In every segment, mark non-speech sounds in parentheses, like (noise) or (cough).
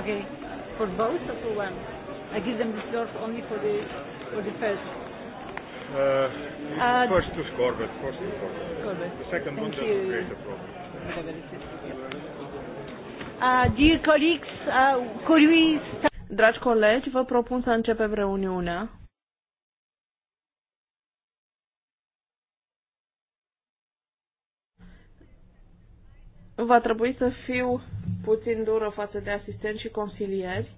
Okay. For both or for one? I give them the floor only for the for the first. Uh, uh, first to but First to score. The second Thank one doesn't create a problem. Uh, dear colleagues, uh, could we start? Dragi colegi, vă propun să începem reuniunea. Va trebui să fiu puțin dură față de asistenți și consilieri.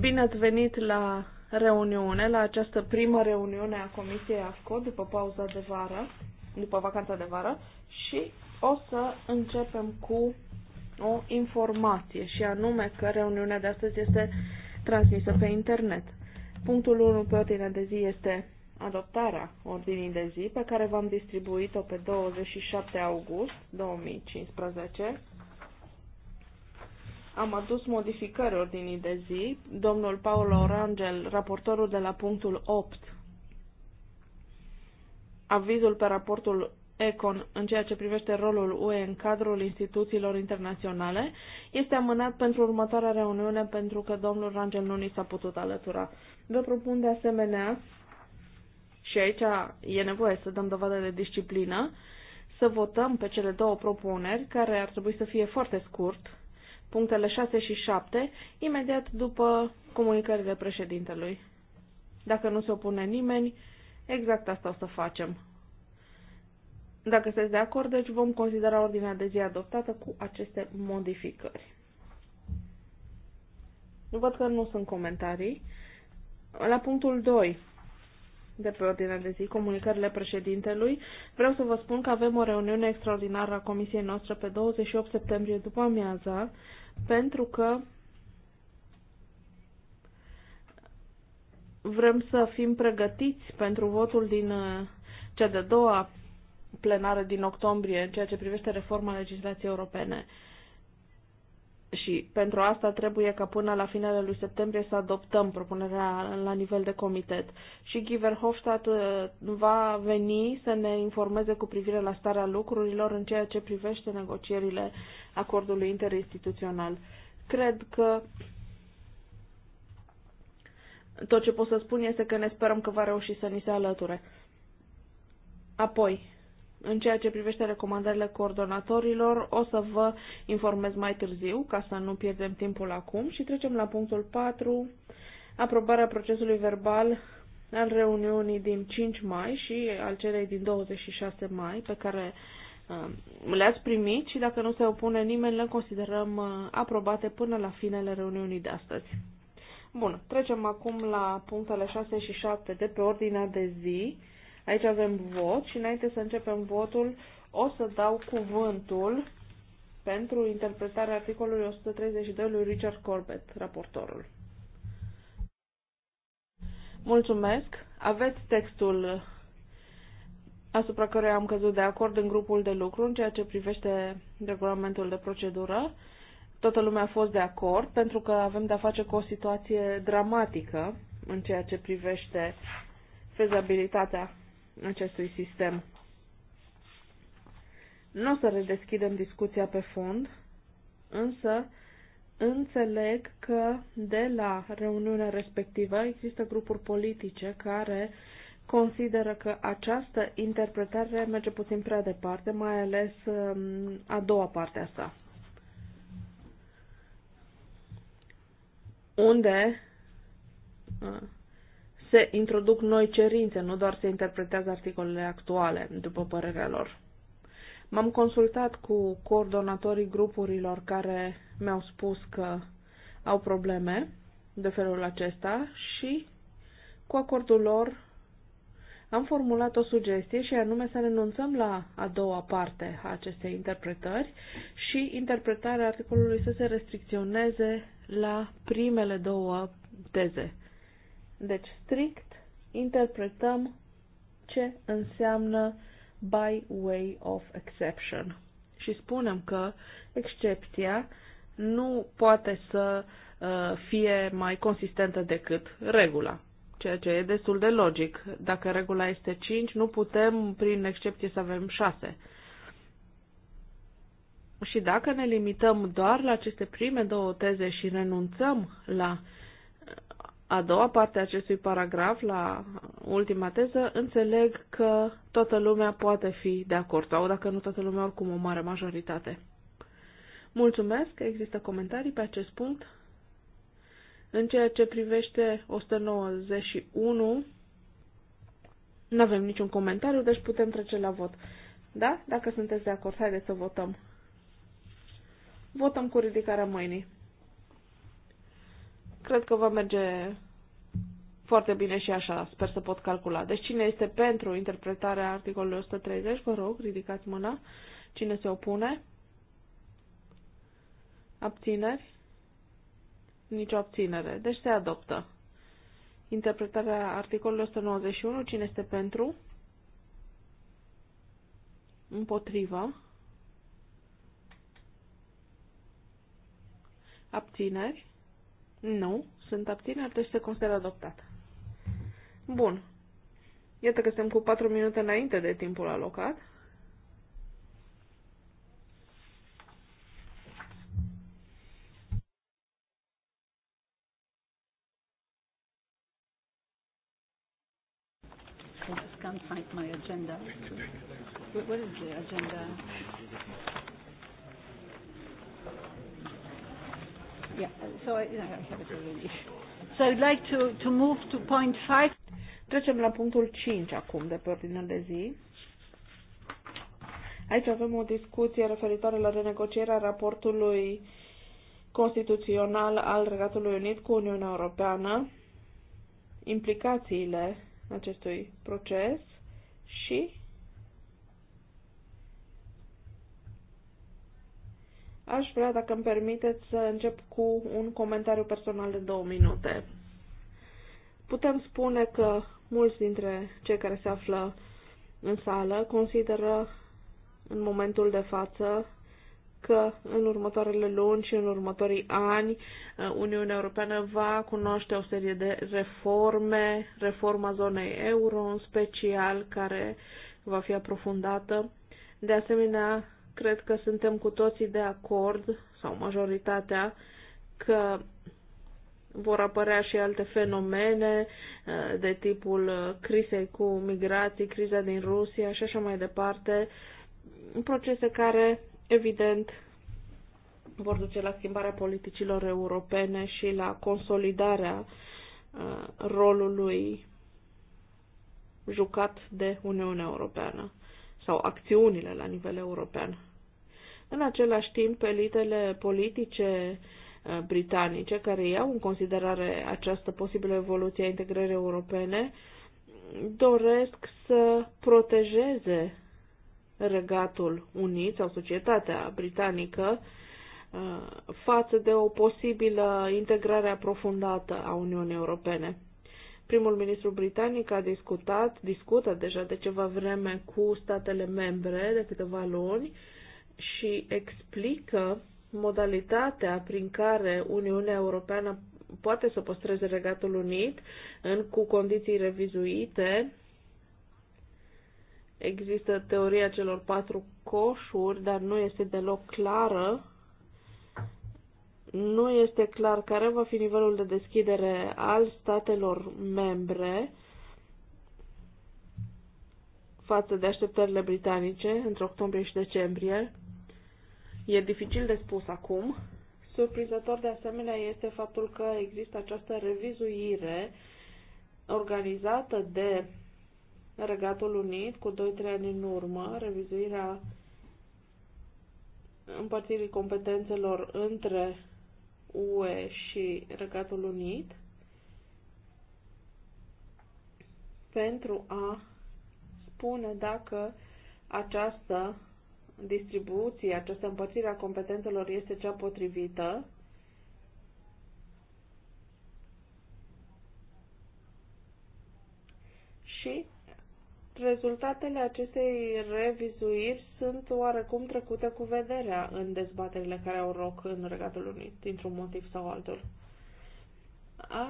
Bine ați venit la reuniune, la această primă reuniune a Comisiei AFCO după pauza de vară, după vacanța de vară și o să începem cu o informație și anume că reuniunea de astăzi este transmisă pe internet. Punctul 1 pe ordinea de zi este adoptarea ordinii de zi pe care v-am distribuit-o pe 27 august 2015. Am adus modificări ordinii de zi. Domnul Paolo Orangel, raportorul de la punctul 8, avizul pe raportul ECON în ceea ce privește rolul UE în cadrul instituțiilor internaționale este amânat pentru următoarea reuniune pentru că domnul Rangel nu ni s-a putut alătura. Vă propun de asemenea și aici e nevoie să dăm dovadă de disciplină, să votăm pe cele două propuneri, care ar trebui să fie foarte scurt, punctele 6 și 7, imediat după comunicările președintelui. Dacă nu se opune nimeni, exact asta o să facem. Dacă sunteți de acord, deci vom considera ordinea de zi adoptată cu aceste modificări. Nu Văd că nu sunt comentarii. La punctul 2, de pe ordinea de zi, comunicările președintelui, vreau să vă spun că avem o reuniune extraordinară a comisiei noastre pe 28 septembrie după amiaza, pentru că vrem să fim pregătiți pentru votul din uh, cea de-a doua plenară din octombrie în ceea ce privește reforma legislației europene și pentru asta trebuie ca până la finele lui septembrie să adoptăm propunerea la nivel de comitet. Și Guy uh, va veni să ne informeze cu privire la starea lucrurilor în ceea ce privește negocierile acordului interinstituțional. Cred că tot ce pot să spun este că ne sperăm că va reuși să ni se alăture. Apoi, în ceea ce privește recomandările coordonatorilor, o să vă informez mai târziu, ca să nu pierdem timpul acum, și trecem la punctul 4, aprobarea procesului verbal al reuniunii din 5 mai și al celei din 26 mai, pe care um, le-ați primit și dacă nu se opune nimeni, le considerăm uh, aprobate până la finele reuniunii de astăzi. Bun, trecem acum la punctele 6 și 7 de pe ordinea de zi. Aici avem vot și înainte să începem votul o să dau cuvântul pentru interpretarea articolului 132 lui Richard Corbett, raportorul. Mulțumesc. Aveți textul asupra căruia am căzut de acord în grupul de lucru în ceea ce privește regulamentul de procedură. Toată lumea a fost de acord pentru că avem de-a face cu o situație dramatică în ceea ce privește fezabilitatea acestui sistem. Nu o să redeschidem discuția pe fond, însă înțeleg că de la reuniunea respectivă există grupuri politice care consideră că această interpretare merge puțin prea departe, mai ales um, a doua parte a sa. Unde uh, se introduc noi cerințe, nu doar se interpretează articolele actuale, după părerea lor. M-am consultat cu coordonatorii grupurilor care mi-au spus că au probleme de felul acesta și cu acordul lor am formulat o sugestie și anume să renunțăm la a doua parte a acestei interpretări și interpretarea articolului să se restricționeze la primele două teze. Deci, strict interpretăm ce înseamnă by way of exception. Și spunem că excepția nu poate să uh, fie mai consistentă decât regula, ceea ce e destul de logic. Dacă regula este 5, nu putem, prin excepție, să avem 6. Și dacă ne limităm doar la aceste prime două teze și renunțăm la uh, a doua parte a acestui paragraf, la ultima teză, înțeleg că toată lumea poate fi de acord, sau dacă nu toată lumea, oricum o mare majoritate. Mulțumesc că există comentarii pe acest punct. În ceea ce privește 191, nu avem niciun comentariu, deci putem trece la vot. Da? Dacă sunteți de acord, haideți să votăm. Votăm cu ridicarea mâinii. Cred că va merge foarte bine și așa, sper să pot calcula. Deci cine este pentru interpretarea articolului 130, vă rog, ridicați mâna. Cine se opune? Abțineri? o abținere. Deci se adoptă. Interpretarea articolului 191, cine este pentru? Împotriva? Abțineri? Nu. Sunt abțineri, deci se consideră adoptat. Bun. Iată că suntem cu 4 minute înainte de timpul alocat. so I, I have it already. So I'd like to, to move to point five. Trecem la punctul 5 acum de pe ordinea de zi. Aici avem o discuție referitoare la renegocierea raportului constituțional al Regatului Unit cu Uniunea Europeană, implicațiile acestui proces și Aș vrea, dacă îmi permiteți, să încep cu un comentariu personal de două minute. Putem spune că mulți dintre cei care se află în sală consideră în momentul de față că în următoarele luni și în următorii ani uh, Uniunea Europeană va cunoaște o serie de reforme, reforma zonei euro în special, care va fi aprofundată. De asemenea, Cred că suntem cu toții de acord, sau majoritatea, că vor apărea și alte fenomene uh, de tipul uh, crizei cu migrații, criza din Rusia și așa mai departe, procese care, evident, vor duce la schimbarea politicilor europene și la consolidarea uh, rolului jucat de Uniunea Europeană sau acțiunile la nivel european. În același timp, elitele politice uh, britanice, care iau în considerare această posibilă evoluție a integrării europene, doresc să protejeze regatul unit sau societatea britanică uh, față de o posibilă integrare aprofundată a Uniunii Europene. Primul ministru britanic a discutat, discută deja de ceva vreme cu statele membre de câteva luni și explică modalitatea prin care Uniunea Europeană poate să păstreze Regatul Unit în, cu condiții revizuite. Există teoria celor patru coșuri, dar nu este deloc clară. Nu este clar care va fi nivelul de deschidere al statelor membre față de așteptările britanice între octombrie și decembrie. E dificil de spus acum. Surprinzător de asemenea este faptul că există această revizuire organizată de Regatul Unit cu 2-3 ani în urmă, revizuirea împărțirii competențelor între UE și Regatul Unit pentru a spune dacă această distribuție, această împărțire a competențelor este cea potrivită. Și rezultatele acestei revizuiri sunt oarecum trecute cu vederea în dezbaterile care au loc în Regatul Unit, dintr-un motiv sau altul.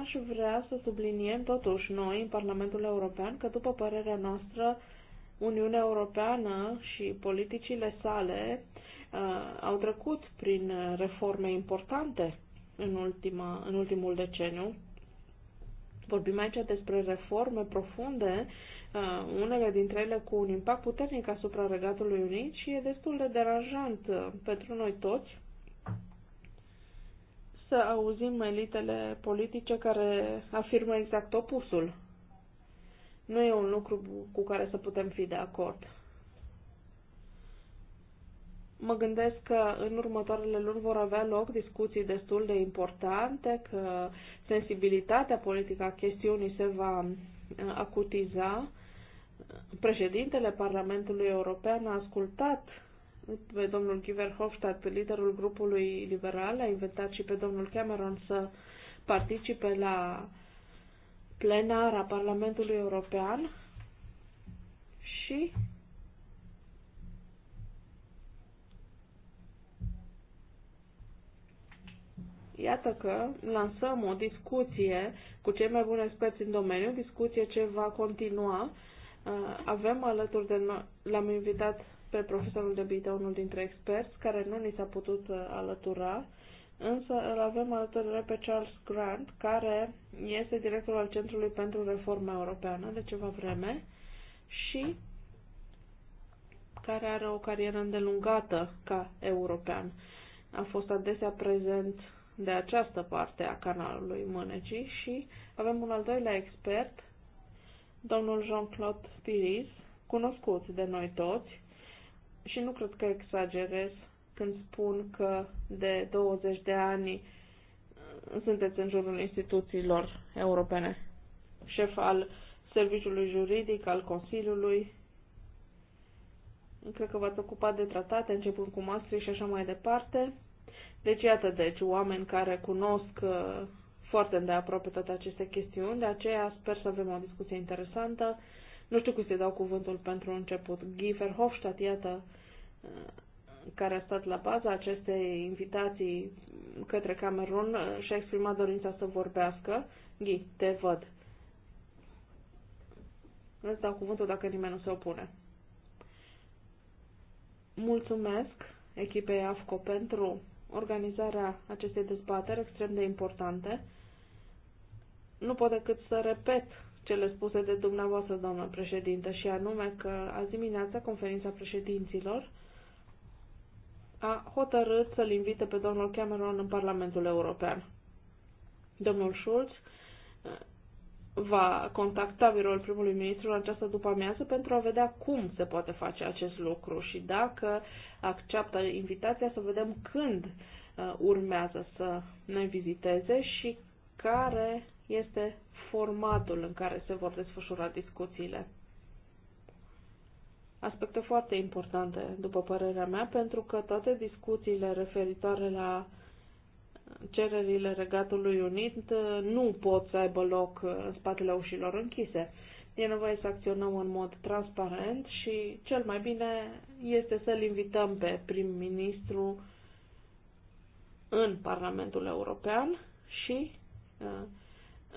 Aș vrea să subliniem totuși noi în Parlamentul European că, după părerea noastră, Uniunea Europeană și politicile sale uh, au trecut prin uh, reforme importante în, ultima, în ultimul deceniu. Vorbim aici despre reforme profunde, uh, unele dintre ele cu un impact puternic asupra Regatului Unit și e destul de deranjant uh, pentru noi toți să auzim elitele politice care afirmă exact opusul nu e un lucru cu care să putem fi de acord. Mă gândesc că în următoarele luni vor avea loc discuții destul de importante, că sensibilitatea politică a chestiunii se va uh, acutiza. Președintele Parlamentului European a ascultat pe domnul Giver Hofstadt, liderul grupului liberal, a invitat și pe domnul Cameron să participe la plenar a Parlamentului European și Iată că lansăm o discuție cu cei mai buni experți în domeniu, discuție ce va continua. Uh, avem alături de noi, l-am invitat pe profesorul de bită, unul dintre experți, care nu ni s-a putut uh, alătura Însă îl avem alături de pe Charles Grant, care este directorul al Centrului pentru Reforma Europeană de ceva vreme și care are o carieră îndelungată ca european. A fost adesea prezent de această parte a canalului Mânecii și avem un al doilea expert, domnul Jean-Claude Piris, cunoscut de noi toți, și nu cred că exagerez când spun că de 20 de ani uh, sunteți în jurul instituțiilor europene, șef al serviciului juridic, al Consiliului. Cred că v-ați ocupat de tratate, începând cu Maastricht și așa mai departe. Deci, iată, deci, oameni care cunosc uh, foarte îndeaproape toate aceste chestiuni, de aceea sper să avem o discuție interesantă. Nu știu cum să dau cuvântul pentru început. Giefer Hofstadt iată, uh, care a stat la baza acestei invitații către Camerun și-a exprimat dorința să vorbească. Ghi, te văd. Îți dau cuvântul dacă nimeni nu se opune. Mulțumesc echipei AFCO pentru organizarea acestei dezbateri extrem de importante. Nu pot decât să repet cele spuse de dumneavoastră, doamnă președinte, și anume că azi dimineața conferința președinților a hotărât să-l invite pe domnul Cameron în Parlamentul European. Domnul Schulz uh, va contacta biroul primului ministru în această după-amiază pentru a vedea cum se poate face acest lucru și dacă acceptă invitația să vedem când uh, urmează să ne viziteze și care este formatul în care se vor desfășura discuțiile aspecte foarte importante, după părerea mea, pentru că toate discuțiile referitoare la cererile Regatului Unit uh, nu pot să aibă loc uh, în spatele ușilor închise. E nevoie să acționăm în mod transparent și cel mai bine este să-l invităm pe prim-ministru în Parlamentul European și uh,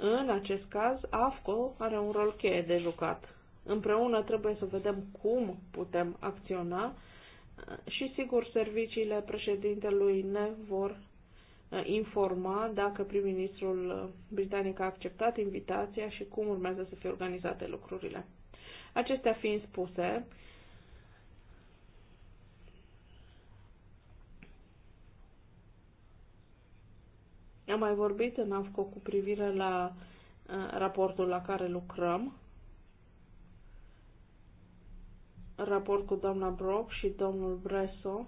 în acest caz AFCO are un rol cheie de jucat. Împreună trebuie să vedem cum putem acționa uh, și, sigur, serviciile președintelui ne vor uh, informa dacă prim-ministrul uh, britanic a acceptat invitația și cum urmează să fie organizate lucrurile. Acestea fiind spuse, am mai vorbit în AFCO cu privire la raportul la care lucrăm raport cu doamna Brock și domnul Breso,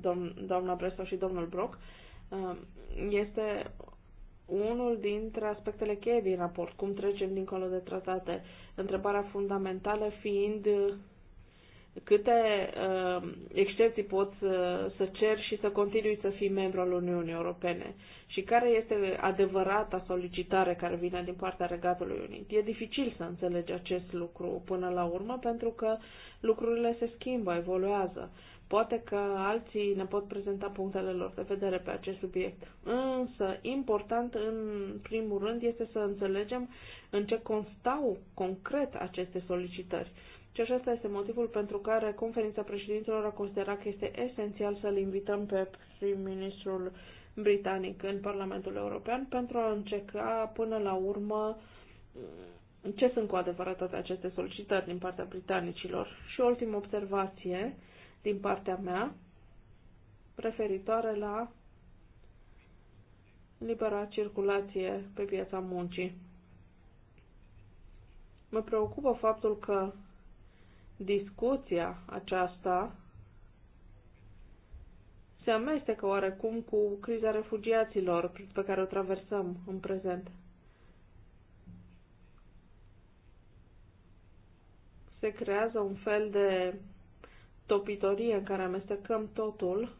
dom, doamna Breso și domnul Brock, um, este unul dintre aspectele cheie din raport, cum trecem dincolo de tratate, întrebarea fundamentală fiind câte uh, excepții poți să, uh, să cer și să continui să fii membru al Uniunii Europene și care este adevărata solicitare care vine din partea Regatului Unit. E dificil să înțelegi acest lucru până la urmă pentru că lucrurile se schimbă, evoluează. Poate că alții ne pot prezenta punctele lor de vedere pe acest subiect. Însă, important în primul rând este să înțelegem în ce constau concret aceste solicitări și deci acesta este motivul pentru care conferința președinților a considerat că este esențial să-l invităm pe prim-ministrul britanic în Parlamentul European pentru a înceca până la urmă mm, ce sunt cu adevărat toate aceste solicitări din partea britanicilor. Și o ultimă observație din partea mea referitoare la libera circulație pe piața muncii. Mă preocupă faptul că discuția aceasta se amestecă oarecum cu criza refugiaților pe care o traversăm în prezent. Se creează un fel de topitorie în care amestecăm totul.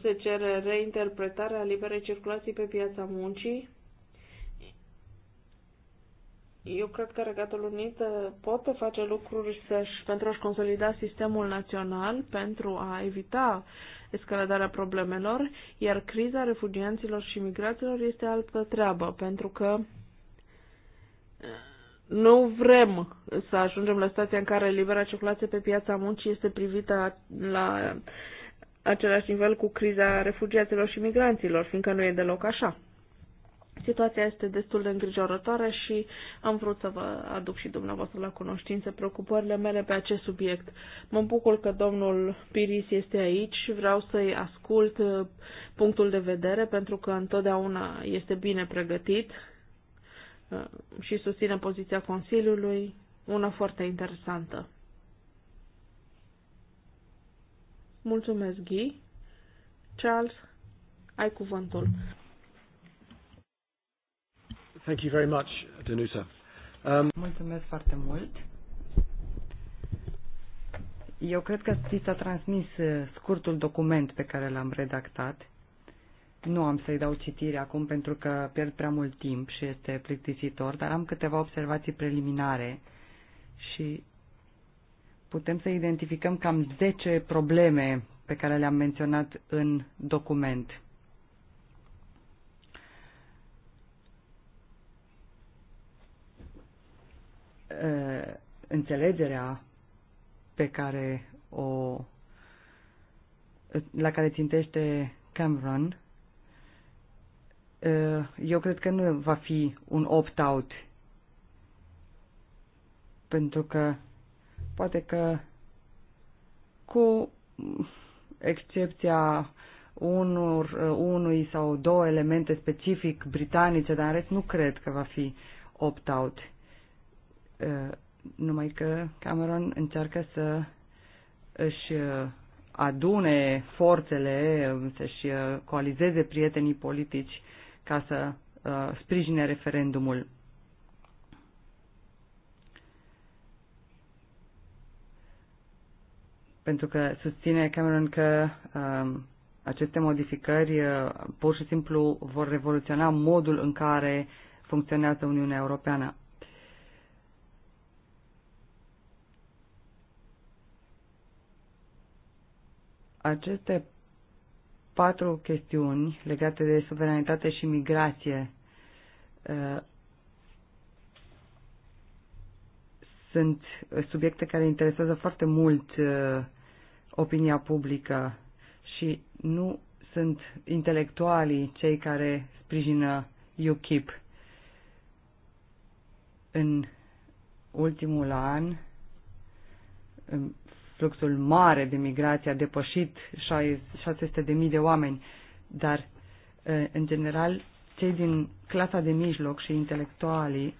Se cere reinterpretarea liberei circulații pe piața muncii, eu cred că Regatul Unit uh, poate face lucruri să-și, pentru a-și consolida sistemul național, pentru a evita escaladarea problemelor, iar criza refugianților și migraților este altă treabă, pentru că uh, nu vrem să ajungem la stația în care libera circulație pe piața muncii este privită la același nivel cu criza refugiaților și migranților, fiindcă nu e deloc așa. Situația este destul de îngrijorătoare și am vrut să vă aduc și dumneavoastră la cunoștință preocupările mele pe acest subiect. Mă bucur că domnul Piris este aici și vreau să-i ascult uh, punctul de vedere pentru că întotdeauna este bine pregătit uh, și susține poziția Consiliului, una foarte interesantă. Mulțumesc, Ghi. Charles, ai cuvântul. Thank you very much, Danuta. Um... Mulțumesc foarte mult. Eu cred că ți s-a transmis uh, scurtul document pe care l-am redactat. Nu am să-i dau citire acum pentru că pierd prea mult timp și este plictisitor, dar am câteva observații preliminare și putem să identificăm cam 10 probleme pe care le-am menționat în document. Uh, înțelegerea pe care o la care țintește Cameron, uh, eu cred că nu va fi un opt-out. Pentru că poate că cu excepția unor, uh, unui sau două elemente specific britanice, dar în rest nu cred că va fi opt-out. Uh, numai că Cameron încearcă să își uh, adune forțele, să-și uh, coalizeze prietenii politici ca să sprijine referendumul. Pentru că susține Cameron că um, aceste modificări pur și simplu vor revoluționa modul în care funcționează Uniunea Europeană. Aceste patru chestiuni legate de suveranitate și migrație uh, sunt subiecte care interesează foarte mult uh, opinia publică și nu sunt intelectualii cei care sprijină UKIP. În ultimul an, fluxul mare de migrație a depășit 600.000 de oameni, dar, ă, în general, cei din clasa de mijloc și intelectualii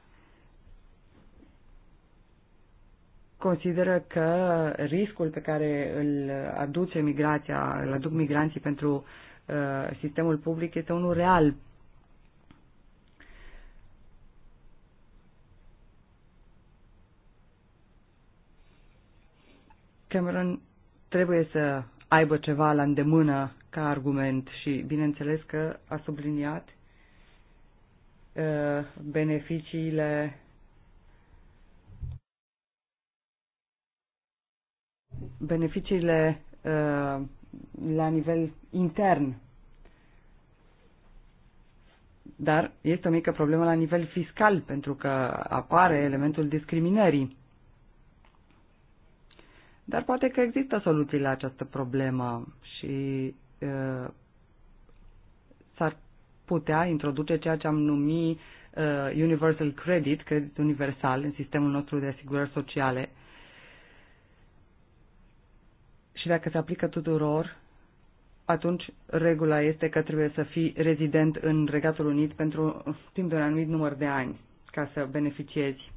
consideră că riscul pe care îl aduce migrația, îl aduc migranții pentru uh, sistemul public este unul real Cameron trebuie să aibă ceva la îndemână ca argument și bineînțeles că a subliniat uh, beneficiile beneficiile uh, la nivel intern. Dar este o mică problemă la nivel fiscal, pentru că apare elementul discriminării. Dar poate că există soluții la această problemă și uh, s-ar putea introduce ceea ce am numit uh, Universal Credit, credit universal, în sistemul nostru de asigurări sociale. Și dacă se aplică tuturor, atunci regula este că trebuie să fii rezident în Regatul Unit pentru timp de un anumit număr de ani ca să beneficiezi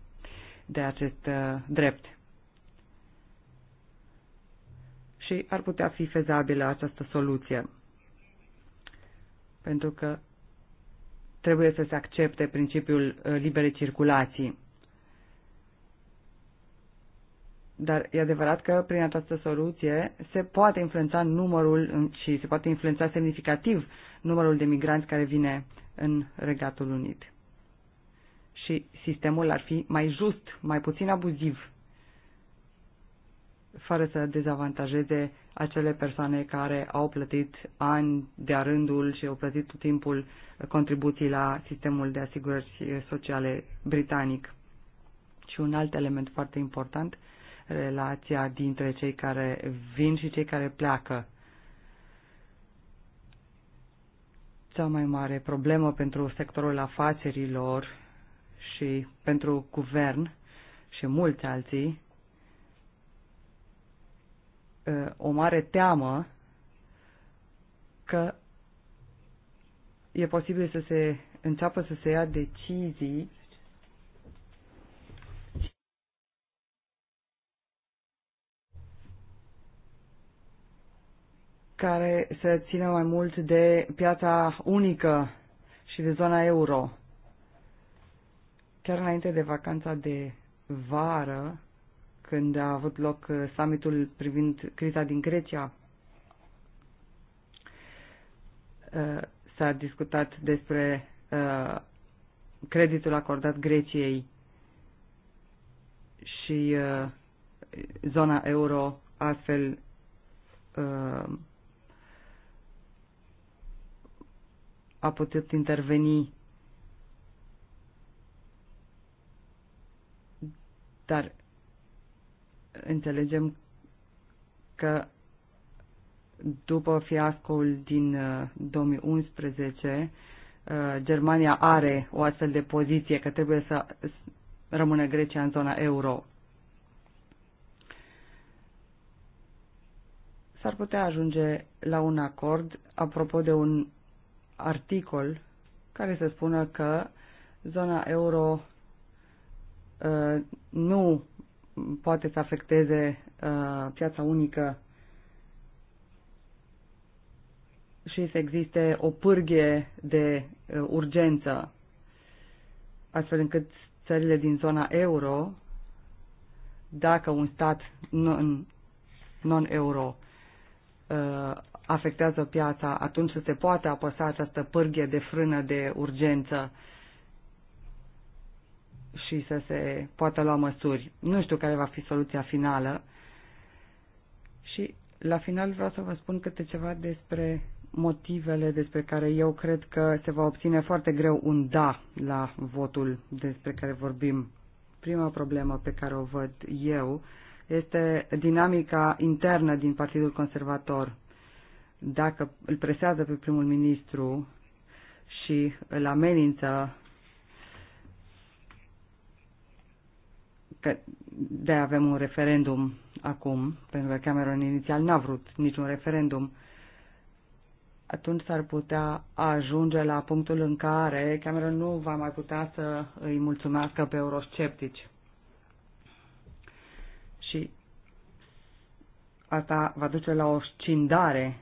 de acest uh, drept. și ar putea fi fezabilă această soluție. Pentru că trebuie să se accepte principiul uh, liberei circulații. Dar e adevărat că prin această soluție se poate influența numărul și se poate influența semnificativ numărul de migranți care vine în Regatul Unit. Și sistemul ar fi mai just, mai puțin abuziv fără să dezavantajeze acele persoane care au plătit ani de-a rândul și au plătit tot timpul contribuții la sistemul de asigurări sociale britanic. Și un alt element foarte important, relația dintre cei care vin și cei care pleacă. Cea mai mare problemă pentru sectorul afacerilor și pentru guvern și mulți alții o mare teamă că e posibil să se înceapă să se ia decizii care să țină mai mult de piața unică și de zona euro. Chiar înainte de vacanța de vară, când a avut loc uh, summitul privind criza din Grecia. Uh, s-a discutat despre uh, creditul acordat Greciei și zona euro astfel a putut interveni dar înțelegem că după fiascoul din 2011, uh, uh, Germania are o astfel de poziție că trebuie să rămână Grecia în zona euro. S-ar putea ajunge la un acord apropo de un articol care să spună că zona euro uh, nu poate să afecteze uh, piața unică și să existe o pârghie de uh, urgență, astfel încât țările din zona euro, dacă un stat non-euro non uh, afectează piața, atunci se poate apăsa această pârghie de frână de urgență uh, și să se poată lua măsuri. Nu știu care va fi soluția finală. Și la final vreau să vă spun câte ceva despre motivele despre care eu cred că se va obține foarte greu un da la votul despre care vorbim. Prima problemă pe care o văd eu este dinamica internă din Partidul Conservator. Dacă îl presează pe primul ministru și îl amenință că de avem un referendum acum, pentru că Cameron inițial n-a vrut niciun referendum, atunci s-ar putea ajunge la punctul în care Cameron nu va mai putea să îi mulțumească pe eurosceptici. Și asta va duce la o scindare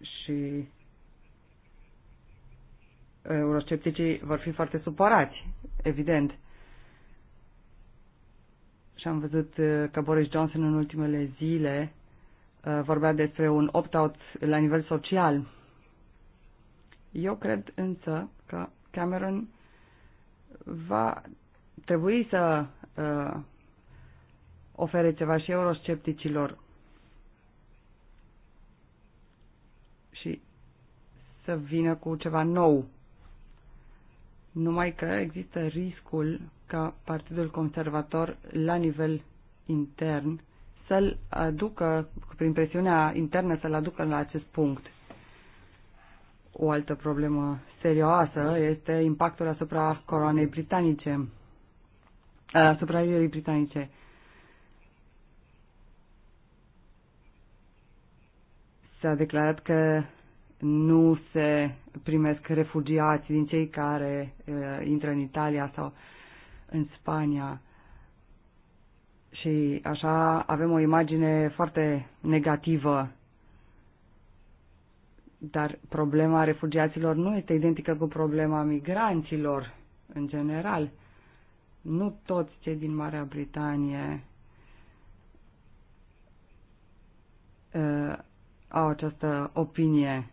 și euroscepticii vor fi foarte supărați, evident. Și am văzut uh, că Boris Johnson în ultimele zile uh, vorbea despre un opt-out la nivel social. Eu cred însă că Cameron va trebui să uh, ofere ceva și euroscepticilor și să vină cu ceva nou numai că există riscul ca Partidul Conservator la nivel intern să-l aducă, prin presiunea internă, să-l aducă la acest punct. O altă problemă serioasă este impactul asupra coroanei britanice, asupra Iurii britanice. S-a declarat că nu se primesc refugiați din cei care uh, intră în Italia sau în Spania. Și așa avem o imagine foarte negativă. Dar problema refugiaților nu este identică cu problema migranților în general. Nu toți cei din Marea Britanie uh, au această opinie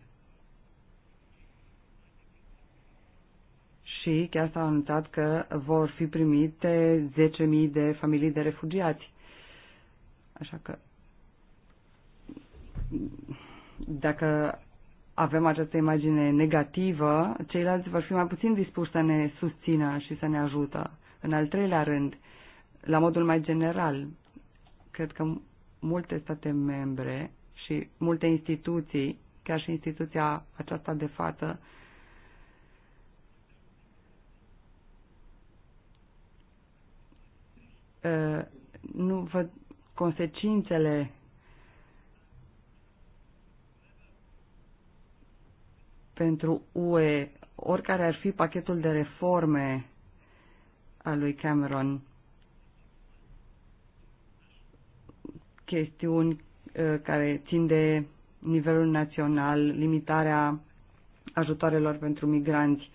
și chiar s-a anunțat că vor fi primite 10.000 de familii de refugiați. Așa că dacă avem această imagine negativă, ceilalți vor fi mai puțin dispuși să ne susțină și să ne ajută. În al treilea rând, la modul mai general, cred că multe state membre și multe instituții, chiar și instituția aceasta de față, nu văd consecințele pentru UE, oricare ar fi pachetul de reforme al lui Cameron, chestiuni uh, care țin de nivelul național, limitarea ajutoarelor pentru migranți.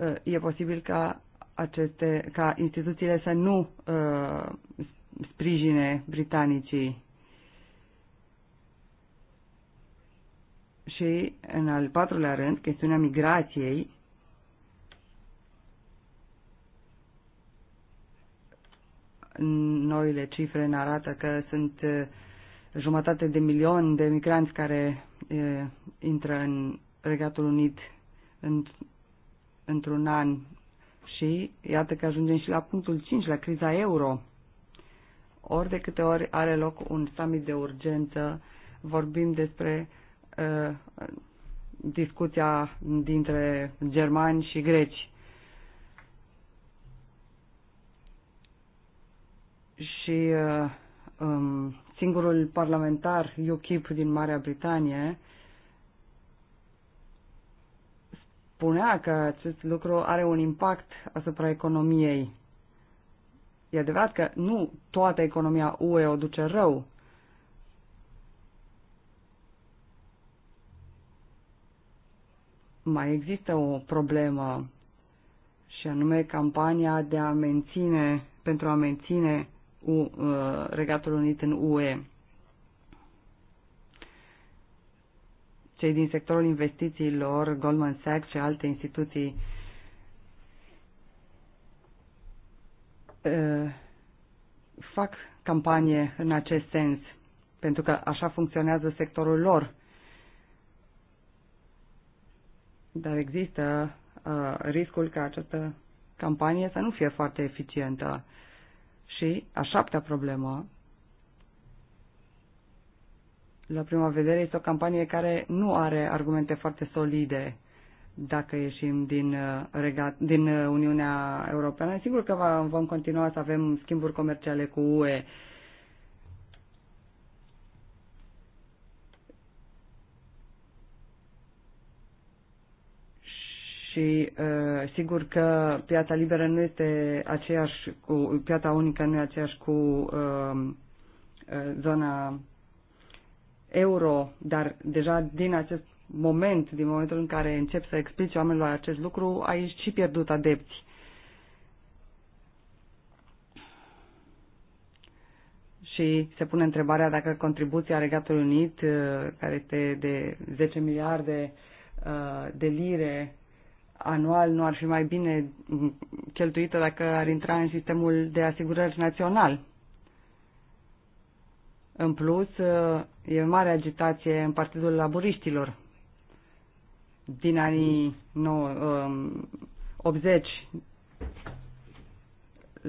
Uh, e posibil ca aceste, ca instituțiile să nu uh, sprijine britanicii. Și, în al patrulea rând, chestiunea migrației. Noile cifre ne arată că sunt uh, jumătate de milion de migranți care e, uh, intră în Regatul Unit în, într-un an și iată că ajungem și la punctul 5, la criza euro. Ori de câte ori are loc un summit de urgență, vorbim despre uh, discuția dintre germani și greci. Și uh, um, singurul parlamentar UKIP din Marea Britanie spunea că acest lucru are un impact asupra economiei. E adevărat că nu toată economia UE o duce rău. Mai există o problemă și anume campania de a menține, pentru a menține U, uh, Regatul Unit în UE. cei din sectorul investițiilor, Goldman Sachs și alte instituții uh, fac campanie în acest sens, pentru că așa funcționează sectorul lor. Dar există uh, riscul ca această campanie să nu fie foarte eficientă. Și a șaptea problemă la prima vedere, este o campanie care nu are argumente foarte solide dacă ieșim din, uh, din uh, Uniunea Europeană. Sigur că vom continua să avem schimburi comerciale cu UE. Și uh, sigur că piața liberă nu este aceeași cu piața unică nu e aceeași cu uh, uh zona euro, dar deja din acest moment, din momentul în care încep să explici oamenilor acest lucru, ai și pierdut adepți. Și se pune întrebarea dacă contribuția Regatului Unit, uh, care este de 10 miliarde uh, de lire anual, nu ar fi mai bine cheltuită dacă ar intra în sistemul de asigurări național. În plus, e mare agitație în Partidul Laburiștilor din anii 80. Um,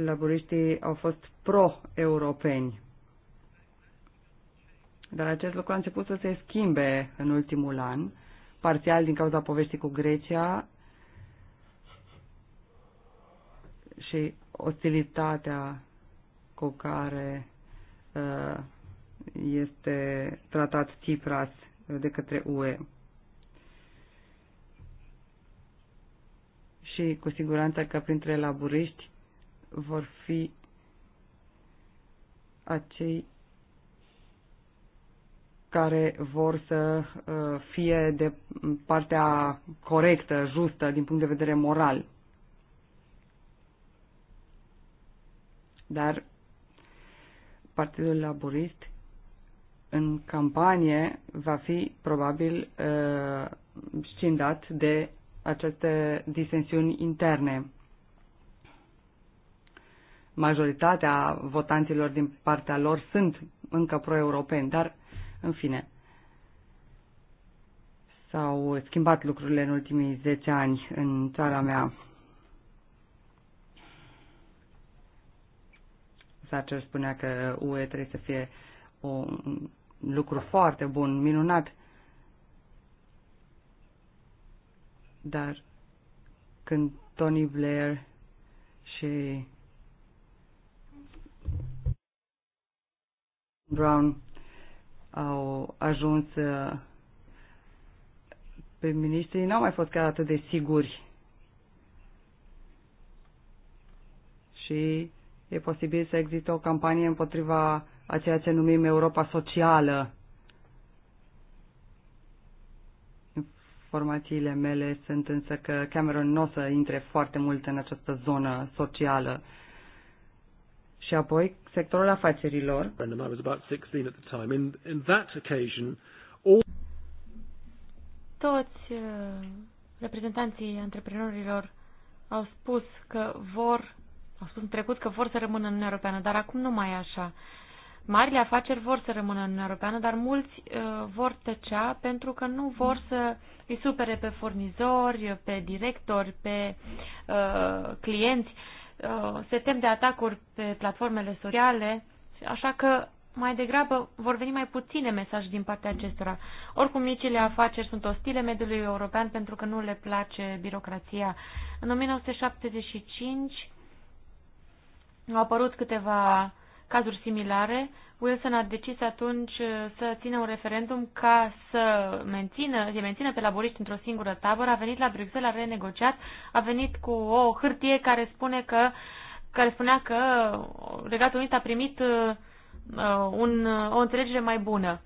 laburiștii au fost pro-europeni. Dar acest lucru a început să se schimbe în ultimul an, parțial din cauza poveștii cu Grecia și ostilitatea cu care uh, este tratat Tsipras de către UE. Și cu siguranță că printre laburiști vor fi acei care vor să uh, fie de partea corectă, justă, din punct de vedere moral. Dar Partidul Laborist în campanie va fi probabil uh, scindat de aceste disensiuni interne. Majoritatea votanților din partea lor sunt încă pro-europeni, dar, în fine, s-au schimbat lucrurile în ultimii 10 ani în țara mea. Sarcer spunea că UE trebuie să fie o, lucru foarte bun, minunat. Dar când Tony Blair și Brown au ajuns uh, pe miniștrii, n-au mai fost chiar atât de siguri. Și e posibil să existe o campanie împotriva a ceea ce numim Europa Socială. Informațiile mele sunt însă că Cameron nu o să intre foarte mult în această zonă socială. Și apoi sectorul afacerilor. Toți uh, reprezentanții antreprenorilor au spus că vor, au spus în trecut că vor să rămână în Uniunea Europeană, dar acum nu mai e așa. Marile afaceri vor să rămână în Uniunea Europeană, dar mulți uh, vor tăcea pentru că nu vor să îi supere pe furnizori, pe directori, pe uh, clienți. Uh, se tem de atacuri pe platformele sociale, așa că mai degrabă vor veni mai puține mesaje din partea acestora. Oricum, micile afaceri sunt ostile mediului european pentru că nu le place birocrația. În 1975 au apărut câteva cazuri similare, Wilson a decis atunci uh, să țină un referendum ca să mențină, să mențină pe laboriști într-o singură tabără, a venit la Bruxelles, a renegociat, a venit cu o hârtie care spune că care spunea că Regatul Unit a primit uh, uh, un, o înțelegere mai bună.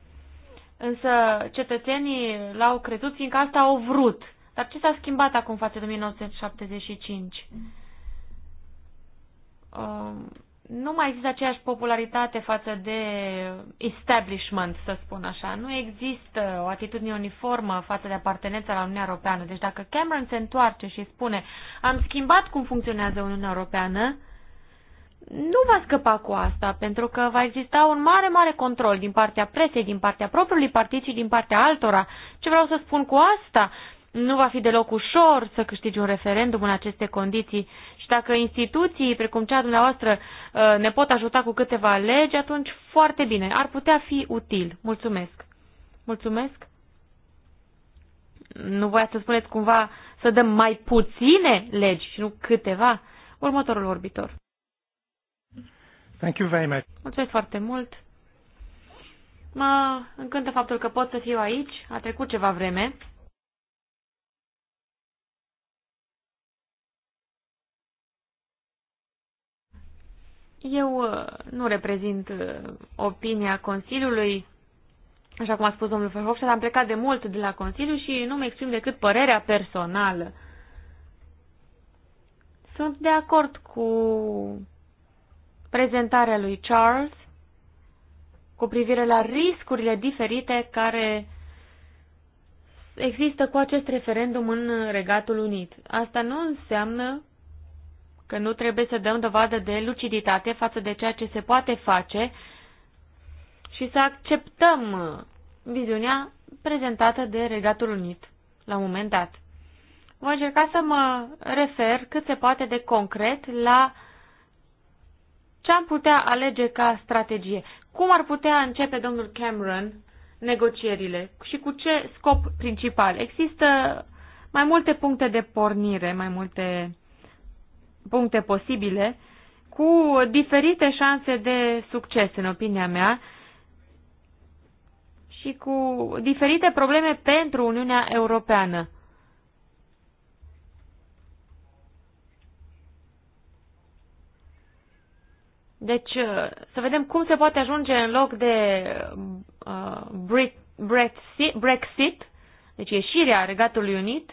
Însă cetățenii l-au crezut fiindcă asta au vrut. Dar ce s-a schimbat acum față de 1975? Uh, um, nu mai există aceeași popularitate față de establishment, să spun așa. Nu există o atitudine uniformă față de apartenența la Uniunea Europeană. Deci dacă Cameron se întoarce și spune am schimbat cum funcționează Uniunea Europeană, nu va scăpa cu asta, pentru că va exista un mare, mare control din partea presei, din partea propriului partid și din partea altora. Ce vreau să spun cu asta? Nu va fi deloc ușor să câștigi un referendum în aceste condiții dacă instituții, precum cea dumneavoastră, uh, ne pot ajuta cu câteva legi, atunci foarte bine, ar putea fi util. Mulțumesc. Mulțumesc. Nu voia să spuneți cumva să dăm mai puține legi și nu câteva? Următorul vorbitor. Thank you very much. Mulțumesc foarte mult. Mă încântă faptul că pot să fiu aici. A trecut ceva vreme. Eu uh, nu reprezint uh, opinia Consiliului, așa cum a spus domnul Verhofstadt, am plecat de mult de la Consiliu și nu mi exprim decât părerea personală. Sunt de acord cu prezentarea lui Charles cu privire la riscurile diferite care există cu acest referendum în Regatul Unit. Asta nu înseamnă că nu trebuie să dăm dovadă de luciditate față de ceea ce se poate face și să acceptăm viziunea prezentată de Regatul Unit la un moment dat. Voi încerca să mă refer cât se poate de concret la ce am putea alege ca strategie. Cum ar putea începe domnul Cameron negocierile și cu ce scop principal? Există mai multe puncte de pornire, mai multe puncte posibile cu diferite șanse de succes, în opinia mea, și cu diferite probleme pentru Uniunea Europeană. Deci, uh, să vedem cum se poate ajunge în loc de uh, Brexit, deci ieșirea Regatului Unit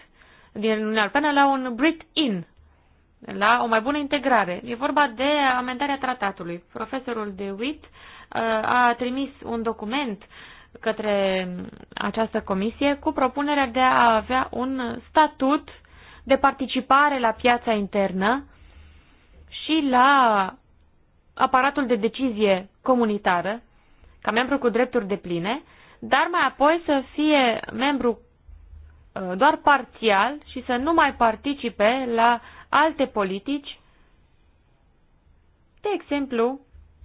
din Uniunea Europeană, la un Brit-in la o mai bună integrare. E vorba de amendarea tratatului. Profesorul de WIT uh, a trimis un document către această comisie cu propunerea de a avea un statut de participare la piața internă și la aparatul de decizie comunitară, ca membru cu drepturi de pline, dar mai apoi să fie membru uh, doar parțial și să nu mai participe la alte politici, de exemplu,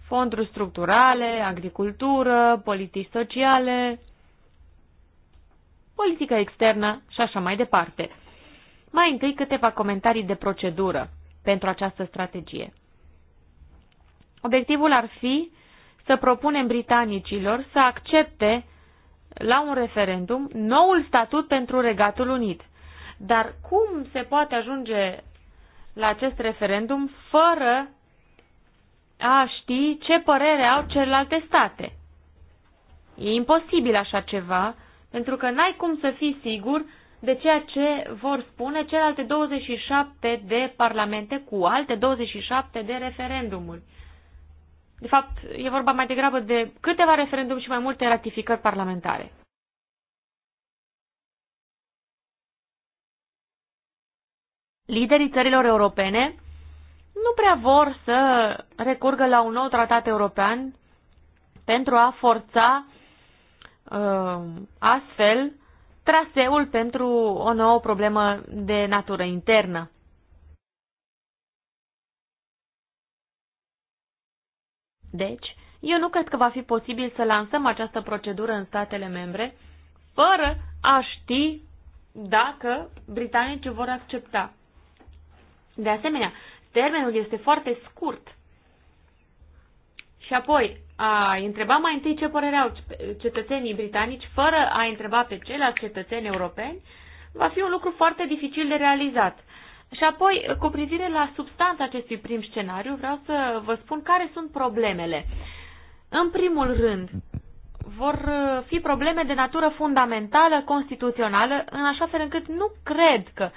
fonduri structurale, agricultură, politici sociale, politică externă și așa mai departe. Mai întâi câteva comentarii de procedură pentru această strategie. Obiectivul ar fi să propunem britanicilor să accepte la un referendum noul statut pentru Regatul Unit. Dar cum se poate ajunge la acest referendum fără a ști ce părere au celelalte state. E imposibil așa ceva, pentru că n-ai cum să fii sigur de ceea ce vor spune celelalte 27 de parlamente cu alte 27 de referendumuri. De fapt, e vorba mai degrabă de câteva referendum și mai multe ratificări parlamentare. liderii țărilor europene nu prea vor să recurgă la un nou tratat european pentru a forța uh, astfel traseul pentru o nouă problemă de natură internă. Deci, eu nu cred că va fi posibil să lansăm această procedură în statele membre fără a ști dacă britanicii vor accepta. De asemenea, termenul este foarte scurt. Și apoi, a întreba mai întâi ce părere au cetățenii britanici, fără a întreba pe ceilalți cetățeni europeni, va fi un lucru foarte dificil de realizat. Și apoi, cu privire la substanța acestui prim scenariu, vreau să vă spun care sunt problemele. În primul rând, vor uh, fi probleme de natură fundamentală, constituțională, în așa fel încât nu cred că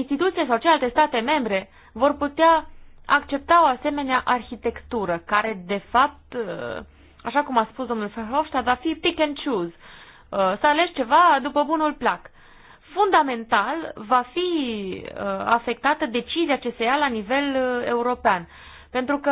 instituțiile sau celelalte state membre vor putea accepta o asemenea arhitectură, care de fapt, uh, așa cum a spus domnul Verhofstadt, va fi pick and choose, uh, să alegi ceva după bunul plac. Fundamental va fi uh, afectată decizia ce se ia la nivel european. Pentru că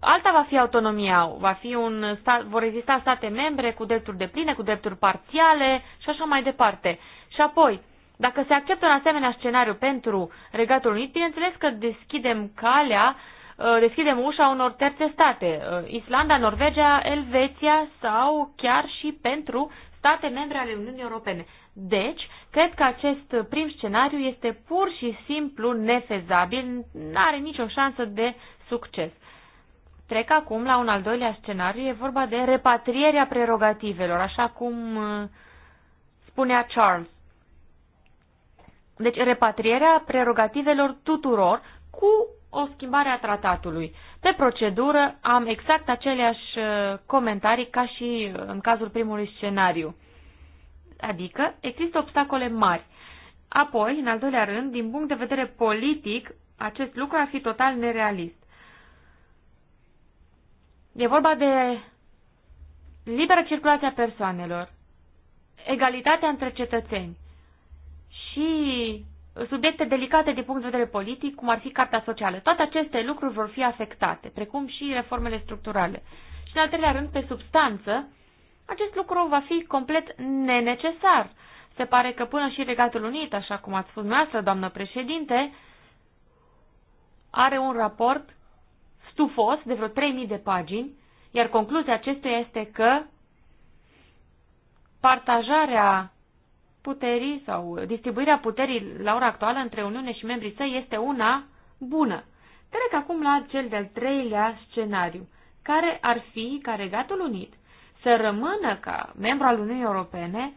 alta va fi autonomia, va fi un stat, vor exista state membre cu drepturi de pline, cu drepturi parțiale și așa mai departe. Și apoi, dacă se acceptă un asemenea scenariu pentru Regatul Unit, bineînțeles că deschidem calea, uh, deschidem ușa unor terțe state, uh, Islanda, Norvegia, Elveția sau chiar și pentru state membre ale Uniunii Europene. Deci, cred că acest prim scenariu este pur și simplu nefezabil, nu are nicio șansă de succes. Trec acum la un al doilea scenariu, e vorba de repatrierea prerogativelor, așa cum uh, spunea Charles. Deci repatrierea prerogativelor tuturor cu o schimbare a tratatului. Pe procedură am exact aceleași uh, comentarii ca și uh, în cazul primului scenariu. Adică există obstacole mari. Apoi, în al doilea rând, din punct de vedere politic, acest lucru ar fi total nerealist. E vorba de libera circulație a persoanelor, egalitatea între cetățeni, și subiecte delicate din punct de vedere politic, cum ar fi Carta Socială. Toate aceste lucruri vor fi afectate, precum și reformele structurale. Și în al treilea rând, pe substanță, acest lucru va fi complet nenecesar. Se pare că până și Regatul Unit, așa cum ați spus noastră, doamnă președinte, are un raport stufos de vreo 3000 de pagini, iar concluzia acestuia este că partajarea puterii sau distribuirea puterii la ora actuală între Uniune și membrii săi este una bună. Trec acum la cel de-al treilea scenariu, care ar fi ca Regatul Unit să rămână ca membru al Uniunii Europene,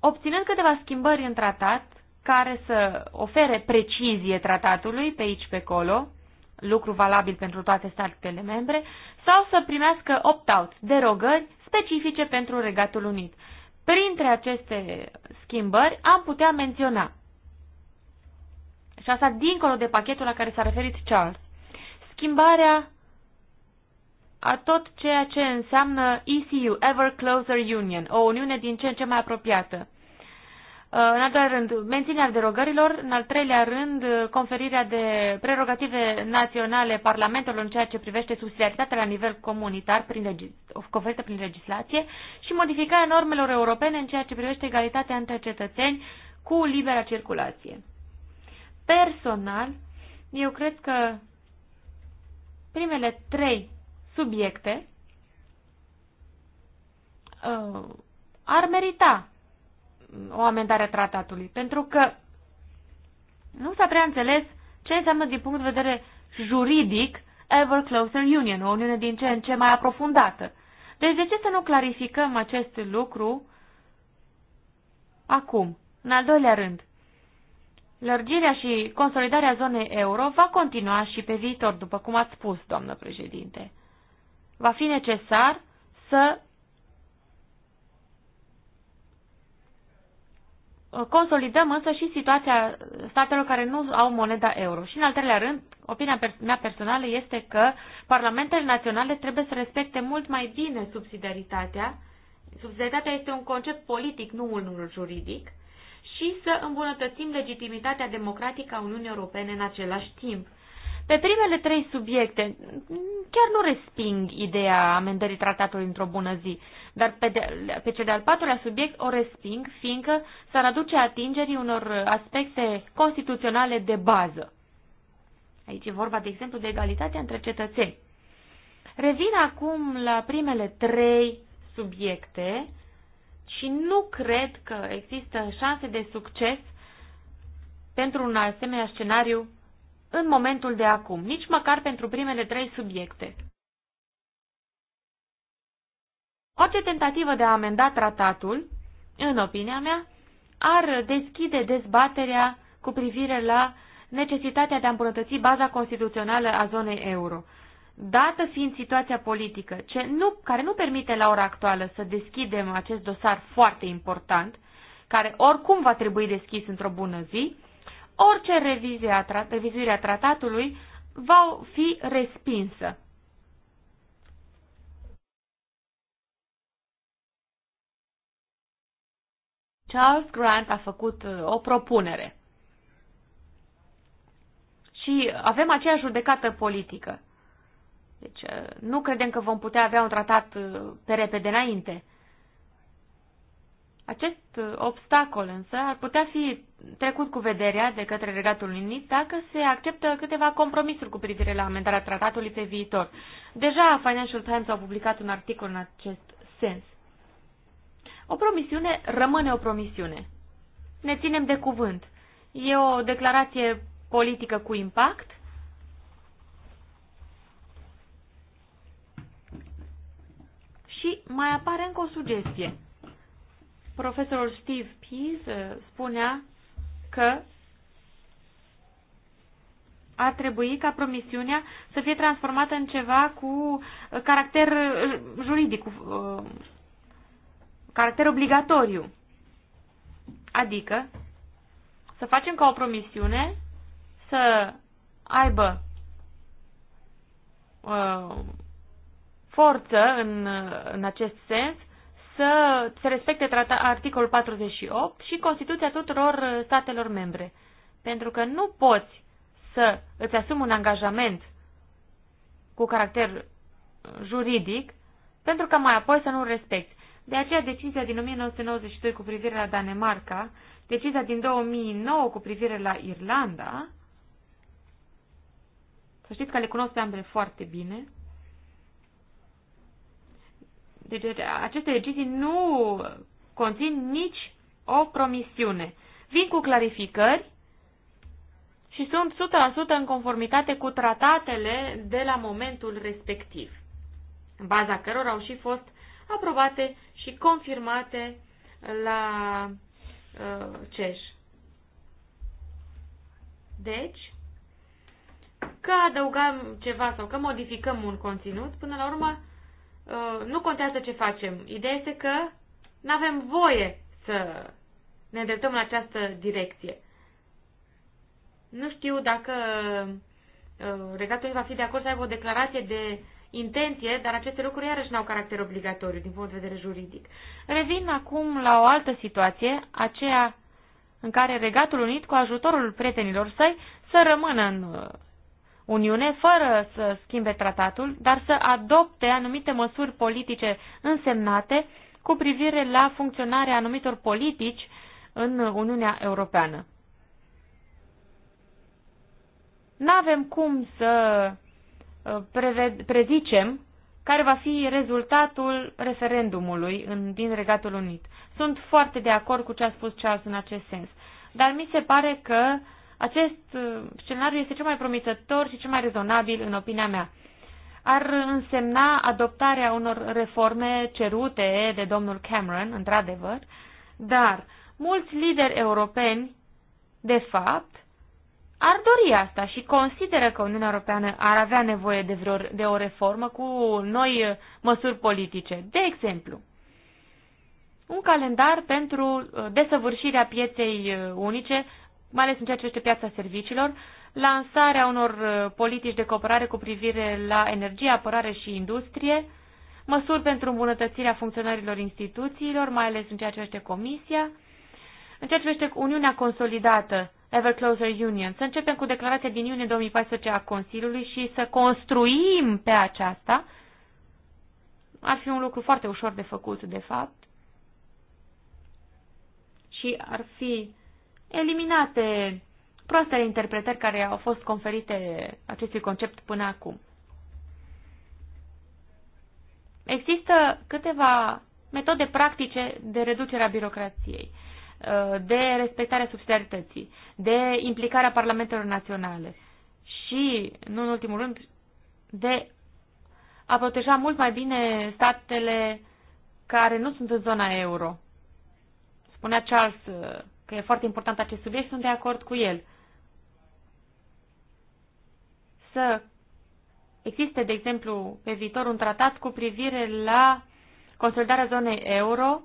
obținând câteva schimbări în tratat care să ofere precizie tratatului pe aici pe acolo, lucru valabil pentru toate statele membre, sau să primească opt-out, derogări specifice pentru Regatul Unit. Printre aceste schimbări am putea menționa, și asta dincolo de pachetul la care s-a referit Charles, schimbarea a tot ceea ce înseamnă ECU, Ever Closer Union, o uniune din ce în ce mai apropiată. Uh, în al doilea rând, menținerea derogărilor. În al treilea rând, uh, conferirea de prerogative naționale parlamentelor în ceea ce privește subsidiaritatea la nivel comunitar prin legis conferită prin legislație și modificarea normelor europene în ceea ce privește egalitatea între cetățeni cu libera circulație. Personal, eu cred că primele trei subiecte uh, ar merita o amendare a tratatului, pentru că nu s-a prea înțeles ce înseamnă din punct de vedere juridic Ever Closer Union, o uniune din ce în ce mai aprofundată. Deci de ce să nu clarificăm acest lucru acum? În al doilea rând, lărgirea și consolidarea zonei euro va continua și pe viitor, după cum ați spus, doamnă președinte. Va fi necesar să Uh, consolidăm însă și situația statelor care nu au moneda euro. Și în al treilea rând, opinia mea personală este că parlamentele naționale trebuie să respecte mult mai bine subsidiaritatea. Subsidiaritatea este un concept politic, nu unul juridic. Și să îmbunătățim legitimitatea democratică a Uniunii Europene în același timp. Pe primele trei subiecte, chiar nu resping ideea amendării tratatului într-o bună zi, dar pe, de, pe cel de-al patrulea subiect o resping, fiindcă s-ar aduce atingerii unor aspecte constituționale de bază. Aici e vorba, de exemplu, de egalitatea între cetățeni. Revin acum la primele trei subiecte și nu cred că există șanse de succes pentru un asemenea scenariu în momentul de acum, nici măcar pentru primele trei subiecte. Orice tentativă de a amenda tratatul, în opinia mea, ar deschide dezbaterea cu privire la necesitatea de a îmbunătăți baza constituțională a zonei euro, dată fiind situația politică, ce nu, care nu permite la ora actuală să deschidem acest dosar foarte important, care oricum va trebui deschis într-o bună zi, orice revizie a tra- revizuire a tratatului va fi respinsă. Charles Grant a făcut uh, o propunere. Și avem aceeași judecată politică. Deci uh, nu credem că vom putea avea un tratat uh, pe repede înainte. Acest uh, obstacol însă ar putea fi trecut cu vederea de către Regatul Unit dacă se acceptă câteva compromisuri cu privire la amendarea tratatului pe viitor. Deja Financial Times a publicat un articol în acest sens. O promisiune rămâne o promisiune. Ne ținem de cuvânt. E o declarație politică cu impact? Și mai apare încă o sugestie. Profesorul Steve Pease eh, spunea că ar trebui ca promisiunea să fie transformată în ceva cu eh, caracter eh, juridic, cu caracter obligatoriu. Adică să facem ca o promisiune să aibă uh, forță în, în acest sens să se respecte articolul 48 și Constituția tuturor uh, statelor membre. Pentru că nu poți să îți asumi un angajament cu caracter uh, juridic pentru că mai apoi să nu respecti. De aceea decizia din 1992 cu privire la Danemarca, decizia din 2009 cu privire la Irlanda, să știți că le cunosc pe ambele foarte bine, deci, deci aceste decizii nu conțin nici o promisiune. Vin cu clarificări și sunt 100% în conformitate cu tratatele de la momentul respectiv, în baza cărora au și fost aprobate și confirmate la uh, CEJ. Deci, că adăugăm ceva sau că modificăm un conținut, până la urmă Uh, nu contează ce facem. Ideea este că nu avem voie să ne îndreptăm în această direcție. Nu știu dacă uh, regatul va fi de acord să aibă o declarație de intenție, dar aceste lucruri iarăși nu au caracter obligatoriu din punct de vedere juridic. Revin acum la o altă situație, aceea în care Regatul Unit, cu ajutorul prietenilor săi, să rămână în uh, Uniune fără să schimbe tratatul, dar să adopte anumite măsuri politice însemnate cu privire la funcționarea anumitor politici în Uniunea Europeană. Nu avem cum să uh, prezicem care va fi rezultatul referendumului în, din Regatul Unit. Sunt foarte de acord cu ce a spus Charles în acest sens, dar mi se pare că acest uh, scenariu este cel mai promițător și cel mai rezonabil în opinia mea. Ar însemna adoptarea unor reforme cerute de domnul Cameron, într-adevăr, dar mulți lideri europeni, de fapt, ar dori asta și consideră că Uniunea Europeană ar avea nevoie de, vreo, de o reformă cu noi uh, măsuri politice. De exemplu, un calendar pentru uh, desăvârșirea pieței unice mai ales în ceea ce privește piața serviciilor, lansarea unor uh, politici de cooperare cu privire la energie, apărare și industrie, măsuri pentru îmbunătățirea funcționărilor instituțiilor, mai ales în ceea ce privește Comisia, în ceea ce privește Uniunea Consolidată, Ever Closer Union, să începem cu declarația din iunie 2014 a Consiliului și să construim pe aceasta, ar fi un lucru foarte ușor de făcut, de fapt, și ar fi eliminate proastele interpretări care au fost conferite acestui concept până acum. Există câteva metode practice de reducere a birocrației, de respectarea subsidiarității, de implicarea parlamentelor naționale și, nu în ultimul rând, de a proteja mult mai bine statele care nu sunt în zona euro. Spunea Charles că e foarte important acest subiect, sunt de acord cu el. Să existe, de exemplu, pe viitor un tratat cu privire la consolidarea zonei euro,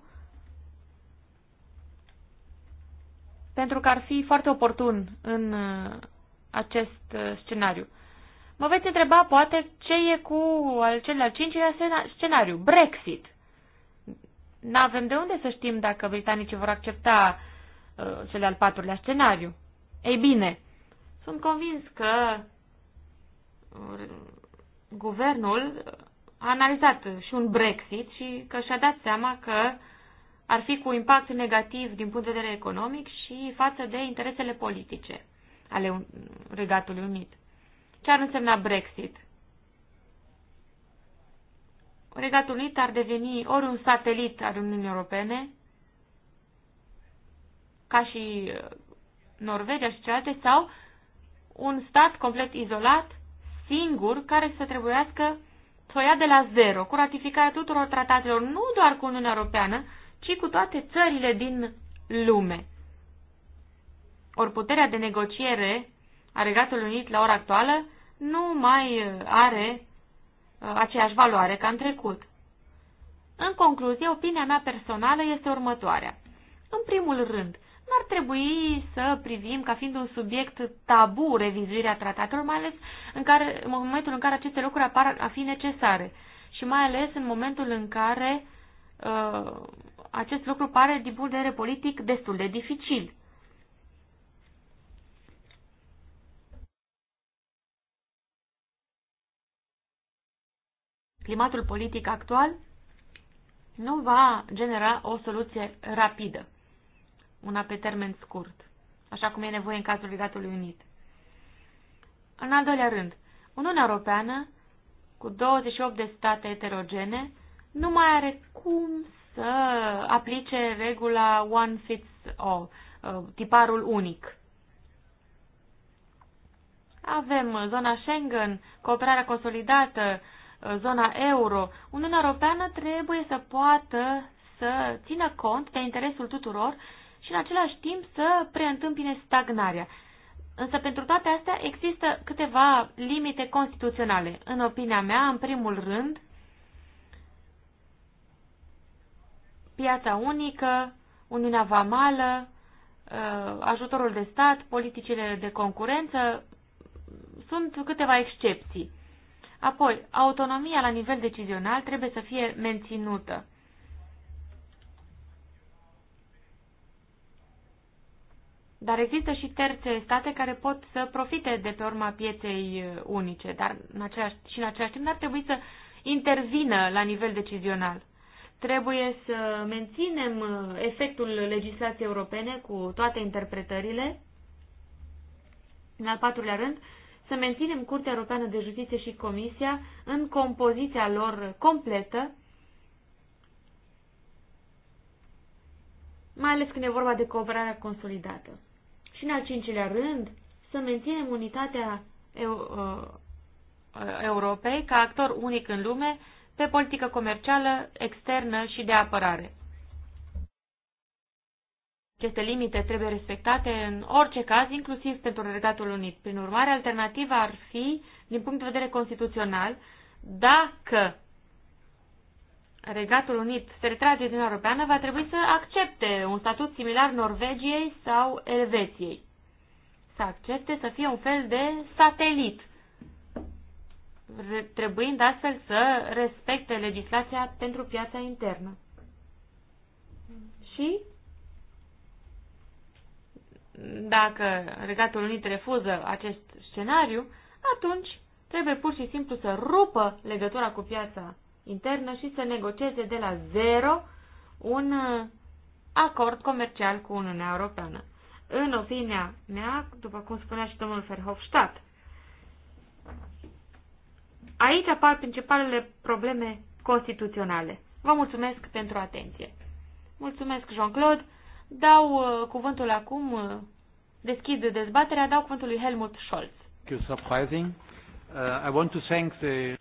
pentru că ar fi foarte oportun în uh, acest uh, scenariu. Mă veți întreba, poate, ce e cu al cel al cincilea scenariu, Brexit. N-avem de unde să știm dacă britanicii vor accepta Uh, cel al patrulea scenariu. Ei bine, sunt convins că uh, guvernul a analizat și un Brexit și că și-a dat seama că ar fi cu impact negativ din punct de vedere economic și față de interesele politice ale Regatului Unit. Ce ar însemna Brexit? Regatul Unit ar deveni ori un satelit al Uniunii Europene, ca și uh, Norvegia și celelalte, sau un stat complet izolat, singur, care să trebuiască să o ia de la zero, cu ratificarea tuturor tratatelor, nu doar cu Uniunea Europeană, ci cu toate țările din lume. Ori puterea de negociere a Regatului Unit la ora actuală nu mai uh, are uh, aceeași valoare ca în trecut. În concluzie, opinia mea personală este următoarea. În primul rând, n-ar trebui să privim ca fiind un subiect tabu revizuirea tratatelor, mai ales în, care, în momentul în care aceste lucruri apar a fi necesare și mai ales în momentul în care uh, acest lucru pare, din punct de vedere politic, destul de dificil. Climatul politic actual nu va genera o soluție rapidă una pe termen scurt, așa cum e nevoie în cazul Regatului Unit. În al doilea rând, Uniunea Europeană, cu 28 de state eterogene, nu mai are cum să aplice regula one fits all, tiparul unic. Avem zona Schengen, cooperarea consolidată, zona euro. Uniunea Europeană trebuie să poată să țină cont de interesul tuturor și în același timp să preîntâmpine stagnarea. Însă pentru toate astea există câteva limite constituționale. În opinia mea, în primul rând, piața unică, Uniunea Vamală, uh, ajutorul de stat, politicile de concurență, sunt câteva excepții. Apoi, autonomia la nivel decizional trebuie să fie menținută. Dar există și terțe state care pot să profite de pe urma pieței uh, unice, dar în aceeași, și în același timp ar trebui să intervină la nivel decizional. Trebuie să menținem uh, efectul legislației europene cu toate interpretările. În al patrulea rând, să menținem Curtea Europeană de Justiție și Comisia în compoziția lor completă, mai ales când e vorba de cooperarea consolidată. Și în al cincilea rând, să menținem unitatea eu, uh, Europei ca actor unic în lume pe politică comercială, externă și de apărare. Aceste limite trebuie respectate în orice caz, inclusiv pentru Regatul Unit. Prin urmare, alternativa ar fi, din punct de vedere constituțional, dacă Regatul Unit se retrage din Europeană, va trebui să accepte un statut similar Norvegiei sau Elveției. Să accepte să fie un fel de satelit, trebuind astfel să respecte legislația pentru piața internă. Și dacă Regatul Unit refuză acest scenariu, atunci trebuie pur și simplu să rupă legătura cu piața internă și să negocieze de la zero un uh, acord comercial cu Uniunea Europeană. În opinia mea, după cum spunea și domnul Verhofstadt, aici apar principalele probleme constituționale. Vă mulțumesc pentru atenție. Mulțumesc, Jean-Claude. Dau uh, cuvântul acum, uh, deschid dezbaterea, dau cuvântul lui Helmut Scholz. Surprising. Uh, I want to thank the...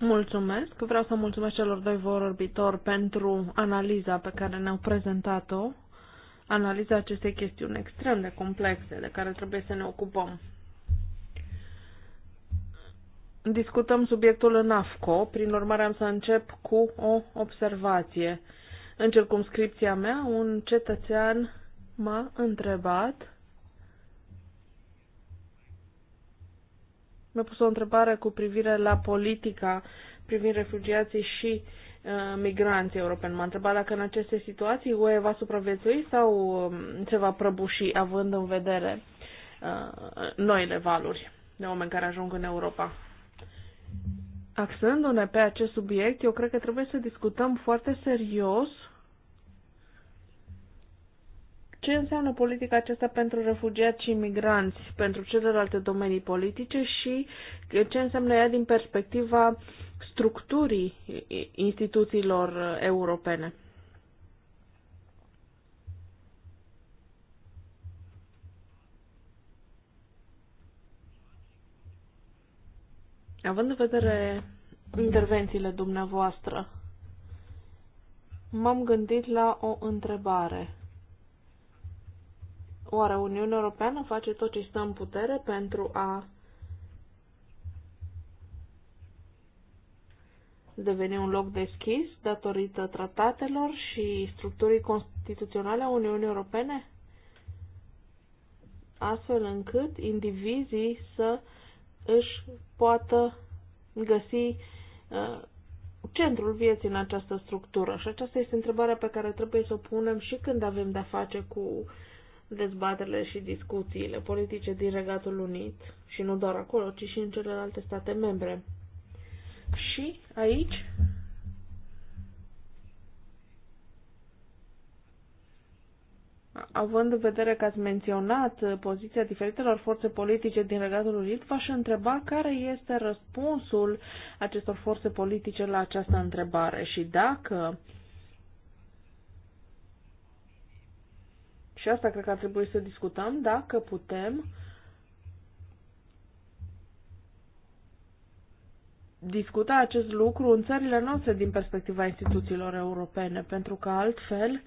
Mulțumesc. Vreau să mulțumesc celor doi vorbitori pentru analiza pe care ne-au prezentat-o, analiza acestei chestiuni extrem de complexe de care trebuie să ne ocupăm. Discutăm subiectul în AFCO, prin urmare am să încep cu o observație. În circumscripția mea, un cetățean m-a întrebat mi-a pus o întrebare cu privire la politica privind refugiații și uh, migranții europeni. M-a întrebat dacă în aceste situații UE va supraviețui sau um, se va prăbuși, având în vedere uh, noile valuri de oameni care ajung în Europa. Axându-ne pe acest subiect, eu cred că trebuie să discutăm foarte serios ce înseamnă politica aceasta pentru refugiați și imigranți, pentru celelalte domenii politice și ce înseamnă ea din perspectiva structurii instituțiilor europene? Având în vedere intervențiile dumneavoastră, m-am gândit la o întrebare. Oare Uniunea Europeană face tot ce stă în putere pentru a deveni un loc deschis datorită tratatelor și structurii constituționale a Uniunii Europene? Astfel încât indivizii să își poată găsi uh, centrul vieții în această structură. Și aceasta este întrebarea pe care trebuie să o punem și când avem de-a face cu dezbaterile și discuțiile politice din Regatul Unit și nu doar acolo, ci și în celelalte state membre. Și aici având în vedere că ați menționat uh, poziția diferitelor forțe politice din Regatul Unit, v-aș întreba care este răspunsul acestor forțe politice la această întrebare și dacă Și asta cred că ar trebui să discutăm dacă putem discuta acest lucru în țările noastre din perspectiva instituțiilor europene, pentru că altfel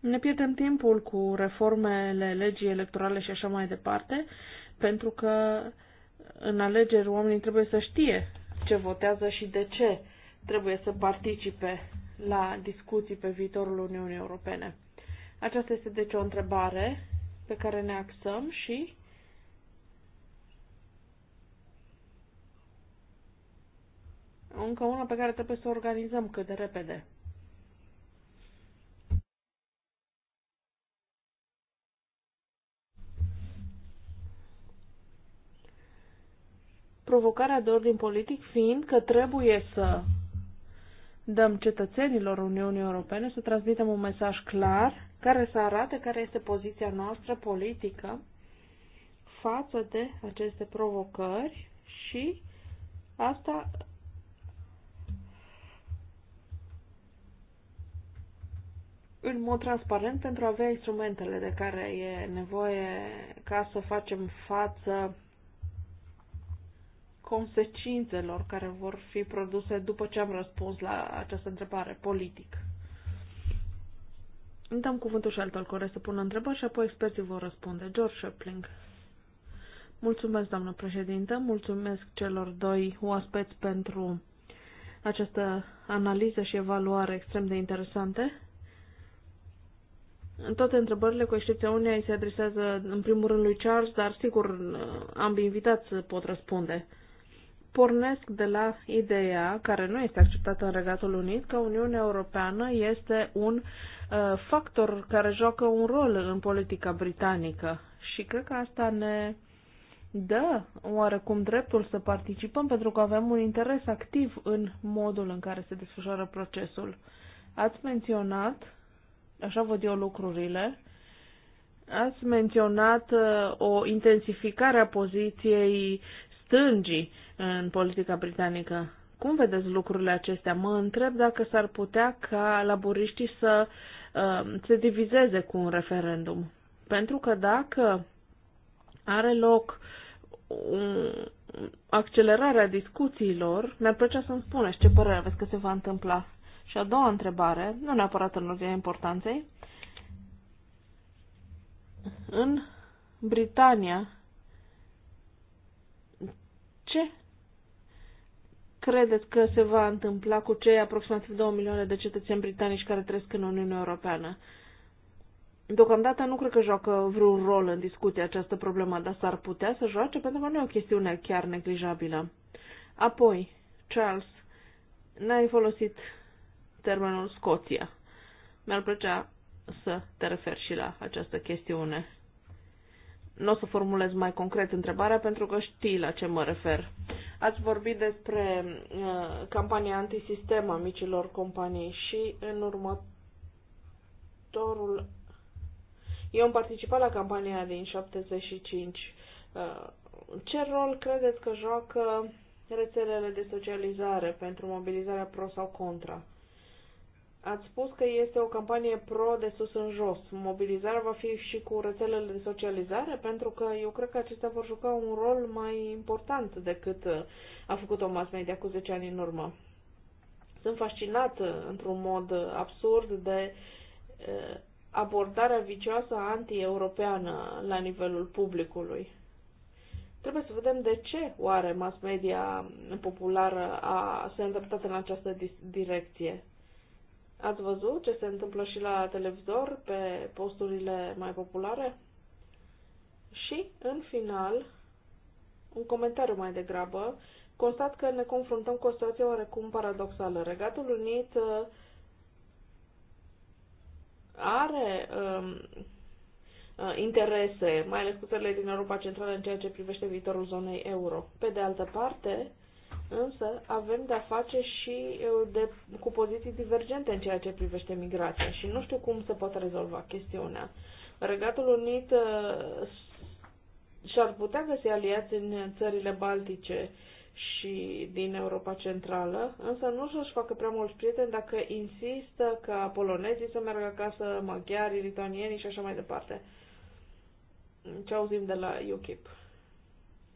ne pierdem timpul cu reformele legii electorale și așa mai departe, pentru că în alegeri oamenii trebuie să știe ce votează și de ce trebuie să participe la discuții pe viitorul Uniunii Europene. Aceasta este deci o întrebare pe care ne axăm și încă una pe care trebuie să o organizăm cât de repede. Provocarea de ordin politic fiind că trebuie să dăm cetățenilor Uniunii Europene să transmitem un mesaj clar care să arate care este poziția noastră politică față de aceste provocări și asta în mod transparent pentru a avea instrumentele de care e nevoie ca să facem față consecințelor care vor fi produse după ce am răspuns la această întrebare politic. Dăm cuvântul și altor care să pună întrebări și apoi experții vor răspunde. George Shepling. Mulțumesc, doamnă președintă, mulțumesc celor doi oaspeți pentru această analiză și evaluare extrem de interesante. În toate întrebările, cu excepția unei, se adresează în primul rând lui Charles, dar sigur ambii invitați pot răspunde pornesc de la ideea, care nu este acceptată în Regatul Unit, că Uniunea Europeană este un uh, factor care joacă un rol în politica britanică. Și cred că asta ne dă oarecum dreptul să participăm pentru că avem un interes activ în modul în care se desfășoară procesul. Ați menționat, așa văd eu lucrurile, Ați menționat uh, o intensificare a poziției stângii în politica britanică. Cum vedeți lucrurile acestea? Mă întreb dacă s-ar putea ca laburiștii să uh, se divizeze cu un referendum. Pentru că dacă are loc un, accelerarea discuțiilor, mi-ar plăcea să-mi spuneți ce părere aveți că se va întâmpla. Și a doua întrebare, nu neapărat în ordinea importanței, în Britania ce credeți că se va întâmpla cu cei aproximativ 2 milioane de cetățeni britanici care trăiesc în Uniunea Europeană? Deocamdată nu cred că joacă vreun rol în discuția această problemă, dar s-ar putea să joace pentru că nu e o chestiune chiar neglijabilă. Apoi, Charles, n-ai folosit termenul Scoția. Mi-ar plăcea să te referi și la această chestiune. Nu o să formulez mai concret întrebarea pentru că știi la ce mă refer. Ați vorbit despre uh, campania antisistem a micilor companii și în următorul... Eu am participat la campania din 75. Uh, ce rol credeți că joacă rețelele de socializare pentru mobilizarea pro sau contra? Ați spus că este o campanie pro de sus în jos. Mobilizarea va fi și cu rețelele de socializare, pentru că eu cred că acestea vor juca un rol mai important decât uh, a făcut-o mass media cu 10 ani în urmă. Sunt fascinat, uh, într-un mod uh, absurd, de abordarea vicioasă anti-europeană la nivelul publicului. Trebuie să vedem de ce oare mass media populară a, se îndreptat în această direcție Ați văzut ce se întâmplă și la televizor, pe posturile mai populare? Și, în final, un comentariu mai degrabă, constat că ne confruntăm cu o situație oarecum paradoxală. Regatul Unit uh, are um, uh, interese, mai ales cu din Europa Centrală în ceea ce privește viitorul zonei euro. Pe de altă parte, Însă avem de-a face și de, cu poziții divergente în ceea ce privește migrația și nu știu cum se poate rezolva chestiunea. Regatul Unit uh, și-ar putea găsi aliați în țările baltice și din Europa Centrală, însă nu să-și facă prea mulți prieteni dacă insistă ca polonezii să meargă acasă, maghiari, lituanieni și așa mai departe. Ce auzim de la UKIP.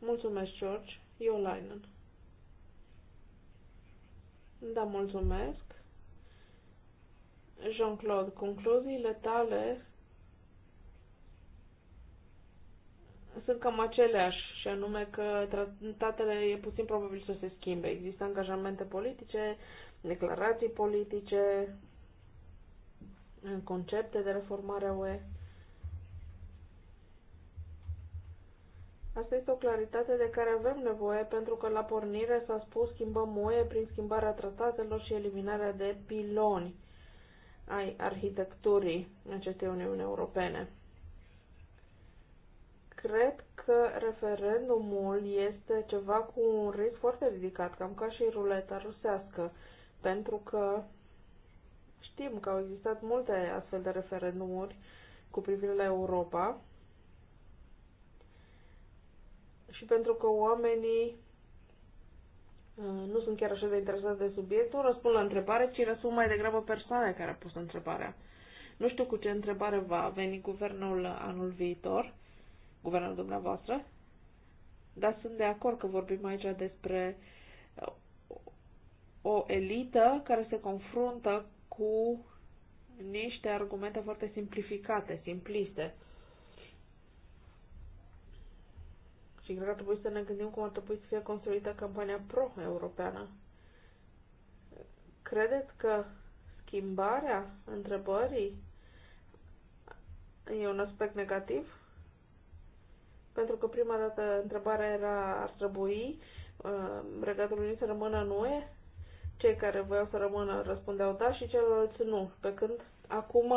Mulțumesc, George. Eu, Linen. Da, mulțumesc. Jean-Claude, concluziile tale sunt cam aceleași, și anume că tratatele e puțin probabil să se schimbe. Există angajamente politice, declarații politice, concepte de reformare a UE. Asta este o claritate de care avem nevoie pentru că la pornire s-a spus schimbăm moie prin schimbarea tratatelor și eliminarea de piloni ai arhitecturii acestei Uniuni Europene. Cred că referendumul este ceva cu un risc foarte ridicat, cam ca și ruleta rusească, pentru că știm că au existat multe astfel de referendumuri cu privire la Europa și pentru că oamenii uh, nu sunt chiar așa de interesați de subiectul, răspund la întrebare, ci răspund mai degrabă persoane care a pus întrebarea. Nu știu cu ce întrebare va veni guvernul anul viitor, guvernul dumneavoastră, dar sunt de acord că vorbim aici despre uh, o elită care se confruntă cu niște argumente foarte simplificate, simpliste. Și cred că ar trebui să ne gândim cum ar trebui să fie construită campania pro-europeană. Credeți că schimbarea întrebării e un aspect negativ? Pentru că prima dată întrebarea era ar trebui uh, Regatul Unit să rămână în UE? Cei care voiau să rămână răspundeau da și ceilalți nu. Pe când acum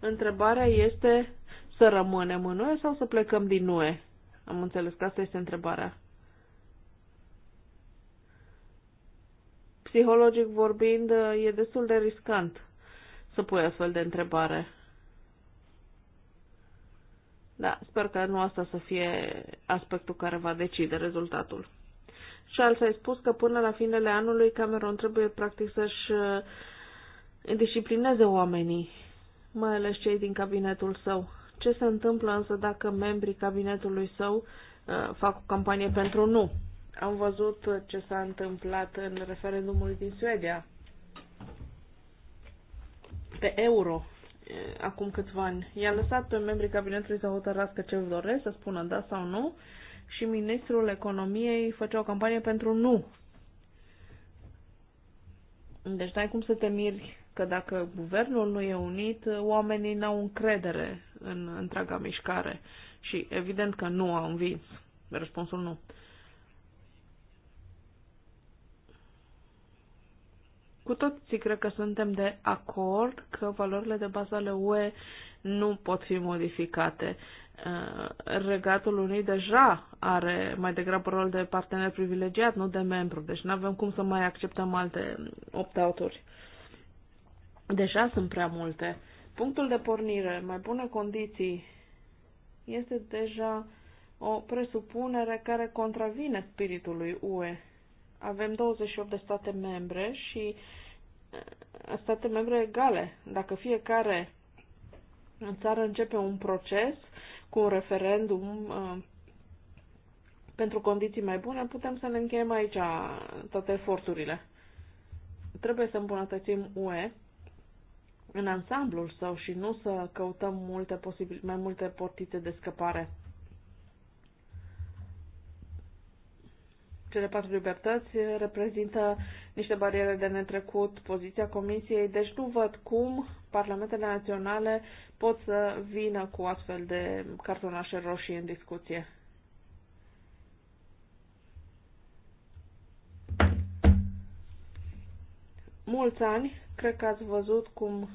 întrebarea este să rămânem în UE sau să plecăm din UE? Am înțeles că asta este întrebarea. Psihologic vorbind, e destul de riscant să pui astfel de întrebare. Da, sper că nu asta să fie aspectul care va decide rezultatul. Charles a spus că până la finele anului Cameron trebuie practic să-și uh, disciplineze oamenii, mai ales cei din cabinetul său. Ce se întâmplă însă dacă membrii cabinetului său uh, fac o campanie pentru nu? Am văzut ce s-a întâmplat în referendumul din Suedia pe euro uh, acum câțiva ani. I-a lăsat pe membrii cabinetului să hotărască ce doresc, să spună da sau nu și ministrul economiei făcea o campanie pentru nu. Deci n-ai cum să te miri că dacă guvernul nu e unit, oamenii n-au încredere în întreaga mișcare și evident că nu au învins. Răspunsul nu. Cu toții cred că suntem de acord că valorile de bază ale UE nu pot fi modificate. Uh, Regatul Unii deja are mai degrabă rol de partener privilegiat, nu de membru, deci nu avem cum să mai acceptăm alte opt out Deja sunt prea multe. Punctul de pornire, mai bune condiții, este deja o presupunere care contravine spiritului UE. Avem 28 de state membre și eh, state membre egale. Dacă fiecare în țară începe un proces cu un referendum eh, pentru condiții mai bune, putem să ne încheiem aici toate eforturile. Trebuie să îmbunătățim UE în ansamblul său și nu să căutăm multe posibil, mai multe portițe de scăpare. Cele patru libertăți reprezintă niște bariere de netrecut poziția Comisiei, deci nu văd cum parlamentele naționale pot să vină cu astfel de cartonașe roșii în discuție. Mulți ani Cred că ați văzut cum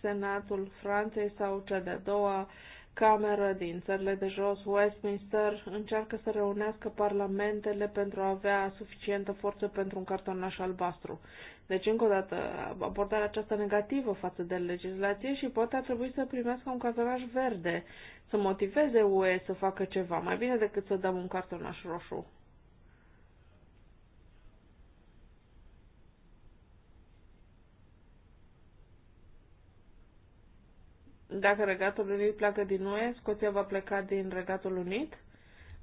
Senatul Franței sau cea de-a doua cameră din țările de jos, Westminster, încearcă să reunească parlamentele pentru a avea suficientă forță pentru un cartonaș albastru. Deci, încă o dată, abordarea aceasta negativă față de legislație și poate ar trebui să primească un cartonaș verde, să motiveze UE să facă ceva, mai bine decât să dăm un cartonaș roșu. Dacă Regatul Unit pleacă din UE, Scoția va pleca din Regatul Unit?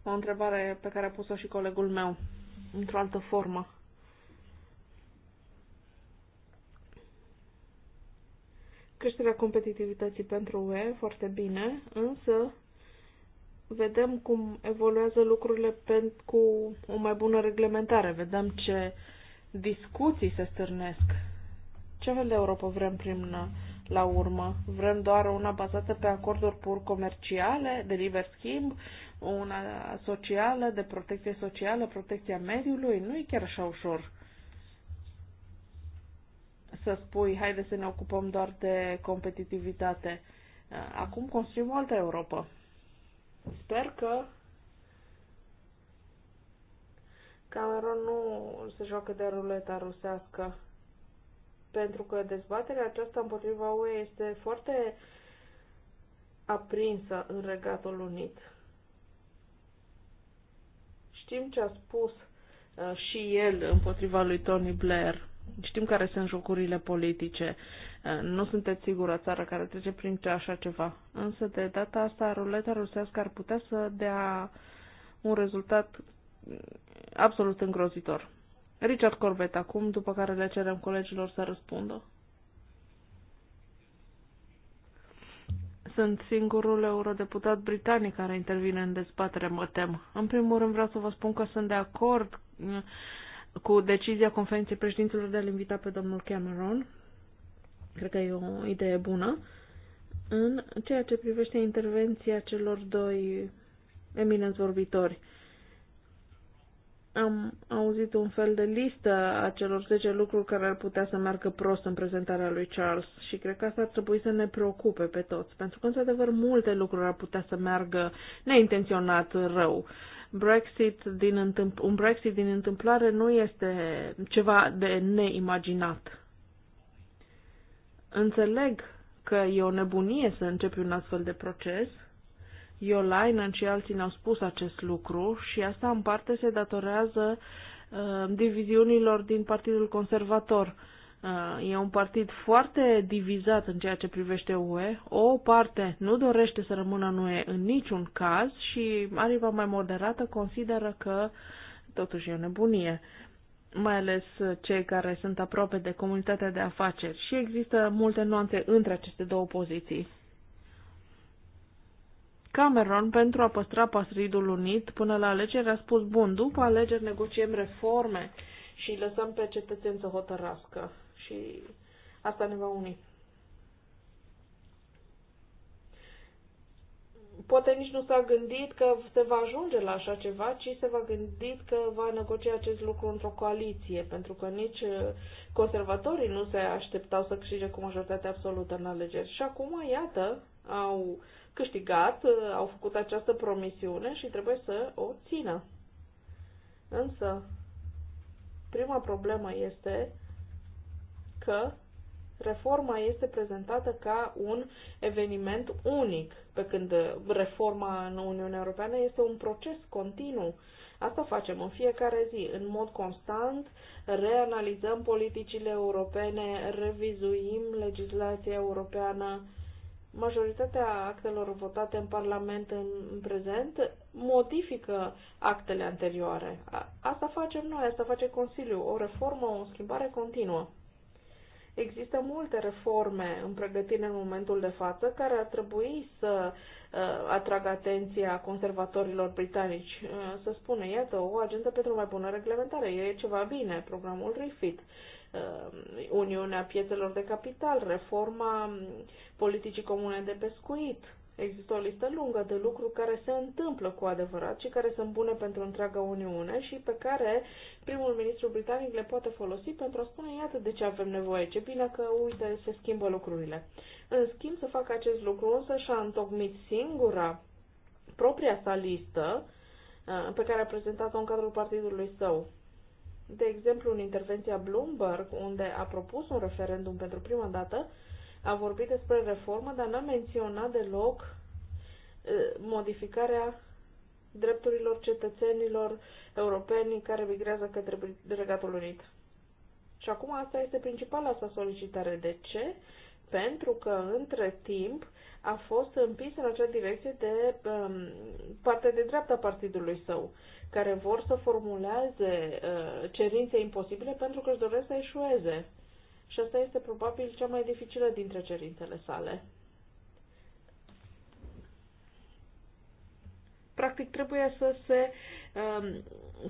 O întrebare pe care a pus-o și colegul meu, într-o altă formă. Creșterea competitivității pentru UE, foarte bine, însă vedem cum evoluează lucrurile cu o mai bună reglementare, vedem ce discuții se stârnesc. Ce fel de Europa vrem prin la urmă? Vrem doar una bazată pe acorduri pur comerciale, de liber schimb, una socială, de protecție socială, protecția mediului? Nu e chiar așa ușor să spui, haide să ne ocupăm doar de competitivitate. Acum construim o altă Europa. Sper că Cameron nu se joacă de ruleta rusească pentru că dezbaterea aceasta împotriva UE este foarte aprinsă în Regatul Unit. Știm ce a spus uh, și el împotriva lui Tony Blair. Știm care sunt jocurile politice. Uh, nu sunteți sigură țară care trece prin așa ceva. Însă de data asta ruleta rusească ar putea să dea un rezultat mm, absolut îngrozitor. Richard Corbett acum, după care le cerem colegilor să răspundă. Sunt singurul eurodeputat britanic care intervine în dezbatere, mă tem. În primul rând vreau să vă spun că sunt de acord uh, cu decizia conferinței președinților de a-l invita pe domnul Cameron. Cred că e o idee bună. În ceea ce privește intervenția celor doi eminenți vorbitori, am auzit un fel de listă a celor 10 lucruri care ar putea să meargă prost în prezentarea lui Charles și cred că asta ar trebui să ne preocupe pe toți, pentru că, într-adevăr, multe lucruri ar putea să meargă neintenționat rău. Brexit din întâmpl- un Brexit din întâmplare nu este ceva de neimaginat. Înțeleg că e o nebunie să începi un astfel de proces, Iolainen și alții ne-au spus acest lucru și asta în parte se datorează uh, diviziunilor din Partidul Conservator. Uh, e un partid foarte divizat în ceea ce privește UE. O parte nu dorește să rămână în UE în niciun caz și aripa mai moderată consideră că totuși e o nebunie mai ales cei care sunt aproape de comunitatea de afaceri și există multe nuanțe între aceste două poziții. Cameron, pentru a păstra pasridul Unit până la alegeri, a spus, bun, după alegeri negociem reforme și lăsăm pe cetățeni să hotărască. Și asta ne va uni. Poate nici nu s-a gândit că se va ajunge la așa ceva, ci se va gândit că va negocia acest lucru într-o coaliție, pentru că nici uh, conservatorii nu se așteptau să câștige cu majoritatea absolută în alegeri. Și acum, iată, au uh, câștigat, uh, au făcut această promisiune și trebuie să o țină. Însă, prima problemă este că reforma este prezentată ca un eveniment unic, pe când reforma în Uniunea Europeană este un proces continuu. Asta facem în fiecare zi, în mod constant, reanalizăm politicile europene, revizuim legislația europeană, majoritatea actelor votate în Parlament în, în prezent modifică actele anterioare. A, asta facem noi, asta face Consiliul, o reformă, o schimbare continuă. Există multe reforme în pregătire în momentul de față care ar trebui să uh, atragă atenția conservatorilor britanici. Uh, să spună, iată, o agendă pentru mai bună reglementare, e ceva bine, programul REFIT. Um, Uniunea Piețelor de Capital, reforma um, politicii comune de pescuit. Există o listă lungă de lucruri care se întâmplă cu adevărat și care sunt bune pentru întreaga Uniune și pe care primul ministru britanic le poate folosi pentru a spune iată de ce avem nevoie, ce bine că uite se schimbă lucrurile. În schimb să facă acest lucru însă și-a întocmit singura propria sa listă uh, pe care a prezentat-o în cadrul partidului său de exemplu, în intervenția Bloomberg, unde a propus un referendum pentru prima dată, a vorbit despre reformă, dar n-a menționat deloc modificarea drepturilor cetățenilor europeni care migrează către Regatul Unit. Și acum asta este principala sa solicitare. De ce? Pentru că între timp a fost împins în acea direcție de um, partea de dreapta partidului său, care vor să formuleze uh, cerințe imposibile pentru că își doresc să eșueze. Și asta este probabil cea mai dificilă dintre cerințele sale. Practic trebuie să se um,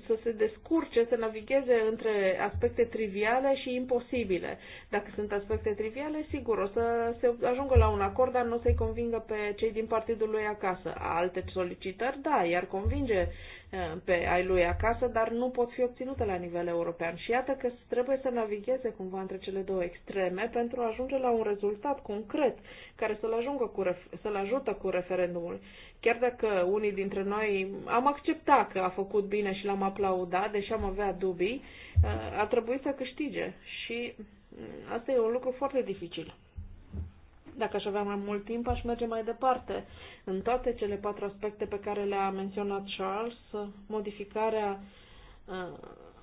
să se descurce, să navigheze între aspecte triviale și imposibile. Dacă sunt aspecte triviale, sigur, o să se ajungă la un acord, dar nu o să-i convingă pe cei din partidul lui acasă. Alte solicitări, da, iar convinge eh, pe ai lui acasă, dar nu pot fi obținute la nivel european. Și iată că trebuie să navigheze cumva între cele două extreme pentru a ajunge la un rezultat concret care să-l, ajungă cu, să-l ajută cu referendumul. Chiar dacă unii dintre noi am acceptat că a făcut bine și l-am aplaudat, deși am avea dubii, uh, a trebuit să câștige. Și mm, asta e un lucru foarte dificil. Dacă aș avea mai mult timp, aș merge mai departe. În toate cele patru aspecte pe care le-a menționat Charles, modificarea uh,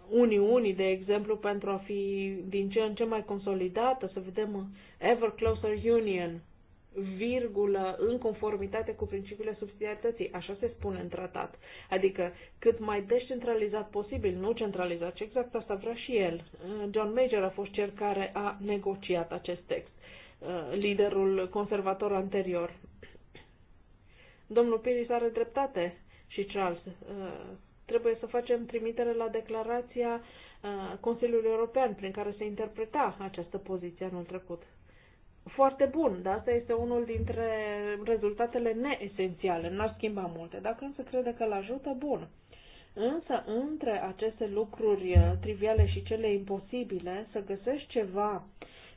Uniunii, de exemplu, pentru a fi din ce în ce mai consolidată, să vedem Ever Closer Union, virgulă, în conformitate cu principiile subsidiarității. Așa se spune în tratat. Adică cât mai descentralizat posibil, nu centralizat, și exact asta vrea și el. Uh, John Major a fost cel care a negociat acest text, uh, liderul conservator anterior. (clears throat) Domnul Piris are dreptate și Charles. Uh, trebuie să facem trimitere la declarația Consiliului European prin care se interpreta această poziție anul trecut foarte bun, dar asta este unul dintre rezultatele neesențiale, n-ar schimba multe. Dacă însă crede că îl ajută, bun. Însă, între aceste lucruri uh, triviale și cele imposibile, să găsești ceva,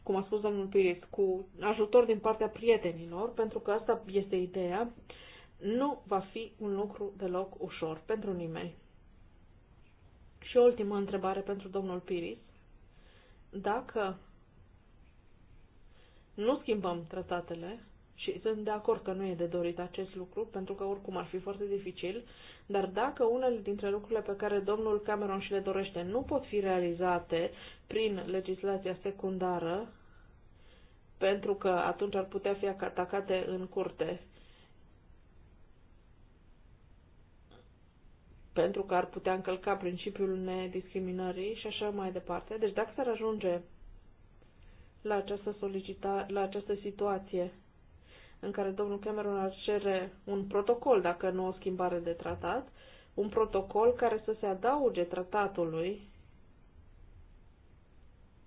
cum a spus domnul Piris, cu ajutor din partea prietenilor, pentru că asta este ideea, nu va fi un lucru deloc ușor pentru nimeni. Și o ultimă întrebare pentru domnul Piris. Dacă nu schimbăm tratatele și sunt de acord că nu e de dorit acest lucru, pentru că oricum ar fi foarte dificil, dar dacă unele dintre lucrurile pe care domnul Cameron și le dorește nu pot fi realizate prin legislația secundară, pentru că atunci ar putea fi atacate în curte, pentru că ar putea încălca principiul nediscriminării și așa mai departe. Deci dacă s-ar ajunge la această, solicita, la această situație în care domnul Cameron ar cere un protocol, dacă nu o schimbare de tratat, un protocol care să se adauge tratatului,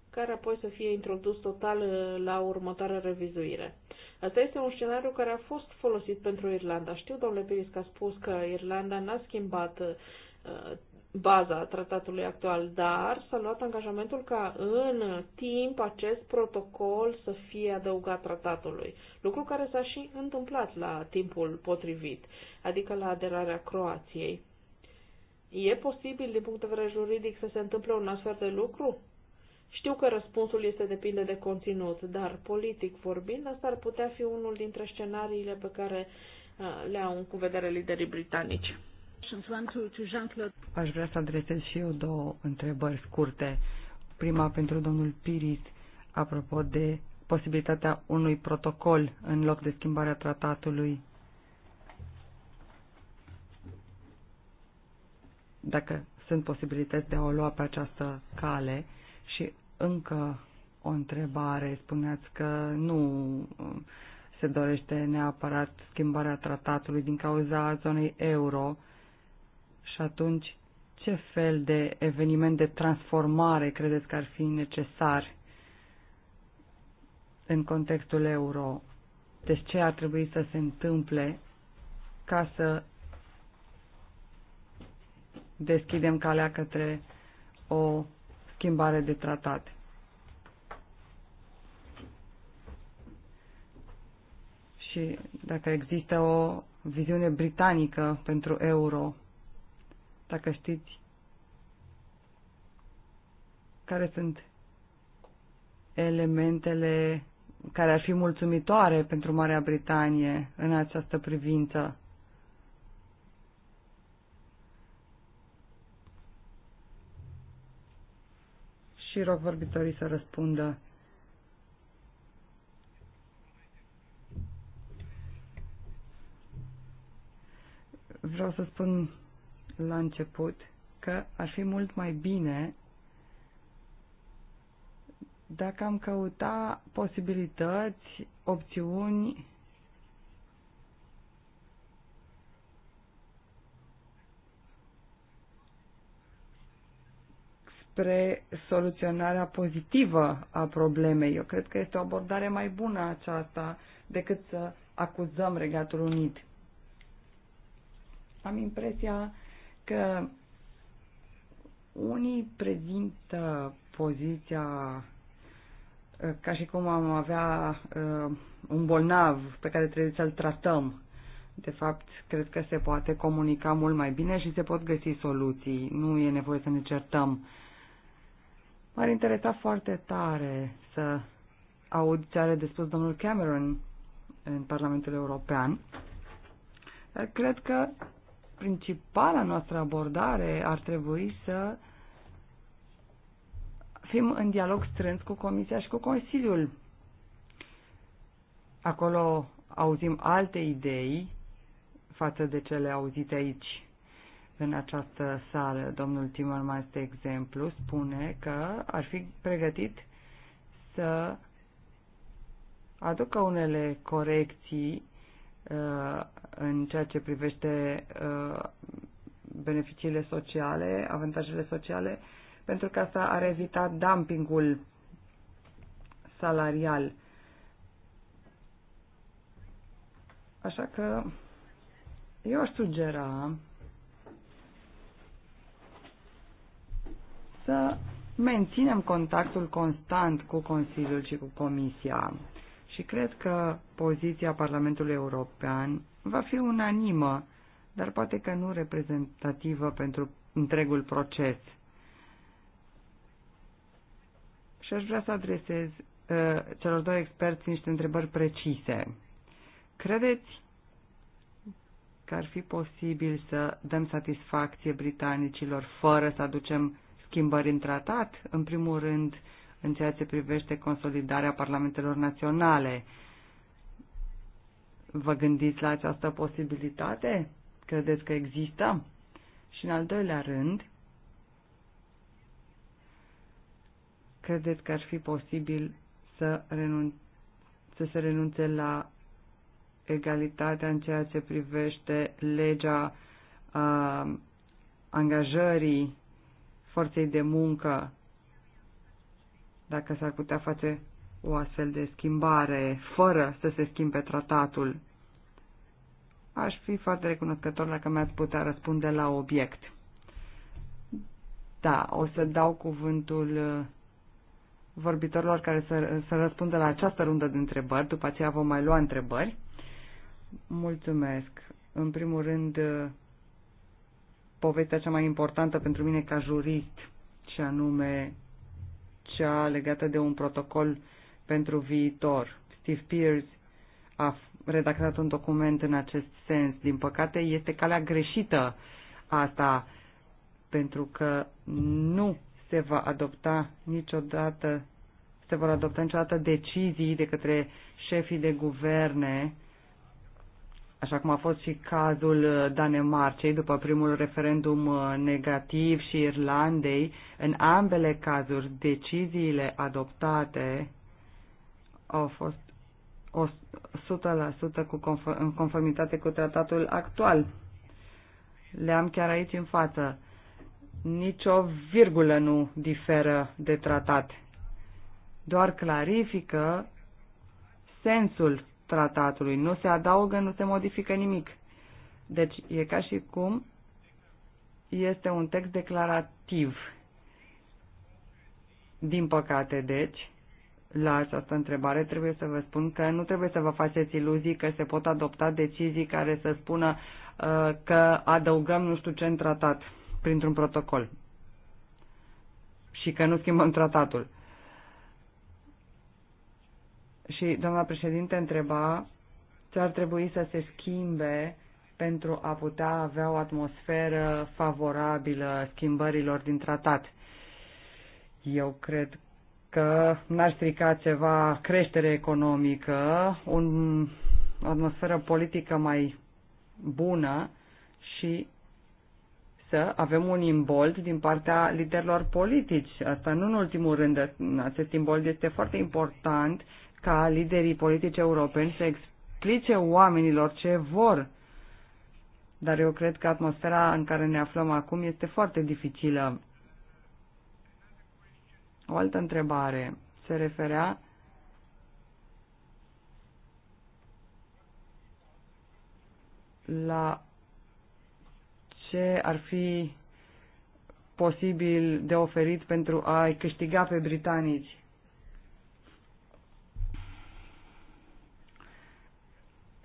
care apoi să fie introdus total uh, la următoarea revizuire. Asta este un scenariu care a fost folosit pentru Irlanda. Știu, domnule Piris, că a spus că Irlanda n-a schimbat uh, baza tratatului actual, dar s-a luat angajamentul ca în timp acest protocol să fie adăugat tratatului, lucru care s-a și întâmplat la timpul potrivit, adică la aderarea Croației. E posibil din punct de vedere juridic să se întâmple un astfel de lucru? Știu că răspunsul este depinde de conținut, dar politic vorbind, asta ar putea fi unul dintre scenariile pe care uh, le au în vedere liderii britanici. Aș vrea să adresez și eu două întrebări scurte. Prima pentru domnul Piris, apropo de posibilitatea unui protocol în loc de schimbarea tratatului. Dacă sunt posibilități de a o lua pe această cale și încă o întrebare, spuneați că nu um, se dorește neapărat schimbarea tratatului din cauza zonei euro, și atunci, ce fel de eveniment de transformare credeți că ar fi necesar în contextul euro? Deci ce ar trebui să se întâmple ca să deschidem calea către o schimbare de tratat? Și dacă există o viziune britanică pentru euro, dacă știți care sunt elementele care ar fi mulțumitoare pentru Marea Britanie în această privință. Și rog vorbitorii să răspundă. Vreau să spun la început că ar fi mult mai bine dacă am căuta posibilități, opțiuni spre soluționarea pozitivă a problemei. Eu cred că este o abordare mai bună aceasta decât să acuzăm Regatul Unit. Am impresia că unii prezintă poziția uh, ca și cum am avea uh, un bolnav pe care trebuie să-l tratăm. De fapt, cred că se poate comunica mult mai bine și se pot găsi soluții. Nu e nevoie să ne certăm. M-ar interesa foarte tare să aud ce are de spus domnul Cameron în Parlamentul European. Dar cred că principala noastră abordare ar trebui să fim în dialog strâns cu Comisia și cu Consiliul. Acolo auzim alte idei față de cele auzite aici. În această sală, domnul Timmermans, este exemplu, spune că ar fi pregătit să aducă unele corecții Uh, în ceea ce privește uh, beneficiile sociale, avantajele sociale, pentru că asta ar evita dumpingul salarial. Așa că eu aș sugera să menținem contactul constant cu Consiliul și cu Comisia și cred că poziția Parlamentului European va fi unanimă, dar poate că nu reprezentativă pentru întregul proces. Și aș vrea să adresez uh, celor doi experți niște întrebări precise. Credeți că ar fi posibil să dăm satisfacție britanicilor fără să aducem schimbări în tratat? În primul rând, uh, în ceea ce privește consolidarea parlamentelor naționale. Vă gândiți la această posibilitate? Credeți că există? Și în al doilea rând, credeți că ar fi posibil să, renun- să se renunțe la egalitatea în ceea ce privește legea uh, angajării forței de muncă dacă s-ar putea face o astfel de schimbare fără să se schimbe tratatul. Aș fi foarte recunoscător dacă mi-ați putea răspunde la obiect. Da, o să dau cuvântul uh, vorbitorilor care să, să răspundă la această rundă de întrebări, după aceea vom mai lua întrebări. Mulțumesc. În primul rând, uh, povestea cea mai importantă pentru mine ca jurist, și anume cea legată de un protocol pentru viitor. Steve Pierce a redactat un document în acest sens. Din păcate, este calea greșită asta, pentru că nu se va adopta niciodată se vor adopta niciodată decizii de către șefii de guverne așa cum a fost și cazul uh, Danemarcei după primul referendum uh, negativ și Irlandei, în ambele cazuri deciziile adoptate au fost 100% cu conform, în conformitate cu tratatul actual. Le-am chiar aici în față. Nici o virgulă nu diferă de tratat. Doar clarifică sensul tratatului. Nu se adaugă, nu se modifică nimic. Deci e ca și cum este un text declarativ. Din păcate, deci, la această întrebare trebuie să vă spun că nu trebuie să vă faceți iluzii că se pot adopta decizii care să spună uh, că adăugăm nu știu ce în tratat printr-un protocol și că nu schimbăm tratatul. Și doamna președinte întreba ce ar trebui să se schimbe pentru a putea avea o atmosferă favorabilă schimbărilor din tratat. Eu cred că n-ar strica ceva creștere economică, un, o atmosferă politică mai bună și să avem un imbold din partea liderilor politici. Asta nu în ultimul rând. Acest imbold este foarte important ca liderii politici europeni să explice oamenilor ce vor. Dar eu cred că atmosfera în care ne aflăm acum este foarte dificilă. O altă întrebare se referea la ce ar fi posibil de oferit pentru a-i câștiga pe britanici.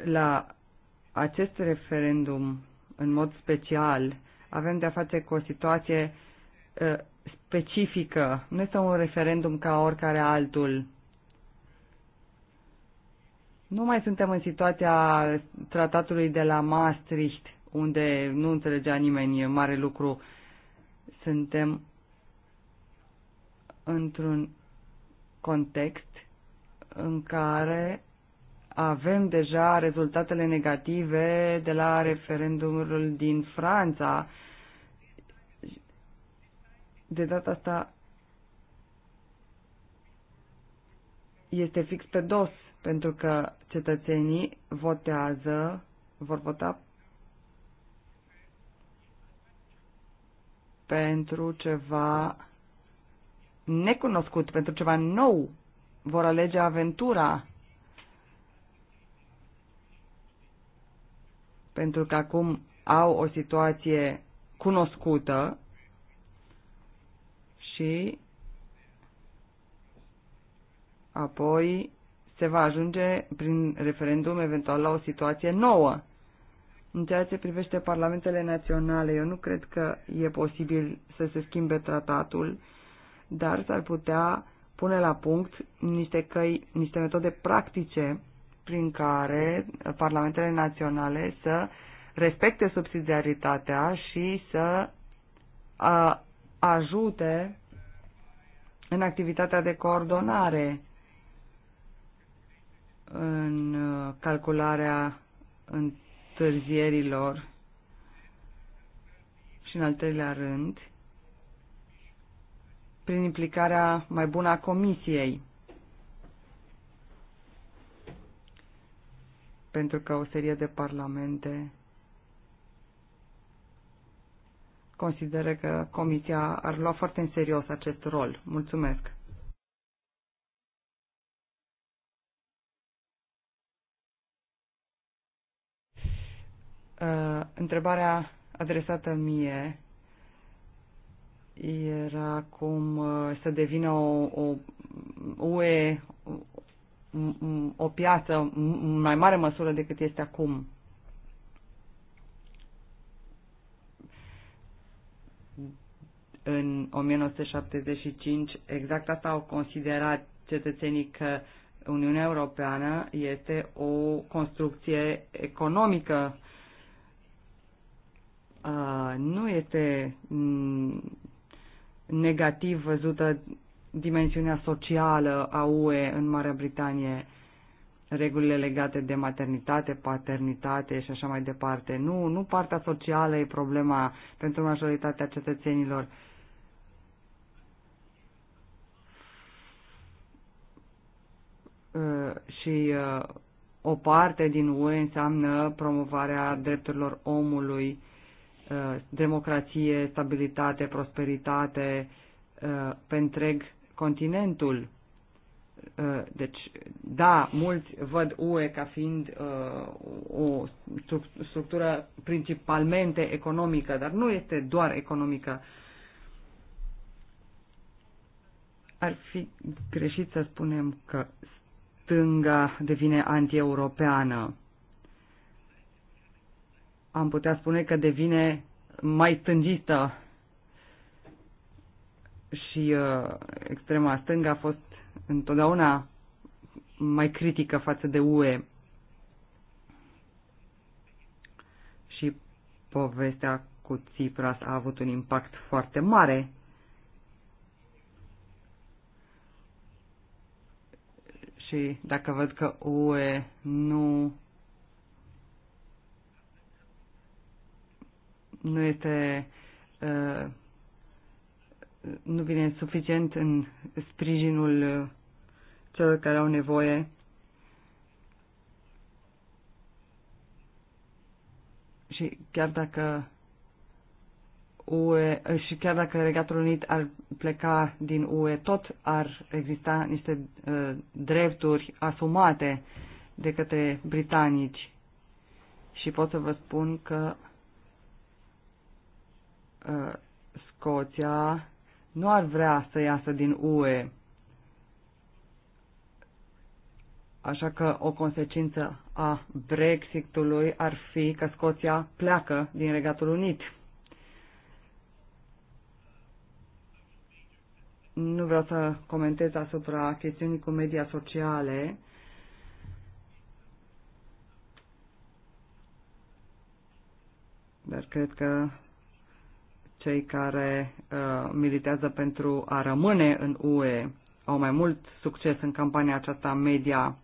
la acest referendum, în mod special, avem de-a face cu o situație uh, specifică. Nu este un referendum ca oricare altul. Nu mai suntem în situația tratatului de la Maastricht, unde nu înțelegea nimeni mare lucru. Suntem într-un context în care avem deja rezultatele negative de la referendumul din Franța. De data asta este fix pe dos, pentru că cetățenii votează, vor vota pentru ceva necunoscut, pentru ceva nou. Vor alege aventura pentru că acum au o situație cunoscută și apoi se va ajunge prin referendum eventual la o situație nouă. În ceea ce privește parlamentele naționale, eu nu cred că e posibil să se schimbe tratatul, dar s-ar putea pune la punct niște căi, niște metode practice prin care parlamentele naționale să respecte subsidiaritatea și să a, ajute în activitatea de coordonare, în uh, calcularea întârzierilor și, în al treilea rând, prin implicarea mai bună a comisiei. pentru că o serie de parlamente consideră că Comisia ar lua foarte în serios acest rol. Mulțumesc! Uh, întrebarea adresată mie era cum uh, să devină o, o UE o piață în mai mare măsură decât este acum. În 1975, exact asta au considerat cetățenii că Uniunea Europeană este o construcție economică. Uh, nu este negativ văzută dimensiunea socială a UE în Marea Britanie, regulile legate de maternitate, paternitate și așa mai departe. Nu, nu partea socială e problema pentru majoritatea cetățenilor. Uh, și uh, o parte din UE înseamnă promovarea drepturilor omului, uh, democrație, stabilitate, prosperitate pe întreg continentul. Uh, deci, da, mulți văd UE ca fiind uh, o structură principalmente economică, dar nu este doar economică. Ar fi greșit să spunem că stânga devine antieuropeană. Am putea spune că devine mai stângistă și uh, extrema stângă a fost întotdeauna mai critică față de UE. Și povestea cu Tsipras a avut un impact foarte mare. Și dacă văd că UE nu nu este uh, nu vine suficient în sprijinul uh, celor care au nevoie. Și chiar dacă UE și chiar dacă Regatul Unit ar pleca din UE, tot ar exista niște uh, drepturi asumate de către britanici. Și pot să vă spun că uh, Scoția nu ar vrea să iasă din UE. Așa că o consecință a Brexitului ar fi că Scoția pleacă din Regatul Unit. Nu vreau să comentez asupra chestiunii cu media sociale. Dar cred că cei care uh, militează pentru a rămâne în UE au mai mult succes în campania aceasta media.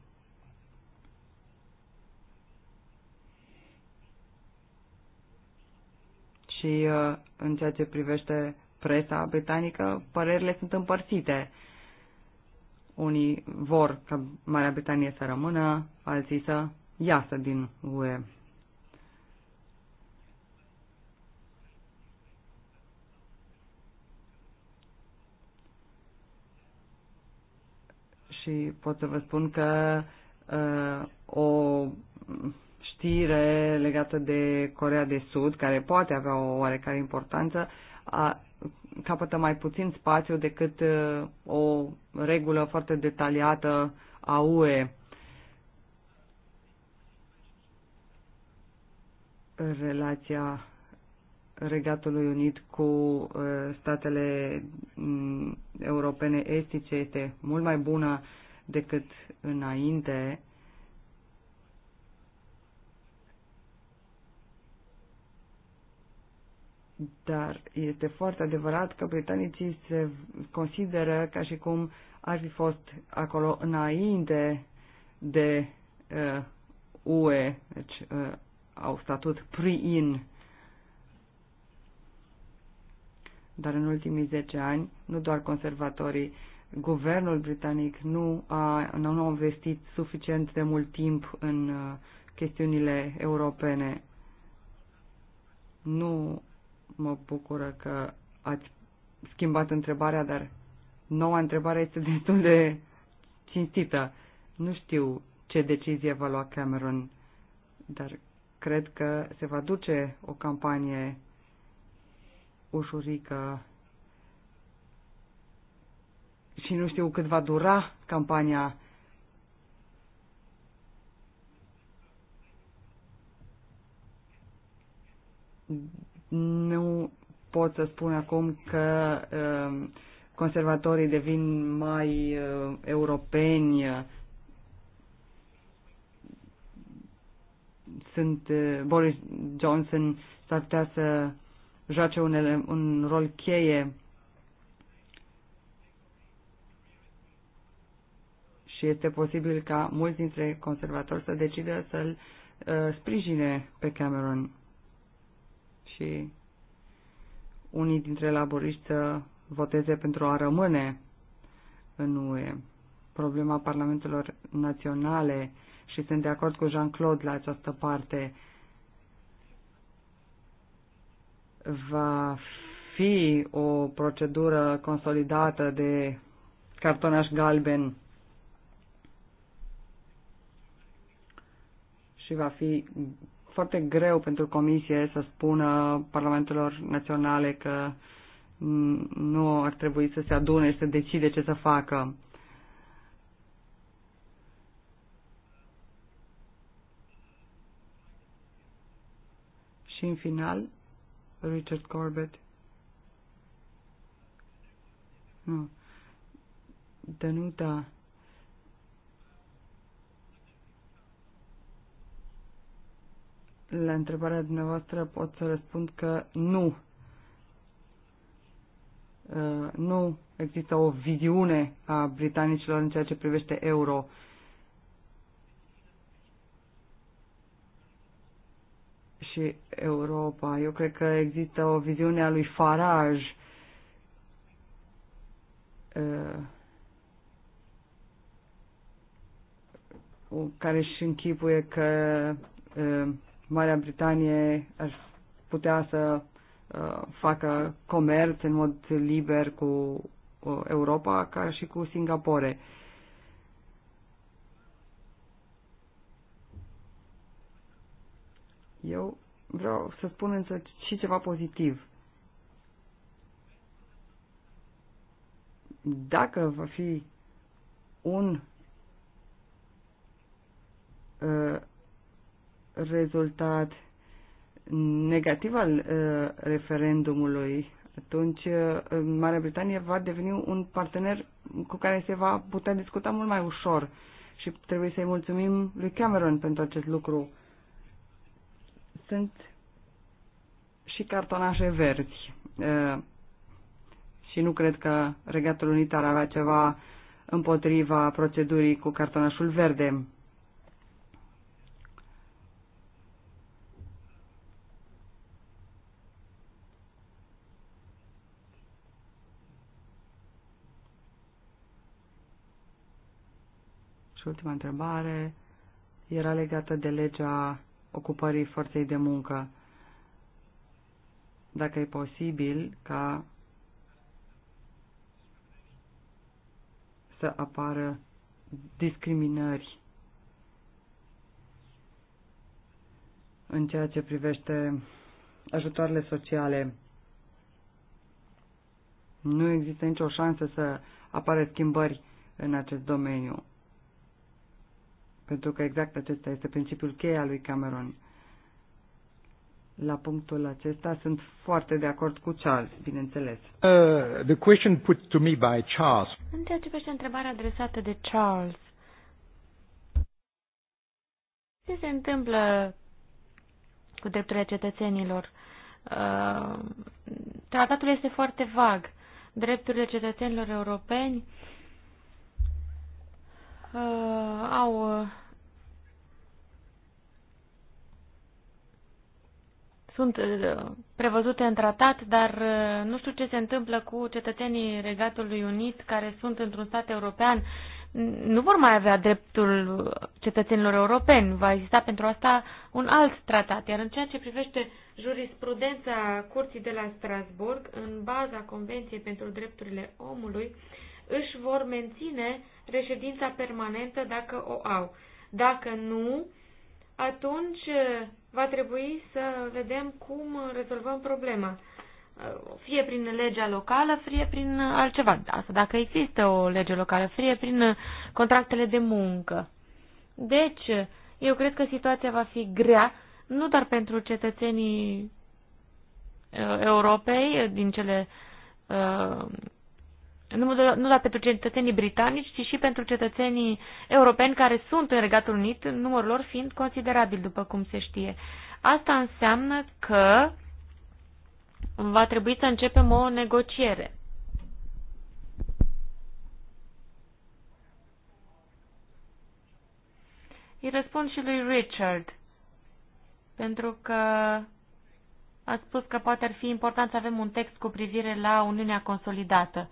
Și uh, în ceea ce privește presa britanică, părerile sunt împărțite. Unii vor ca Marea Britanie să rămână, alții să iasă din UE. și pot să vă spun că uh, o știre legată de Corea de Sud, care poate avea o oarecare importanță, a, capătă mai puțin spațiu decât uh, o regulă foarte detaliată a UE. Relația Regatului Unit cu uh, statele mm, europene estice este mult mai bună decât înainte. Dar este foarte adevărat că britanicii se consideră ca și cum ar fi fost acolo înainte de uh, UE, deci uh, au statut pre-in dar în ultimii 10 ani, nu doar conservatorii, guvernul britanic nu a, nu a investit suficient de mult timp în uh, chestiunile europene. Nu mă bucură că ați schimbat întrebarea, dar noua întrebare este destul de cinstită. Nu știu ce decizie va lua Cameron, dar cred că se va duce o campanie ușurică și nu știu cât va dura campania nu pot să spun acum că um, conservatorii devin mai uh, europeni sunt uh, Boris Johnson s-ar putea să joace un, un rol cheie și este posibil ca mulți dintre conservatori să decidă să-l uh, sprijine pe Cameron și unii dintre laboriști să voteze pentru a rămâne în UE. Problema parlamentelor naționale și sunt de acord cu Jean-Claude la această parte va fi o procedură consolidată de cartonaș galben și va fi foarte greu pentru comisie să spună parlamentelor naționale că nu ar trebui să se adune și să decide ce să facă. Și în final, Richard Corbett. Nu. Danuta. La întrebarea dumneavoastră pot să răspund că nu. Uh, nu există o viziune a britanicilor în ceea ce privește euro și Europa. Eu cred că există o viziune a lui Faraj uh, care își închipuie că uh, Marea Britanie ar putea să uh, facă comerț în mod liber cu Europa ca și cu Singapore. Uh, Eu vreau să spun însă și ceva pozitiv. Dacă va fi un uh, rezultat negativ al uh, referendumului, atunci uh, Marea Britanie va deveni un partener cu care se va putea discuta mult mai ușor și trebuie să-i mulțumim lui Cameron pentru acest lucru. Uh, sunt și cartonașe verzi. Și nu cred că Regatul Unit ar avea ceva împotriva procedurii cu cartonașul verde. Și ultima întrebare era legată de legea ocupării forței de muncă. Dacă e posibil ca să apară discriminări în ceea ce privește ajutoarele sociale. Nu există nicio șansă să apară schimbări în acest domeniu pentru că exact acesta este principiul cheia al lui Cameron. La punctul acesta sunt foarte de acord cu Charles, bineînțeles. Uh, the question put to me by Charles. În ceea ce privește întrebarea adresată de Charles, ce se întâmplă cu drepturile cetățenilor? Uh, tratatul este foarte vag. Drepturile cetățenilor europeni uh, uh, au uh, sunt uh, prevăzute în tratat, dar uh, nu știu ce se întâmplă cu cetățenii Regatului Unit care sunt într-un stat european. Nu vor mai avea dreptul cetățenilor europeni. Va exista pentru asta un alt tratat. Iar în ceea ce privește jurisprudența Curții de la Strasburg, în baza Convenției pentru Drepturile Omului, își vor menține uh, reședința permanentă dacă o au. Dacă nu, atunci eh, va trebui să vedem cum rezolvăm problema. Eh, fie prin legea locală, fie prin eh, altceva. Asta dacă există o lege locală, fie prin contractele de muncă. Deci, eu cred că situația va fi grea, nu doar pentru cetățenii Europei, din cele nu, nu doar pentru cetățenii britanici, ci și pentru cetățenii europeni care sunt în Regatul Unit, numărul lor fiind considerabil, după cum se știe. Asta înseamnă că va trebui să începem o negociere. Îi răspund și lui Richard, pentru că a spus că poate ar fi important să avem un text cu privire la Uniunea Consolidată.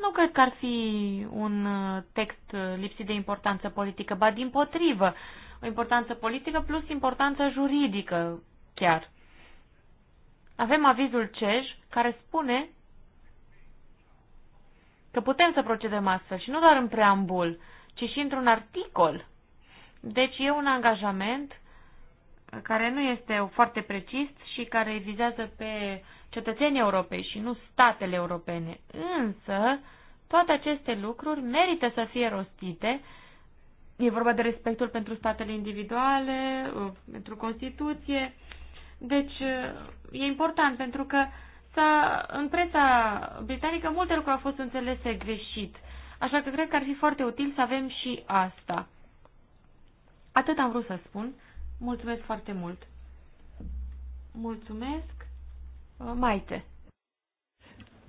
Nu cred că ar fi un uh, text uh, lipsit de importanță politică, ba din potrivă, o importanță politică plus importanță juridică chiar. Avem avizul CEJ care spune că putem să procedăm astfel și nu doar în preambul, ci și într-un articol. Deci e un angajament care nu este foarte precis și care vizează pe cetățenii europei și nu statele europene. Însă, toate aceste lucruri merită să fie rostite. E vorba de respectul pentru statele individuale, uh, pentru Constituție. Deci, uh, e important pentru că s-a, în presa britanică multe lucruri au fost înțelese greșit. Așa că cred că ar fi foarte util să avem și asta. Atât am vrut să spun. Mulțumesc foarte mult. Mulțumesc. Uh, Maite.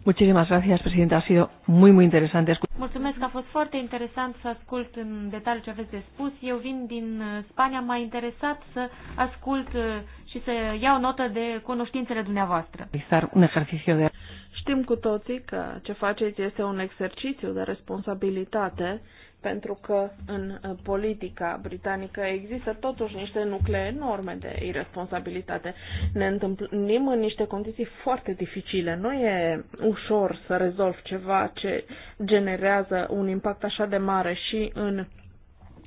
Muchísimas gracias, presidenta. Ha sido muy, muy interesante. Mulțumesc, a fost foarte interesant să ascult în detaliu ce aveți de spus. Eu vin din uh, Spania, m-a interesat să ascult uh, și să iau notă de cunoștințele dumneavoastră. Un exercițiu de... Știm cu toții că ce faceți este un exercițiu de responsabilitate pentru că în uh, politica britanică există totuși niște nuclee enorme de irresponsabilitate. Ne întâlnim în niște condiții foarte dificile. Nu e ușor să rezolvi ceva ce generează un impact așa de mare și în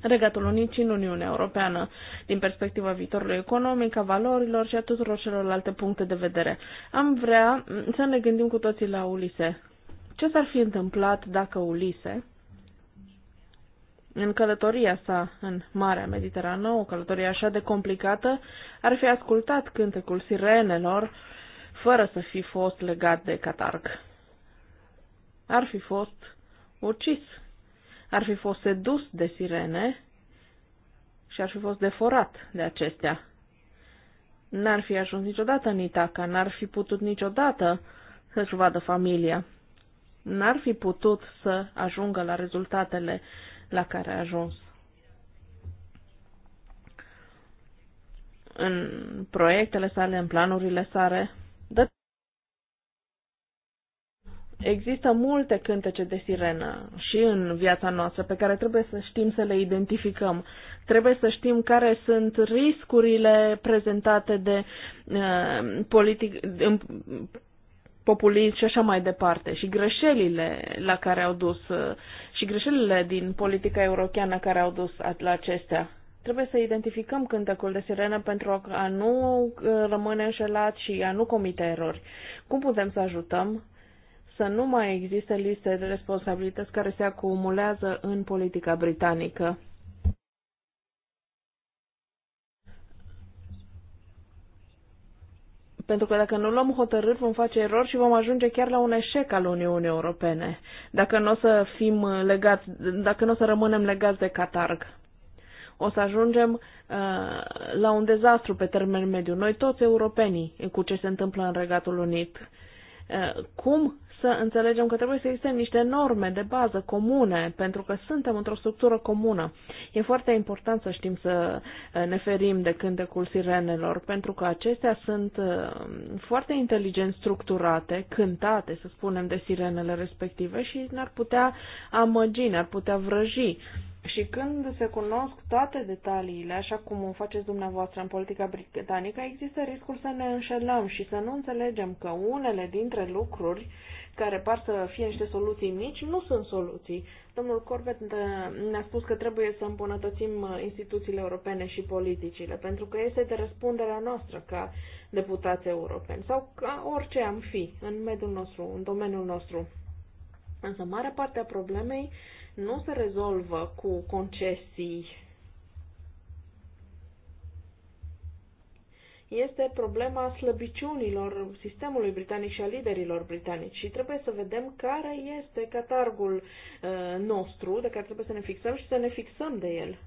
Regatul Unit și în Uniunea Europeană, din perspectiva viitorului economic, a valorilor și a tuturor celorlalte puncte de vedere. Am vrea să ne gândim cu toții la Ulise. Ce s-ar fi întâmplat dacă Ulise, în călătoria sa în Marea Mediterană, o călătorie așa de complicată, ar fi ascultat cântecul sirenelor fără să fi fost legat de catarg. Ar fi fost ucis, ar fi fost sedus de sirene și ar fi fost deforat de acestea. N-ar fi ajuns niciodată în Itaca, n-ar fi putut niciodată să-și vadă familia, n-ar fi putut să ajungă la rezultatele la care a ajuns. În proiectele sale, în planurile sale, dă Există multe cântece de sirenă și în viața noastră pe care trebuie să știm să le identificăm. Trebuie să știm care sunt riscurile prezentate de uh, politic, populism și așa mai departe și greșelile la care au dus uh, și greșelile din politica europeană care au dus la acestea. Trebuie să identificăm cântecul de sirenă pentru a nu uh, rămâne înșelat și a nu comite erori. Cum putem să ajutăm să nu mai existe liste de responsabilități care se acumulează în politica britanică? Pentru că dacă nu luăm hotărâri, vom face erori și vom ajunge chiar la un eșec al Uniunii Europene, dacă nu o să fim legați, dacă nu o să rămânem legați de catarg. O să ajungem uh, la un dezastru pe termen mediu. Noi toți europenii cu ce se întâmplă în Regatul Unit. Uh, cum să înțelegem că trebuie să existe niște norme de bază comune, pentru că suntem într-o structură comună. E foarte important să știm să eh, ne ferim de cântecul sirenelor, pentru că acestea sunt eh, foarte inteligent structurate, cântate, să spunem, de sirenele respective și n ar putea amăgi, n ar putea vrăji. Și când se cunosc toate detaliile, așa cum o faceți dumneavoastră în politica britanică, există riscul să ne înșelăm și să nu înțelegem că unele dintre lucruri care par să fie niște soluții mici, nu sunt soluții. Domnul Corbett ne-a spus că trebuie să îmbunătățim uh, instituțiile europene și politicile, pentru că este de răspunderea noastră ca deputați europeni sau ca orice am fi în mediul nostru, în domeniul nostru. Însă mare parte a problemei nu se rezolvă cu concesii este problema slăbiciunilor sistemului britanic și a liderilor britanici și trebuie să vedem care este catargul uh, nostru de care trebuie să ne fixăm și să ne fixăm de el.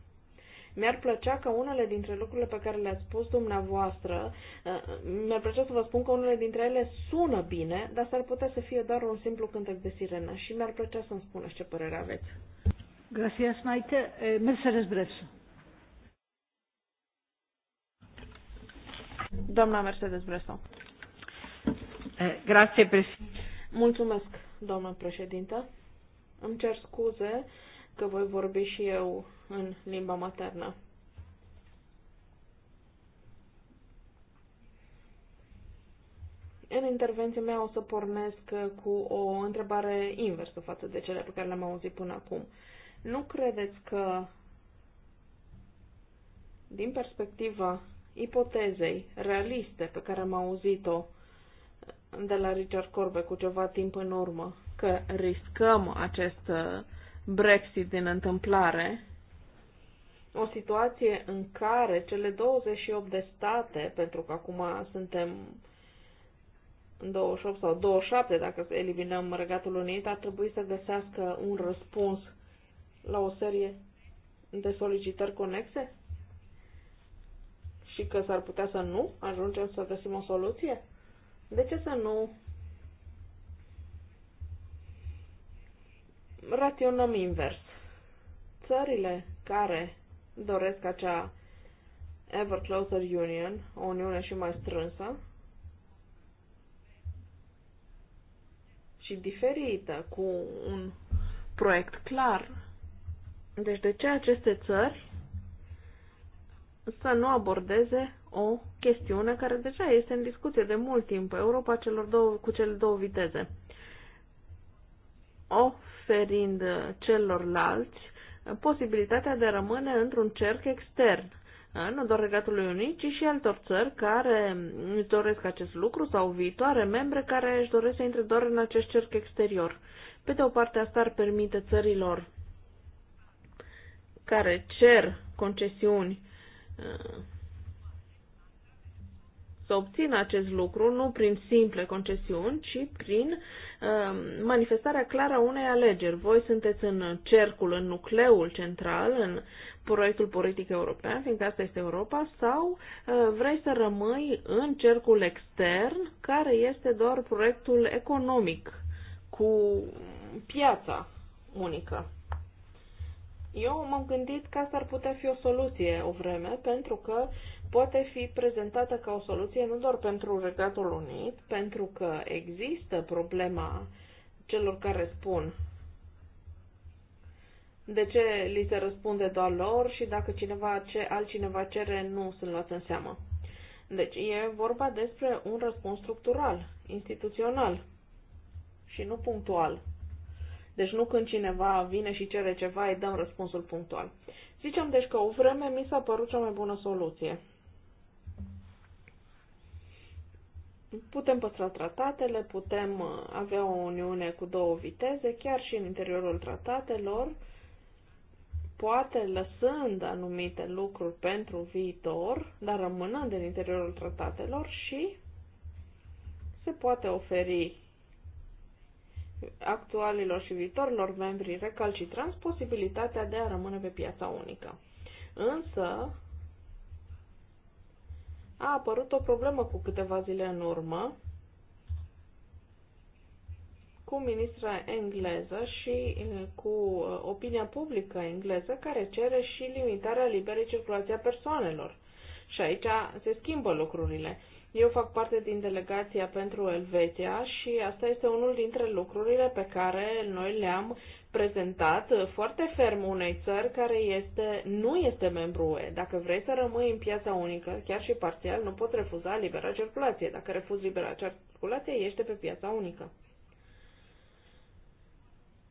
Mi-ar plăcea ca unele dintre lucrurile pe care le-ați spus dumneavoastră, uh, mi-ar plăcea să vă spun că unele dintre ele sună bine, dar s-ar putea să fie doar un simplu cântec de sirenă și mi-ar plăcea să-mi spuneți ce părere aveți. Gracias, Maite. Eh, Mercedes Bresu. Doamna Mercedes Breson. Eh, grazie, președinte. Mulțumesc, doamnă președintă. Îmi cer scuze că voi vorbi și eu în limba maternă. În intervenția mea o să pornesc cu o întrebare inversă față de cele pe care le-am auzit până acum. Nu credeți că, din perspectiva ipotezei realiste pe care am auzit-o de la Richard Corbe cu ceva timp în urmă, că riscăm acest uh, Brexit din întâmplare, o situație în care cele 28 de state, pentru că acum suntem 28 sau 27, dacă eliminăm Regatul Unit, ar trebui să găsească un răspuns la o serie de solicitări conexe? și că s-ar putea să nu ajungem să găsim o soluție? De ce să nu raționăm invers? Țările care doresc acea Ever Closer Union, o uniune și mai strânsă și diferită, cu un proiect clar. Deci de ce aceste țări să nu abordeze o chestiune care deja este în discuție de mult timp, Europa celor două, cu cele două viteze, oferind celorlalți posibilitatea de a rămâne într-un cerc extern, eh, nu doar Regatului Unit, ci și altor țări care își doresc acest lucru sau viitoare membre care își doresc să intre doar în acest cerc exterior. Pe de o parte, asta ar permite țărilor care cer concesiuni să obțină acest lucru nu prin simple concesiuni, ci prin um, manifestarea clară a unei alegeri. Voi sunteți în cercul, în nucleul central, în proiectul politic european, fiindcă asta este Europa, sau uh, vrei să rămâi în cercul extern, care este doar proiectul economic cu piața unică. Eu m-am gândit că asta ar putea fi o soluție o vreme, pentru că poate fi prezentată ca o soluție nu doar pentru Regatul Unit, pentru că există problema celor care spun de ce li se răspunde doar lor și dacă cineva ce, altcineva cere nu sunt luați în seamă. Deci e vorba despre un răspuns structural, instituțional și nu punctual. Deci nu când cineva vine și cere ceva, îi dăm răspunsul punctual. Zicem deci că o vreme mi s-a părut cea mai bună soluție. Putem păstra tratatele, putem uh, avea o uniune cu două viteze, chiar și în interiorul tratatelor, poate lăsând anumite lucruri pentru viitor, dar rămânând în interiorul tratatelor și se poate oferi actualilor și viitorilor membri recalcitranți posibilitatea de a rămâne pe piața unică. Însă, a apărut o problemă cu câteva zile în urmă cu ministra engleză și cu opinia publică engleză care cere și limitarea liberei circulației a persoanelor. Și aici se schimbă lucrurile. Eu fac parte din delegația pentru Elveția și asta este unul dintre lucrurile pe care noi le-am prezentat foarte ferm unei țări care este, nu este membru UE. Dacă vrei să rămâi în piața unică, chiar și parțial, nu poți refuza libera circulație. Dacă refuzi libera circulație, ești pe piața unică.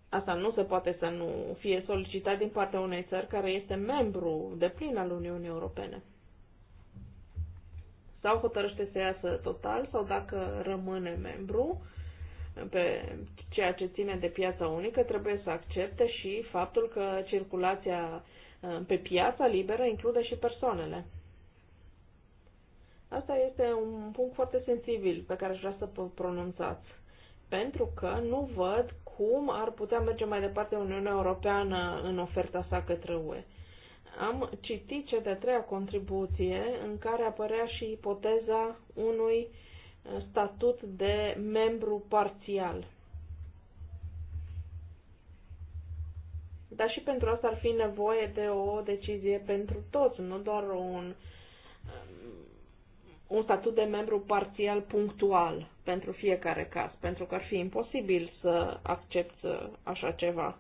Asta nu se poate să nu fie solicitat din partea unei țări care este membru de plin al Uniunii Europene sau hotărăște să iasă total sau dacă rămâne membru pe ceea ce ține de piața unică, trebuie să accepte și faptul că circulația ă, pe piața liberă include și persoanele. Asta este un punct foarte sensibil pe care aș vrea să pronunțați. Pentru că nu văd cum ar putea merge mai departe Uniunea Europeană în oferta sa către UE am citit cea de-a treia contribuție în care apărea și ipoteza unui uh, statut de membru parțial. Dar și pentru asta ar fi nevoie de o decizie pentru toți, nu doar un, um, un statut de membru parțial punctual pentru fiecare caz, pentru că ar fi imposibil să accepți uh, așa ceva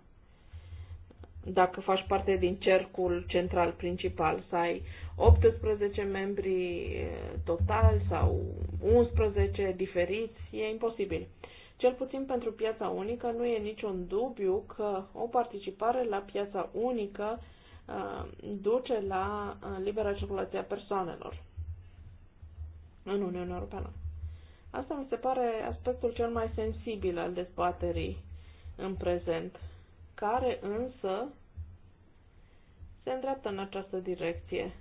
dacă faci parte din cercul central principal, să ai 18 membri eh, total sau 11 diferiți, e imposibil. Cel puțin pentru piața unică nu e niciun dubiu că o participare la piața unică eh, duce la eh, libera circulație a persoanelor în Uniunea Europeană. Asta mi se pare aspectul cel mai sensibil al dezbaterii în prezent care însă se îndreaptă în această direcție.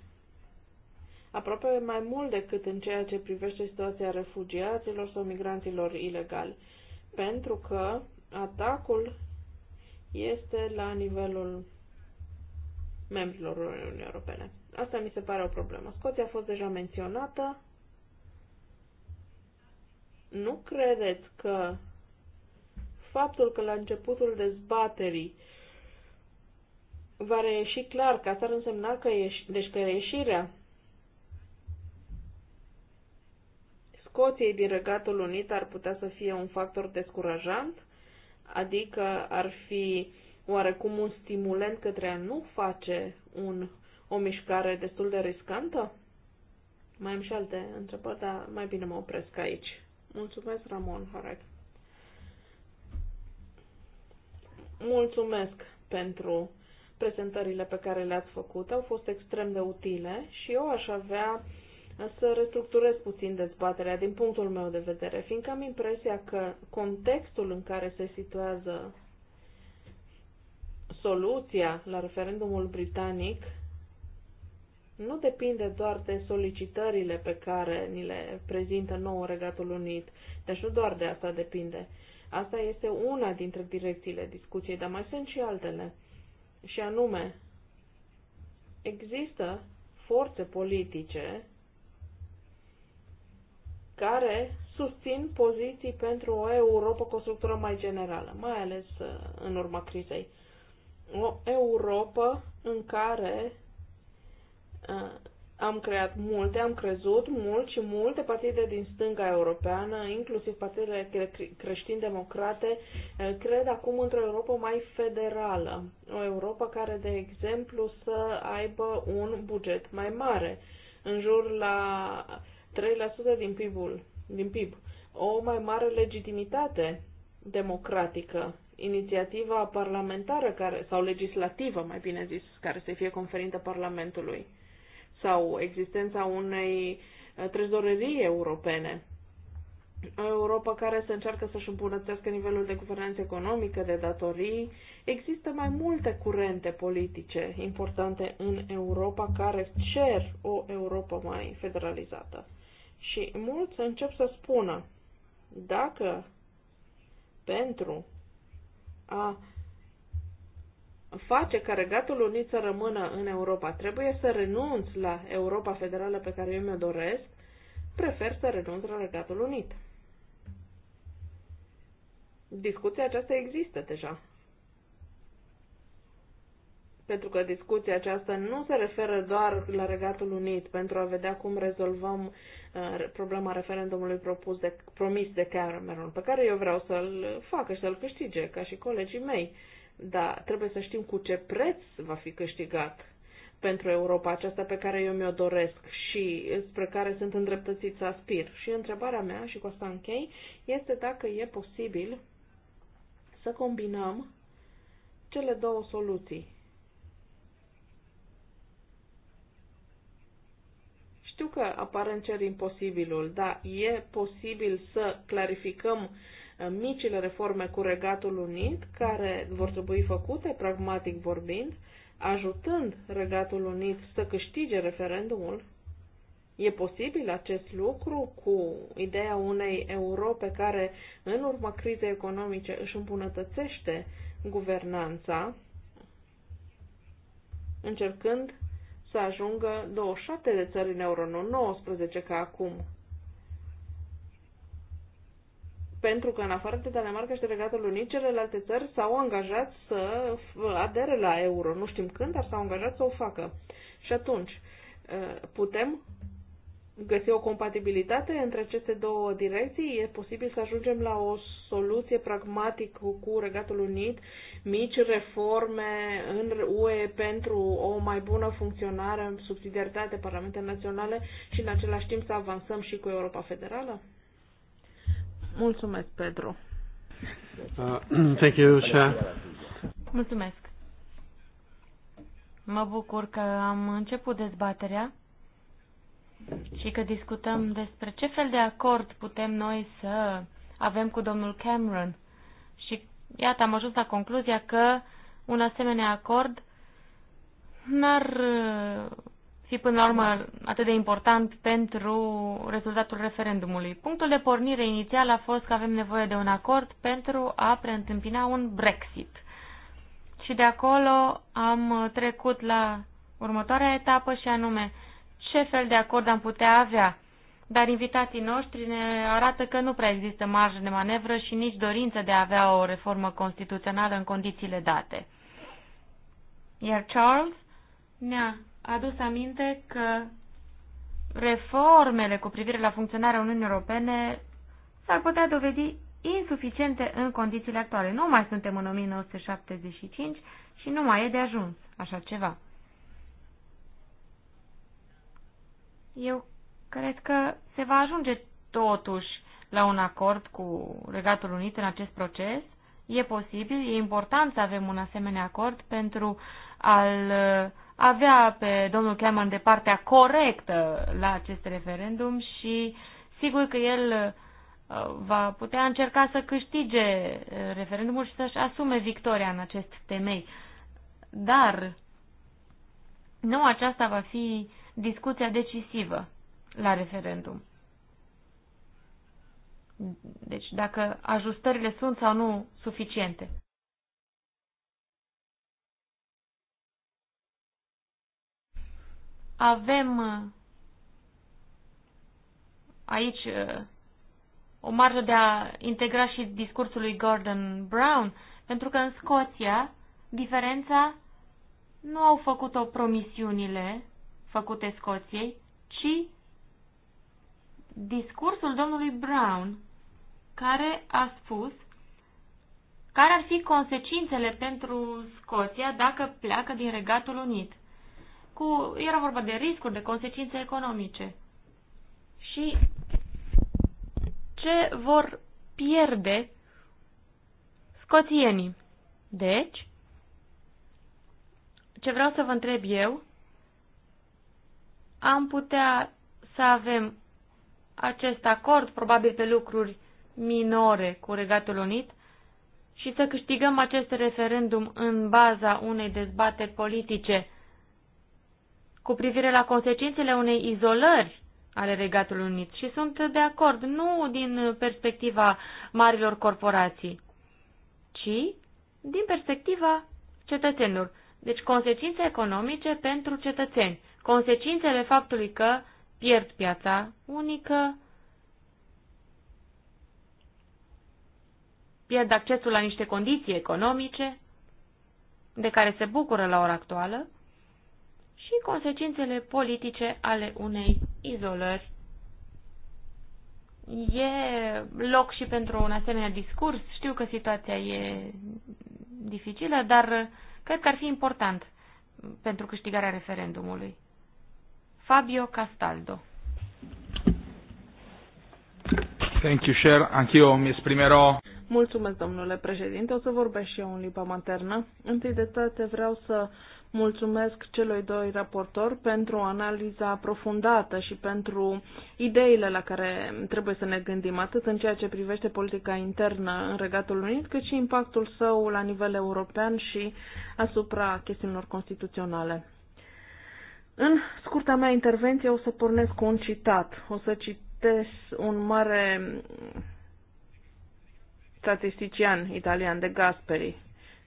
Aproape mai mult decât în ceea ce privește situația refugiaților sau migranților ilegali, pentru că atacul este la nivelul membrilor Uniunii Europene. Asta mi se pare o problemă. Scoția a fost deja menționată. Nu credeți că faptul că la începutul dezbaterii va reieși clar că asta ar însemna că, ieși, deci că reieșirea Scoției din Regatul Unit ar putea să fie un factor descurajant, adică ar fi oarecum un stimulent către a nu face un, o mișcare destul de riscantă? Mai am și alte întrebări, dar mai bine mă opresc aici. Mulțumesc, Ramon Horec. Mulțumesc pentru prezentările pe care le-ați făcut, au fost extrem de utile și eu aș avea să restructurez puțin dezbaterea din punctul meu de vedere, fiindcă am impresia că contextul în care se situează soluția la referendumul britanic nu depinde doar de solicitările pe care ni le prezintă nouă Regatul Unit, deci nu doar de asta depinde, Asta este una dintre direcțiile discuției, dar mai sunt și altele. Și anume, există forțe politice care susțin poziții pentru o Europa cu o structură mai generală, mai ales uh, în urma crizei. O Europa în care uh, am creat multe, am crezut mult și multe partide din stânga europeană, inclusiv partidele cre- creștin-democrate, eh, cred acum într-o Europa mai federală. O Europa care, de exemplu, să aibă un buget mai mare, în jur la 3% din PIB-ul, din PIB. O mai mare legitimitate democratică inițiativa parlamentară care, sau legislativă, mai bine zis, care să fie conferită Parlamentului sau existența unei uh, trezorerii europene. O Europa care se încearcă să-și îmbunătățească nivelul de guvernanță economică, de datorii. Există mai multe curente politice importante în Europa care cer o Europa mai federalizată. Și mulți încep să spună, dacă pentru a face ca Regatul Unit să rămână în Europa, trebuie să renunț la Europa Federală pe care eu mi-o doresc, prefer să renunț la Regatul Unit. Discuția aceasta există deja. Pentru că discuția aceasta nu se referă doar la Regatul Unit pentru a vedea cum rezolvăm uh, problema referendumului propus de, promis de Cameron, pe care eu vreau să-l facă și să-l câștige, ca și colegii mei. Uh, dar trebuie să știm cu ce preț va fi câștigat pentru Europa aceasta pe care eu mi-o doresc și spre care sunt îndreptățit să aspir. Și întrebarea mea, și cu asta închei, este dacă e posibil să combinăm cele două soluții. Știu că în cer imposibilul, dar e posibil să clarificăm uh, Eh, micile reforme cu Regatul Unit, care vor trebui făcute, pragmatic vorbind, ajutând Regatul Unit să câștige referendumul? E posibil acest lucru cu ideea unei Europe care, în urma crizei economice, își îmbunătățește guvernanța, încercând să ajungă 27 de țări în euro, nu 19 ca acum, pentru că în afară de Danemarca și de Regatul Unit, celelalte țări s-au angajat să adere la euro. Nu știm când, dar s-au angajat să o facă. Și atunci, ă, putem găsi o compatibilitate între aceste două direcții? E posibil să ajungem la o soluție pragmatică cu Regatul Unit, mici reforme în UE pentru o mai bună funcționare, subsidiaritate, parlamente naționale și în același timp să avansăm și cu Europa Federală? Mulțumesc, Pedro. Uh, (clears throat) thank you, Chair. Mulțumesc. Mă bucur că am început dezbaterea și că discutăm despre ce fel de acord putem noi să avem cu domnul Cameron. Și iată, am ajuns la concluzia că un asemenea acord n-ar fi până la urmă atât de important pentru rezultatul referendumului. Punctul de pornire inițial a fost că avem nevoie de un acord pentru a preîntâmpina un Brexit. Și de acolo am trecut la următoarea etapă și anume ce fel de acord am putea avea. Dar invitații noștri ne arată că nu prea există marjă de manevră și nici dorință de a avea o reformă constituțională în condițiile date. Iar Charles ne-a adus aminte că reformele cu privire la funcționarea Uniunii Europene s-ar putea dovedi insuficiente în condițiile actuale. Nu mai suntem în 1975 și nu mai e de ajuns așa ceva. Eu cred că se va ajunge totuși la un acord cu Regatul Unit în acest proces. E posibil, e important să avem un asemenea acord pentru a-l avea pe domnul Cameron de partea corectă la acest referendum și sigur că el uh, va putea încerca să câștige uh, referendumul și să-și asume victoria în acest temei. Dar nu aceasta va fi discuția decisivă la referendum. Deci dacă ajustările sunt sau nu suficiente. Avem uh, aici uh, o marjă de a integra și discursul lui Gordon Brown, pentru că în Scoția diferența nu au făcut-o promisiunile făcute Scoției, ci discursul domnului Brown, care a spus care ar fi consecințele pentru Scoția dacă pleacă din Regatul Unit cu, era vorba de riscuri, de consecințe economice. Și ce vor pierde scoțienii. Deci, ce vreau să vă întreb eu, am putea să avem acest acord, probabil pe lucruri minore cu Regatul Unit, și să câștigăm acest referendum în baza unei dezbateri politice cu privire la consecințele unei izolări ale Regatului Unit și sunt de acord, nu din perspectiva marilor corporații, ci din perspectiva cetățenilor. Deci consecințe economice pentru cetățeni, consecințele faptului că pierd piața unică, pierd accesul la niște condiții economice de care se bucură la ora actuală și consecințele politice ale unei izolări. E loc și pentru un asemenea discurs. Știu că situația e dificilă, dar cred că ar fi important pentru câștigarea referendumului. Fabio Castaldo. Thank you, Cher. Anch'io mi esprimerò. Mulțumesc, domnule președinte. O să vorbesc și eu în limba maternă. Întâi de toate vreau să Mulțumesc celor doi raportori pentru analiza aprofundată și pentru ideile la care trebuie să ne gândim, atât în ceea ce privește politica internă în Regatul Unit, cât și impactul său la nivel european și asupra chestiunilor constituționale. În scurta mea intervenție o să pornesc cu un citat. O să citesc un mare statistician italian de Gasperi,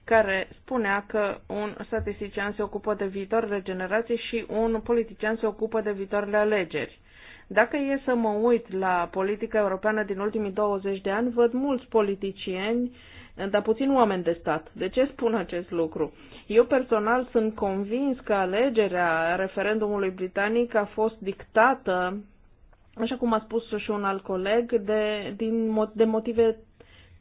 care spunea că un statistician se ocupă de viitoarele generații și un politician se ocupă de viitoarele alegeri. Dacă e să mă uit la politica europeană din ultimii 20 de ani, văd mulți politicieni, dar puțin oameni de stat. De ce spun acest lucru? Eu personal sunt convins că alegerea referendumului britanic a fost dictată, așa cum a spus și un alt coleg, de, din, de motive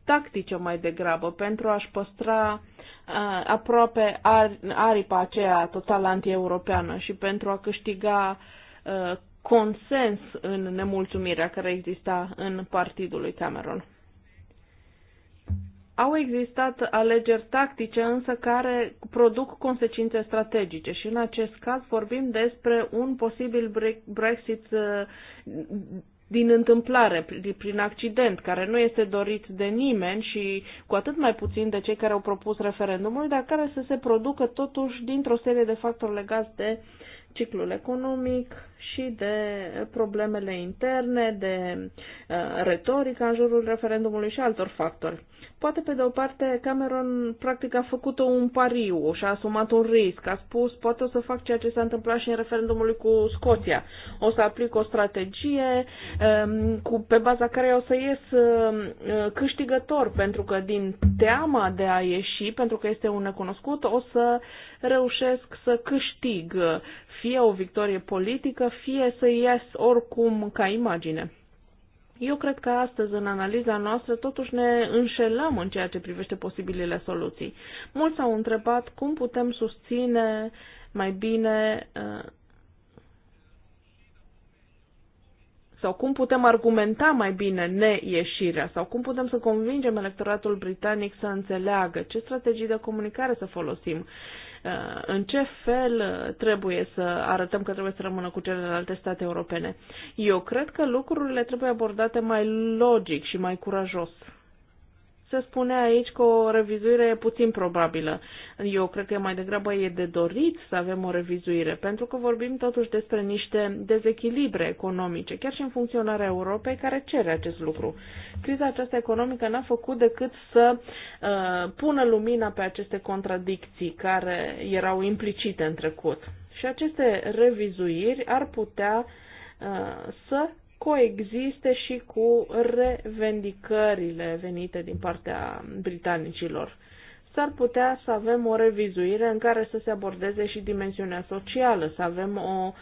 tactice mai degrabă, pentru a-și păstra uh, aproape ar, aripa aceea total antieuropeană și pentru a câștiga uh, consens în nemulțumirea care exista în partidul lui Cameron. Au existat alegeri tactice, însă care produc consecințe strategice și în acest caz vorbim despre un posibil Brexit din întâmplare, prin accident, care nu este dorit de nimeni și cu atât mai puțin de cei care au propus referendumul, dar care să se producă totuși dintr-o serie de factori legați de ciclul economic, și de problemele interne, de retorică uh, retorica în jurul referendumului și altor factori. Poate, pe de o parte, Cameron practic a făcut un pariu și a asumat un risc. A spus, poate o să fac ceea ce s-a întâmplat și în referendumul cu Scoția. O să aplic o strategie um, cu, pe baza care o să ies uh, uh câștigător, pentru că din teama de a ieși, pentru că este un necunoscut, o să reușesc să câștig uh, fie o victorie politică, fie să ies oricum ca imagine. Eu cred că astăzi, în analiza noastră, totuși ne înșelăm în ceea ce privește posibilele soluții. Mulți au întrebat cum putem susține mai bine uh, sau cum putem argumenta mai bine neieșirea sau cum putem să convingem electoratul britanic să înțeleagă ce strategii de comunicare să folosim, Uh, în ce fel uh, trebuie să arătăm că trebuie să rămână cu celelalte state europene. Eu cred că lucrurile trebuie abordate mai logic și mai curajos se spune aici că o revizuire e puțin probabilă. Eu cred că mai degrabă e de dorit să avem o revizuire, pentru că vorbim totuși despre niște dezechilibre economice, chiar și în funcționarea Europei, care cere acest lucru. Criza aceasta economică n-a făcut decât să uh, pună lumina pe aceste contradicții care erau implicite în trecut. Și aceste revizuiri ar putea uh, să coexiste și cu revendicările venite din partea britanicilor. S-ar putea să avem o revizuire în care să se abordeze și dimensiunea socială, să avem o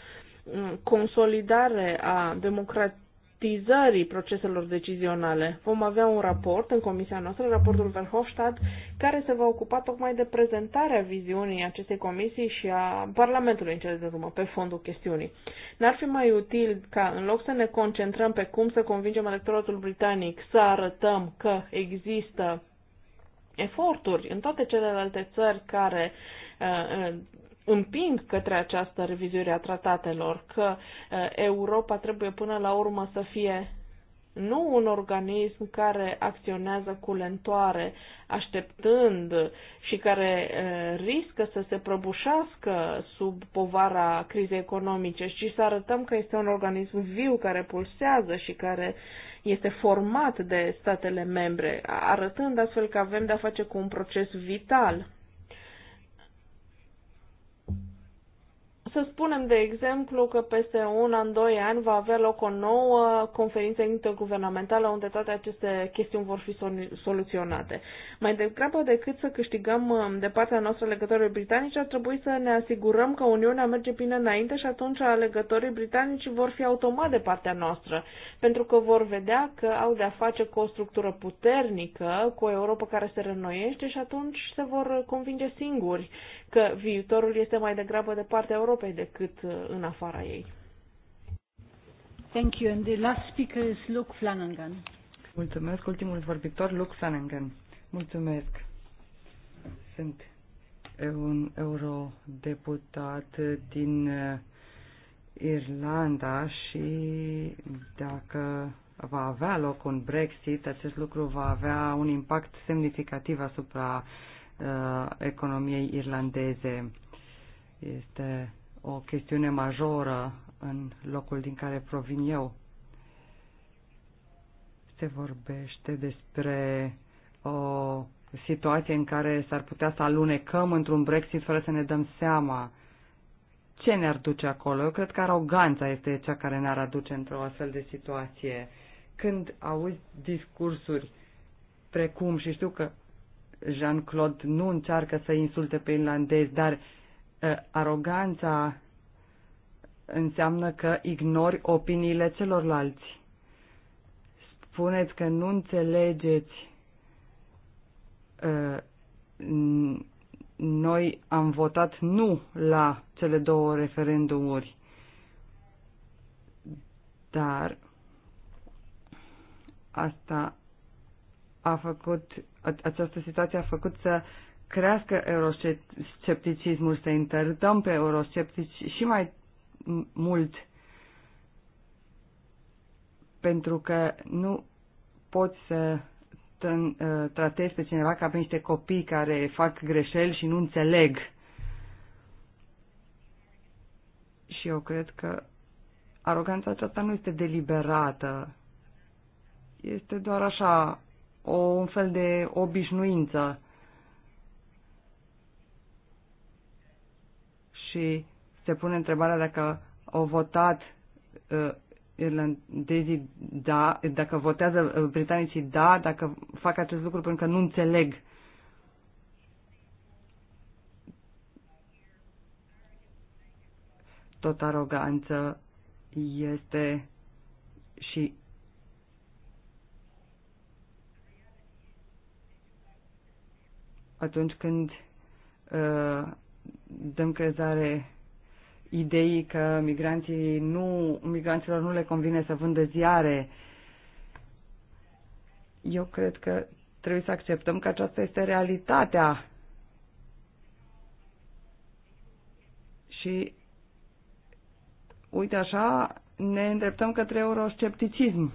mm, consolidare a democrației politizării proceselor decizionale. Vom avea un raport în comisia noastră, raportul Verhofstadt, care se va ocupa tocmai de prezentarea viziunii acestei comisii și a Parlamentului în cele de urmă, pe fondul chestiunii. N-ar fi mai util ca, în loc să ne concentrăm pe cum să convingem electoratul britanic să arătăm că există eforturi în toate celelalte țări care uh, uh împing către această revizuire a tratatelor, că uh, Europa trebuie până la urmă să fie nu un organism care acționează cu lentoare, așteptând și care uh, riscă să se prăbușească sub povara crizei economice, ci să arătăm că este un organism viu care pulsează și care este format de statele membre, arătând astfel că avem de-a face cu un proces vital Să spunem, de exemplu, că peste un an, doi ani va avea loc o nouă conferință interguvernamentală unde toate aceste chestiuni vor fi soluționate. Mai degrabă decât să câștigăm um, de partea noastră legătorii britanici, ar trebui să ne asigurăm că Uniunea merge bine înainte și atunci legătorii britanici vor fi automat de partea noastră, pentru că vor vedea că au de-a face cu o structură puternică, cu o Europa care se renoiește și atunci se vor convinge singuri că viitorul este mai degrabă de partea Europei Europei decât uh, în afara ei. Thank you. And the last speaker is Luke Flanagan. Mulțumesc. Ultimul vorbitor, Luke Flanagan. Mulțumesc. Sunt un eurodeputat din uh, Irlanda și dacă va avea loc un Brexit, acest lucru va avea un impact semnificativ asupra uh, economiei irlandeze. Este o chestiune majoră în locul din care provin eu. Se vorbește despre o situație în care s-ar putea să alunecăm într-un Brexit fără să ne dăm seama ce ne-ar duce acolo. Eu cred că aroganța este cea care ne-ar aduce într-o astfel de situație. Când auzi discursuri precum, și știu că Jean-Claude nu încearcă să insulte pe irlandezi, dar aroganța înseamnă că ignori opiniile celorlalți. Spuneți că nu înțelegeți noi am votat nu la cele două referendumuri. Dar asta a făcut, această situație a făcut să crească euroscepticismul, să interdăm pe eurosceptici și mai mult, pentru că nu poți să uh, tratezi pe cineva ca pe niște copii care fac greșeli și nu înțeleg. Și eu cred că aroganța aceasta nu este deliberată. Este doar așa, o, un fel de obișnuință și se pune întrebarea dacă au votat uh, irlandezii da, dacă votează uh, britanicii da, dacă fac acest lucru pentru că nu înțeleg. Tot aroganță este și atunci când uh, dăm crezare ideii că migranții nu, migranților nu le convine să vândă ziare. Eu cred că trebuie să acceptăm că aceasta este realitatea. Și uite așa, ne îndreptăm către euroscepticism.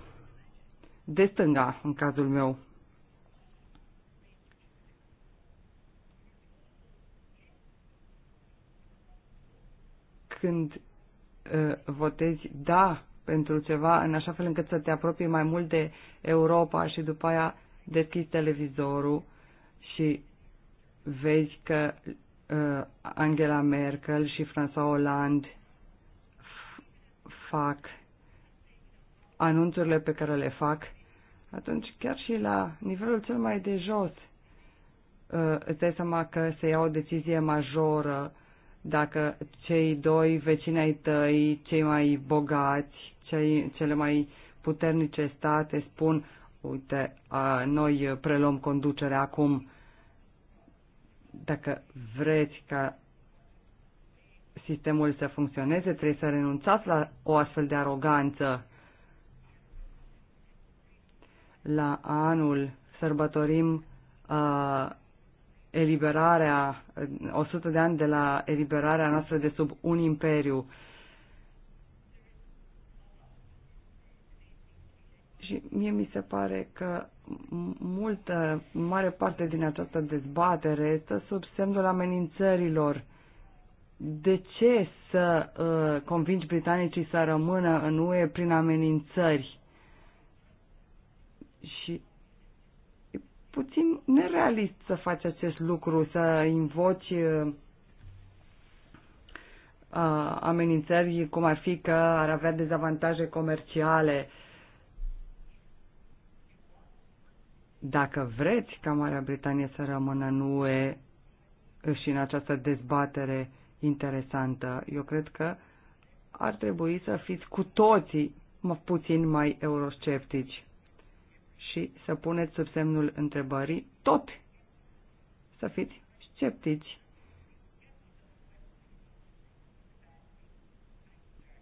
De stânga, în cazul meu. când uh, votezi da pentru ceva, în așa fel încât să te apropii mai mult de Europa și după aia deschizi televizorul și vezi că uh, Angela Merkel și François Hollande fac anunțurile pe care le fac, atunci chiar și la nivelul cel mai de jos uh, îți dai seama că se ia o decizie majoră dacă cei doi vecini ai tăi, cei mai bogați, cei, cele mai puternice state spun, uite, a, noi preluăm conducerea acum, dacă vreți ca sistemul să funcționeze, trebuie să renunțați la o astfel de aroganță. La anul sărbătorim uh, eliberarea, 100 de ani de la eliberarea noastră de sub un imperiu. Și mie mi se pare că multă, mare parte din această dezbatere stă sub semnul amenințărilor. De ce să uh, convingi britanicii să rămână în UE prin amenințări? Și puțin nerealist să faci acest lucru, să invoci uh, uh, amenințări cum ar fi că ar avea dezavantaje comerciale. Dacă vreți ca Marea Britanie să rămână în UE și în această dezbatere interesantă, eu cred că ar trebui să fiți cu toții puțin mai eurosceptici și să puneți sub semnul întrebării tot. Să fiți sceptici.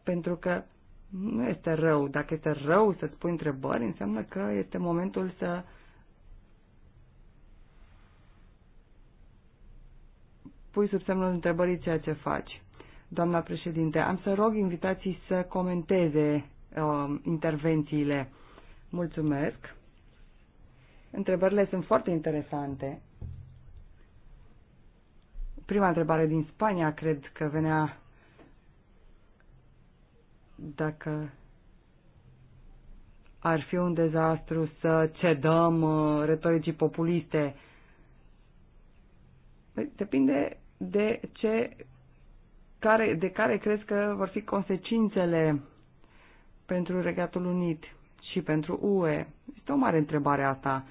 Pentru că nu este rău. Dacă este rău să-ți pui întrebări, înseamnă că este momentul să pui sub semnul întrebării ceea ce faci. Doamna președinte, am să rog invitații să comenteze uh, intervențiile. Mulțumesc! Întrebările sunt foarte interesante. Prima întrebare din Spania cred că venea dacă ar fi un dezastru să cedăm uh, retoricii populiste. Păi, depinde de ce care, de care crezi că vor fi consecințele pentru Regatul Unit și pentru UE? Este o mare întrebare asta.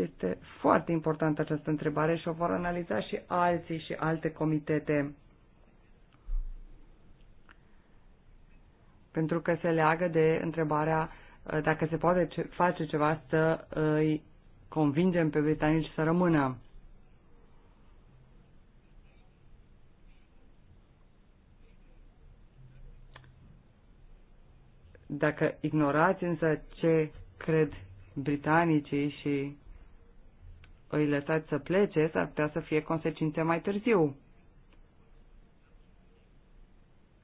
Este foarte importantă această întrebare și o vor analiza și alții și alte comitete. Pentru că se leagă de întrebarea uh, dacă se poate face ceva să îi convingem pe britanici să rămână. Dacă ignorați însă ce cred britanicii și îi lăsați să plece, s-ar putea să fie consecințe mai târziu.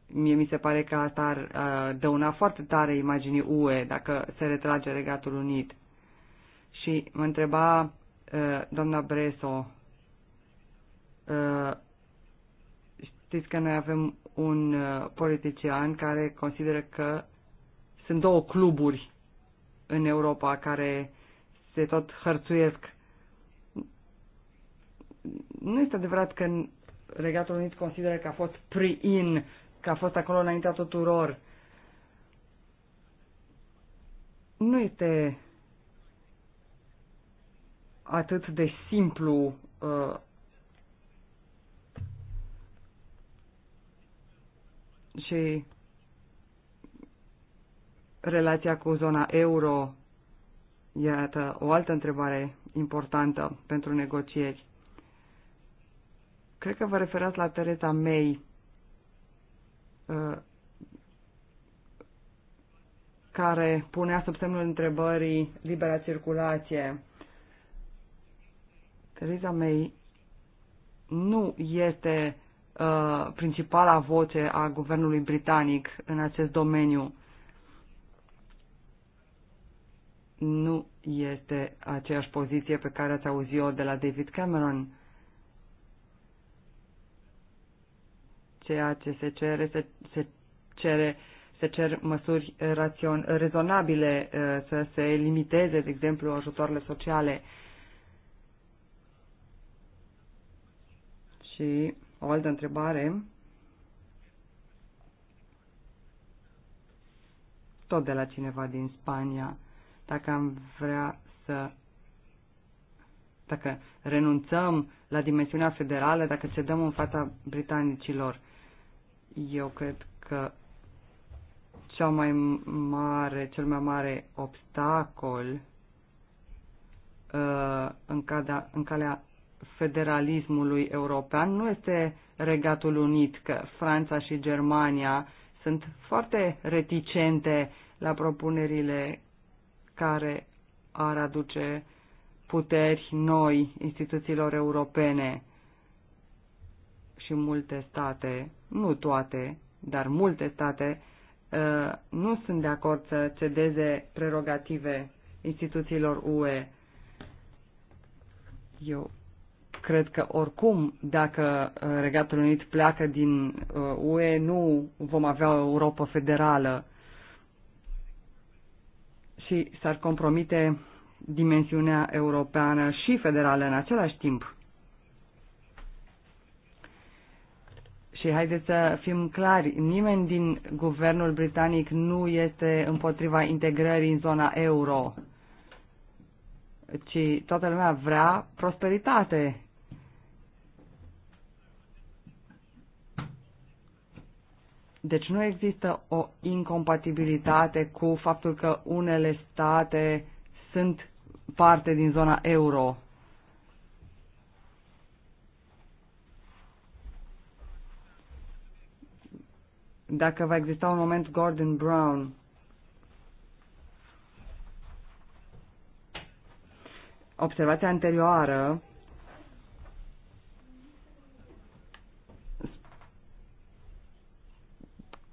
Mie mi se pare că asta ar uh, dăuna foarte tare imaginii UE dacă se retrage Regatul Unit. Și mă întreba uh, doamna Breso, uh, știți că noi avem un uh, politician care consideră că sunt două cluburi în Europa care se tot hărțuiesc nu este adevărat că Regatul Unit consideră că a fost pre-in, că a fost acolo înaintea tuturor. Nu este atât de simplu uh, și relația cu zona euro, iată o altă întrebare importantă pentru negocieri. Cred că vă referați la Tereza May, uh, care punea sub semnul întrebării libera circulație. Tereza May nu este uh, principala voce a guvernului britanic în acest domeniu. Nu este aceeași poziție pe care ați auzit-o de la David Cameron. ceea ce se cere, se, se cere se cer măsuri rațion, rezonabile uh, să se limiteze, de exemplu, ajutoarele sociale. Și o altă întrebare, tot de la cineva din Spania, dacă am vrea să dacă renunțăm la dimensiunea federală, dacă cedăm în fața britanicilor. Eu cred că cea mai mare, cel mai mare obstacol uh, în, cadea, în calea federalismului european nu este Regatul Unit, că Franța și Germania sunt foarte reticente la propunerile care ar aduce puteri noi instituțiilor europene și multe state, nu toate, dar multe state, uh, nu sunt de acord să cedeze prerogative instituțiilor UE. Eu cred că oricum, dacă uh, Regatul Unit pleacă din UE, uh, nu vom avea o Europa federală și s-ar compromite dimensiunea europeană și federală în același timp. Și haideți să fim clari, nimeni din guvernul britanic nu este împotriva integrării în zona euro, ci toată lumea vrea prosperitate. Deci nu există o incompatibilitate cu faptul că unele state sunt parte din zona euro. dacă va exista un moment Gordon Brown. Observația anterioară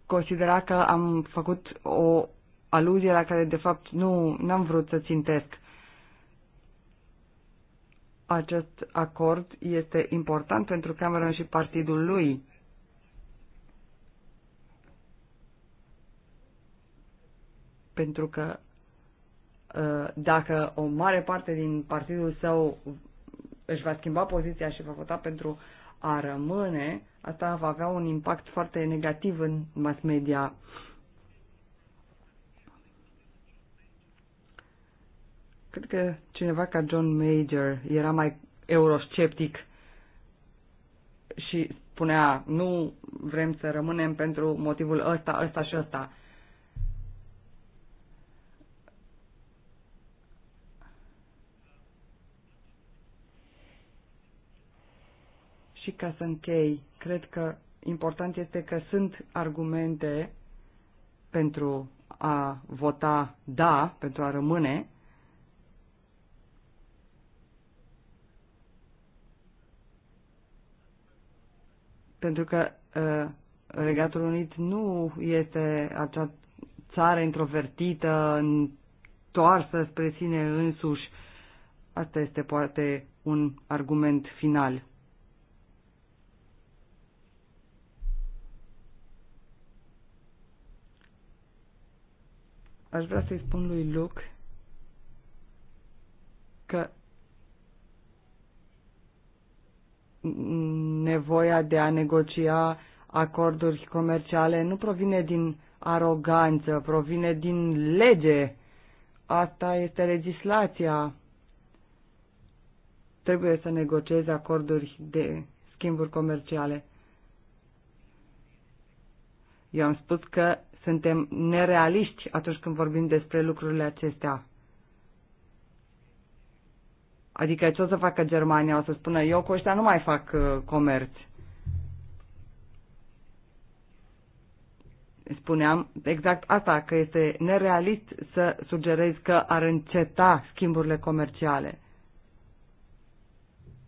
considera că am făcut o aluzie la care de fapt nu am vrut să țintesc. Acest acord este important pentru Cameron și partidul lui pentru că uh, dacă o mare parte din partidul său își va schimba poziția și va vota pentru a rămâne, asta va avea un impact foarte negativ în mass media. Cred că cineva ca John Major era mai eurosceptic și spunea nu vrem să rămânem pentru motivul ăsta, ăsta și ăsta. Și ca să închei, cred că important este că sunt argumente pentru a vota da, pentru a rămâne. Pentru că uh, Regatul Unit nu este acea țară introvertită, întoarsă spre sine însuși. Asta este poate un argument final. Aș vrea să-i spun lui Luc că nevoia de a negocia acorduri comerciale nu provine din aroganță, provine din lege. Asta este legislația. Trebuie să negociezi acorduri de schimburi comerciale. Eu am spus că suntem nerealiști atunci când vorbim despre lucrurile acestea. Adică ce o să facă Germania? O să spună eu cu ăștia nu mai fac uh, comerț. Spuneam exact asta, că este nerealist să sugerezi că ar înceta schimburile comerciale.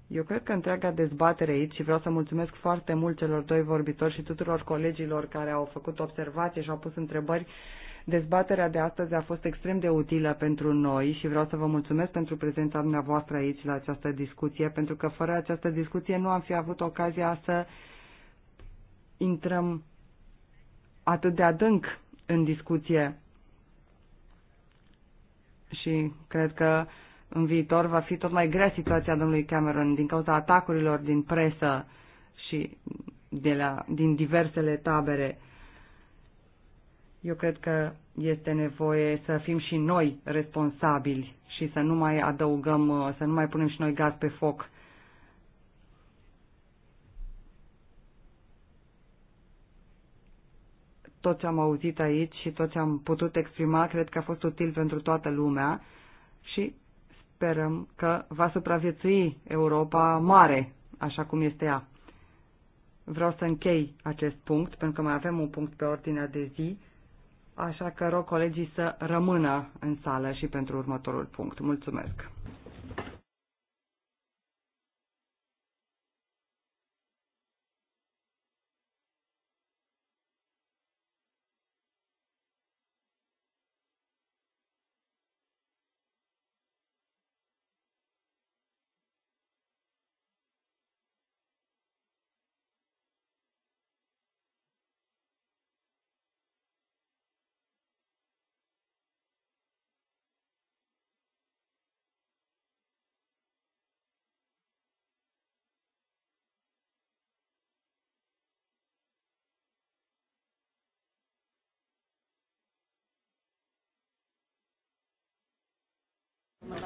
Eu cred că întreaga dezbatere aici și vreau să mulțumesc foarte mult celor doi vorbitori și tuturor colegilor care au făcut observații și au pus întrebări. Dezbaterea de astăzi a fost extrem de utilă pentru noi și vreau să vă mulțumesc pentru prezența dumneavoastră aici la această discuție, pentru că fără această discuție nu am fi avut ocazia să intrăm atât de adânc în discuție. Și cred că în viitor va fi tot mai grea situația domnului Cameron din cauza atacurilor din presă și de la, din diversele tabere. Eu cred că este nevoie să fim și noi responsabili și să nu mai adăugăm, să nu mai punem și noi gaz pe foc. Tot ce am auzit aici și tot ce am putut exprima, cred că a fost util pentru toată lumea și sperăm că va supraviețui Europa mare, așa cum este ea. Vreau să închei acest punct, pentru că mai avem un punct pe ordinea de zi, așa că rog colegii să rămână în sală și pentru următorul punct. Mulțumesc! Um,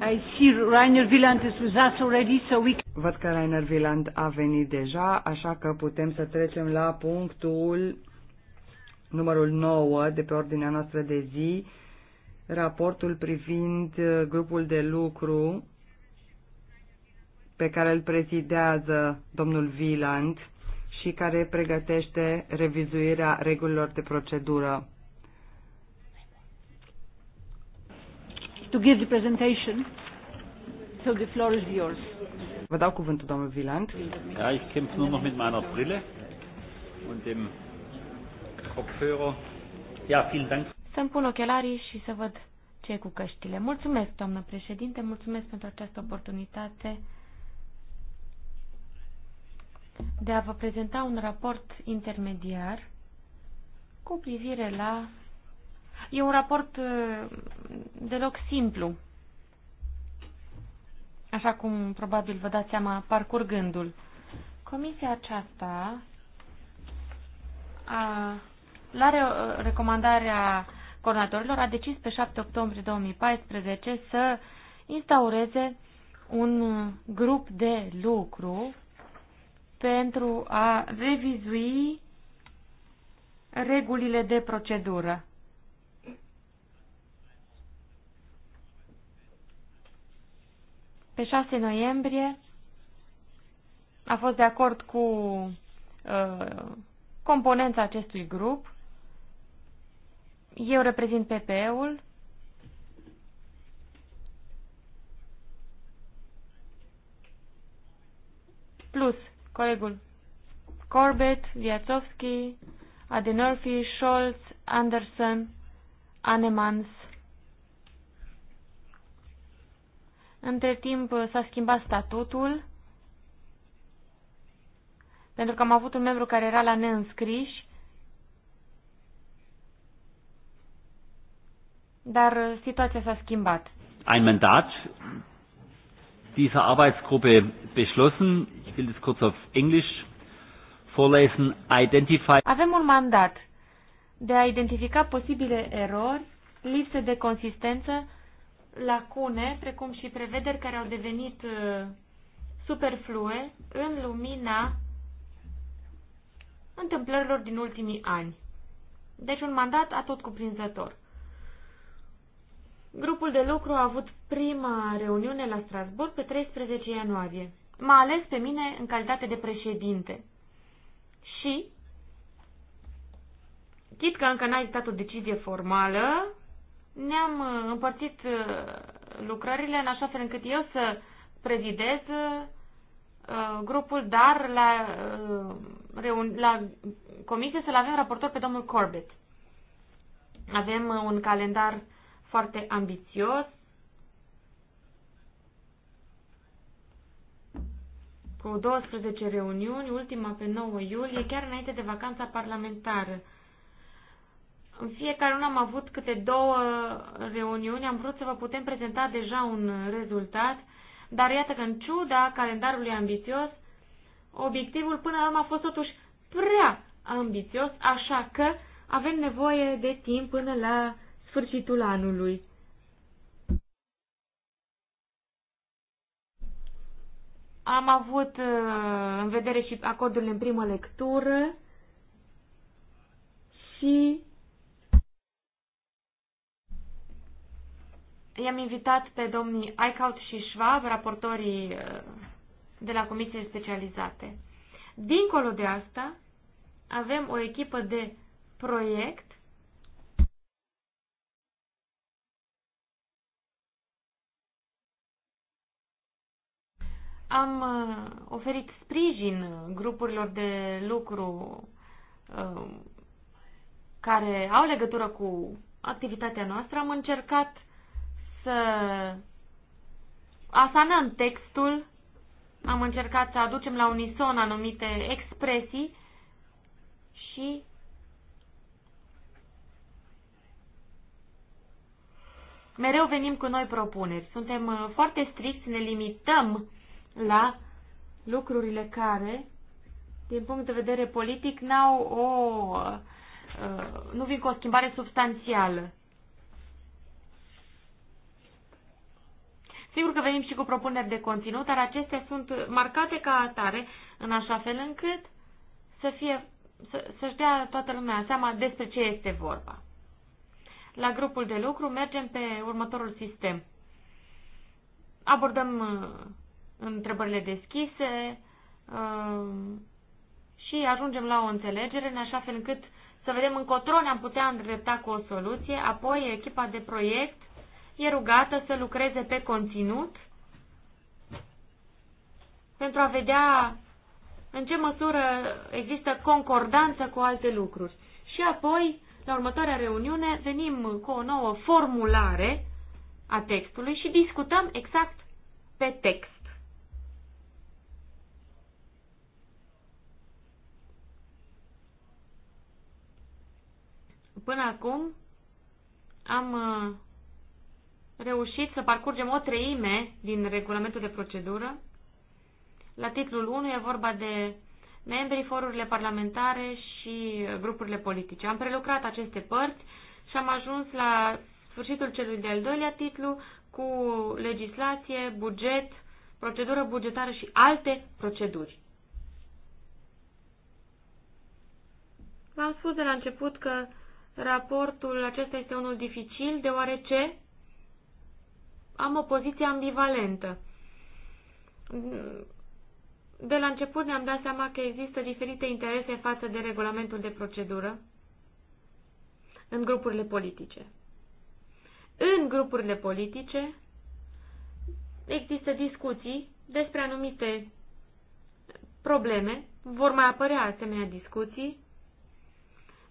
I see Rainer Wieland is with us already, so we can... Văd că Rainer Wieland a venit deja, așa că putem să trecem la punctul numărul 9 de pe ordinea noastră de zi, raportul privind uh, grupul de lucru pe care îl prezidează domnul Wieland și care pregătește revizuirea regulilor de procedură. To give the presentation, so the floor is yours. Vă dau cuvântul, domnul Viland. Da, ich kämpfe nur noch mit meiner Brille und dem Kopfhörer. Ja, vielen Dank. Să-mi pun ochelarii și să văd ce e cu căștile. Mulțumesc, doamnă președinte, mulțumesc pentru această oportunitate de a vă prezenta un raport intermediar cu privire la... E un raport uh, deloc simplu, așa cum probabil vă dați seama parcurgându-l. Comisia aceasta a, la re recomandarea coordonatorilor a decis pe 7 octombrie 2014 să instaureze un uh, grup de lucru pentru a revizui regulile de procedură. Pe 6 noiembrie a fost de acord cu uh, componența acestui grup. Eu reprezint pp ul Plus colegul Corbett, Viatovski, Adenolfi, Scholz, Anderson, Anemans. Între timp uh, s-a schimbat statutul, pentru că am avut un membru care era la neînscriși, dar uh, situația s-a schimbat. Ein Mandat dieser Arbeitsgruppe beschlossen will kurz auf Englisch vorlesen. Identify Avem un mandat de a identifica posibile erori, lipse de consistență, lacune, precum și prevederi care au devenit uh, superflue în lumina întâmplărilor din ultimii ani. Deci un mandat atot cuprinzător. Grupul de lucru a avut prima reuniune la Strasburg pe 13 ianuarie m-a ales pe mine în calitate de președinte. Și, chit că încă n-a existat o decizie formală, ne-am uh, împărțit uh, lucrările în așa fel încât eu să prezidez uh, grupul, dar la, la comisie să-l avem raportor pe domnul Corbett. Avem un calendar foarte ambițios, cu 12 reuniuni, ultima pe 9 iulie, chiar înainte de vacanța parlamentară. În fiecare una am avut câte două reuniuni, am vrut să vă putem prezenta deja un rezultat, dar iată că în ciuda calendarului ambițios, obiectivul până la urmă a fost totuși prea ambițios, așa că avem nevoie de timp până la sfârșitul anului. Am avut uh, în vedere și acordurile în primă lectură și i-am invitat pe domnii Eichhout și Schwab, raportorii uh, de la comisie specializate. Dincolo de asta, avem o echipă de proiect Am uh, oferit sprijin grupurilor de lucru uh, care au legătură cu activitatea noastră. Am încercat să asanăm textul, am încercat să aducem la unison anumite expresii și mereu venim cu noi propuneri. Suntem uh, foarte stricți, ne limităm la lucrurile care, din punct de vedere politic, n-au o, uh, nu vin cu o schimbare substanțială. Sigur că venim și cu propuneri de conținut, dar acestea sunt marcate ca atare în așa fel încât să fie, să, să-și dea toată lumea seama despre ce este vorba. La grupul de lucru mergem pe următorul sistem. Abordăm uh, întrebările deschise uh, și ajungem la o înțelegere în așa fel încât să vedem încotro ne-am putea îndrepta cu o soluție, apoi echipa de proiect e rugată să lucreze pe conținut pentru a vedea în ce măsură există concordanță cu alte lucruri. Și apoi, la următoarea reuniune, venim cu o nouă formulare a textului și discutăm exact pe text. Până acum am uh, reușit să parcurgem o treime din regulamentul de procedură. La titlul 1 e vorba de membrii, forurile parlamentare și grupurile politice. Am prelucrat aceste părți și am ajuns la sfârșitul celui de-al doilea titlu cu legislație, buget, procedură bugetară și alte proceduri. V-am spus de la început că Raportul acesta este unul dificil, deoarece am o poziție ambivalentă. De la început ne-am dat seama că există diferite interese față de regulamentul de procedură în grupurile politice. În grupurile politice există discuții despre anumite probleme, vor mai apărea asemenea discuții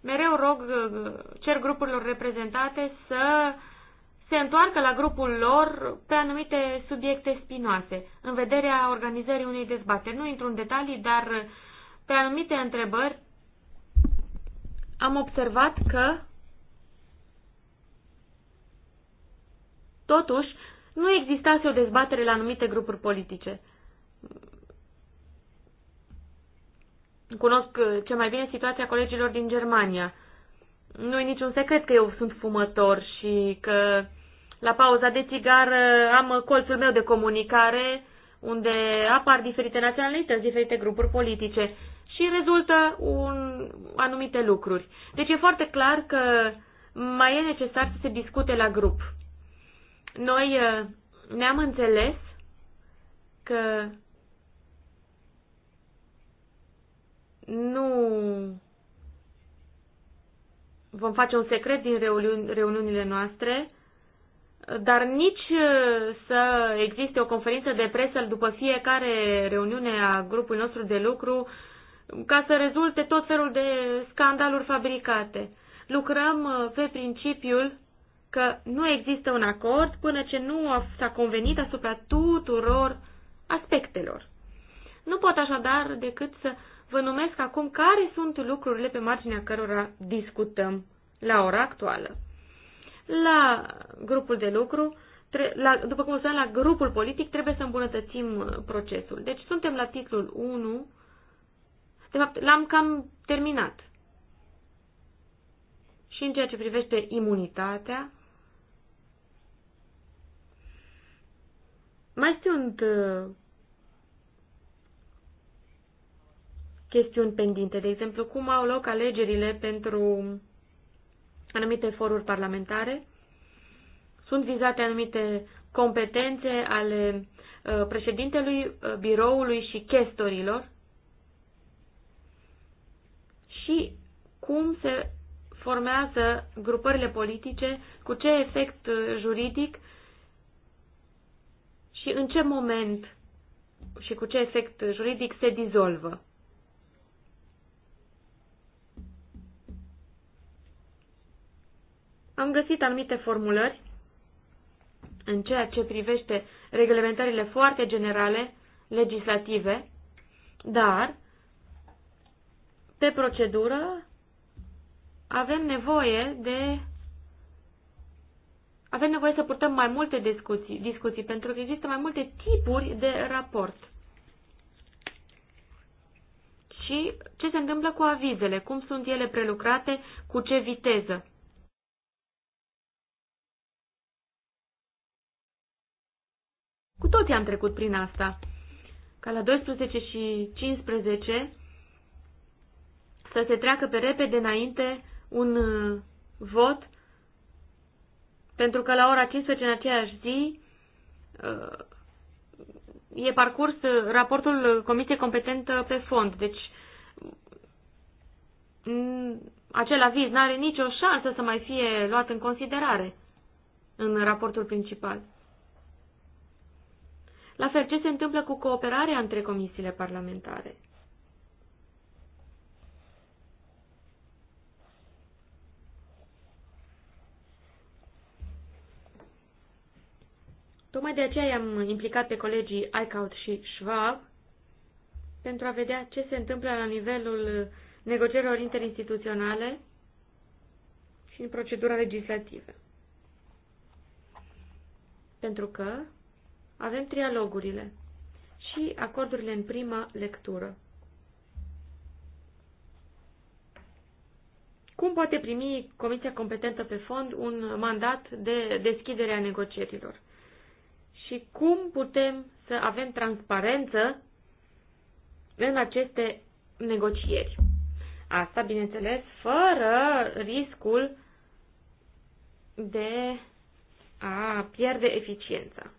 mereu rog, uh, cer grupurilor reprezentate să se întoarcă la grupul lor pe anumite subiecte spinoase, în vederea organizării unei dezbateri. Nu intru în detalii, dar uh, pe anumite întrebări am observat că totuși nu existase o dezbatere la anumite grupuri politice. Cunosc uh, cel mai bine situația colegilor din Germania. Nu e niciun secret că eu sunt fumător și că la pauza de țigară am colțul meu de comunicare unde apar diferite naționalități, diferite grupuri politice și rezultă un, anumite lucruri. Deci e foarte clar că mai e necesar să se discute la grup. Noi uh, ne-am înțeles că nu vom face un secret din reuniunile noastre, dar nici uh, să existe o conferință de presă după fiecare reuniune a grupului nostru de lucru ca să rezulte tot felul de scandaluri fabricate. Lucrăm uh, pe principiul că nu există un acord până ce nu s-a convenit asupra tuturor aspectelor. Nu pot așadar decât să vă numesc acum care sunt lucrurile pe marginea cărora discutăm la ora actuală. La grupul de lucru, la, după cum spuneam, la grupul politic trebuie să îmbunătățim procesul. Deci suntem la titlul 1. De fapt, l-am cam terminat. Și în ceea ce privește imunitatea, mai sunt uh, chestiuni pendinte. De exemplu, cum au loc alegerile pentru anumite foruri parlamentare? Sunt vizate anumite competențe ale uh, președintelui, uh, biroului și chestorilor? Și cum se formează grupările politice, cu ce efect uh, juridic și în ce moment și cu ce efect juridic se dizolvă. am găsit anumite formulări în ceea ce privește reglementările foarte generale, legislative, dar, pe procedură, avem nevoie de avem nevoie să purtăm mai multe discuții, discuții pentru că există mai multe tipuri de raport. Și ce se întâmplă cu avizele, cum sunt ele prelucrate, cu ce viteză. toți am trecut prin asta. Ca la 12 și 15 să se treacă pe repede înainte un uh, vot, pentru că la ora 15 în aceeași zi uh, e parcurs uh, raportul Comisiei Competentă pe fond. Deci mm, acel aviz nu are nicio șansă să mai fie luat în considerare în raportul principal. La fel, ce se întâmplă cu cooperarea între comisiile parlamentare? Tocmai de aceea i-am implicat pe colegii Eichhout și Schwab pentru a vedea ce se întâmplă la nivelul negocierilor interinstituționale și în procedura legislativă. Pentru că avem trialogurile și acordurile în prima lectură. Cum poate primi Comisia competentă pe fond un mandat de deschidere a negocierilor? Și cum putem să avem transparență în aceste negocieri? Asta, bineînțeles, fără riscul de a pierde eficiența.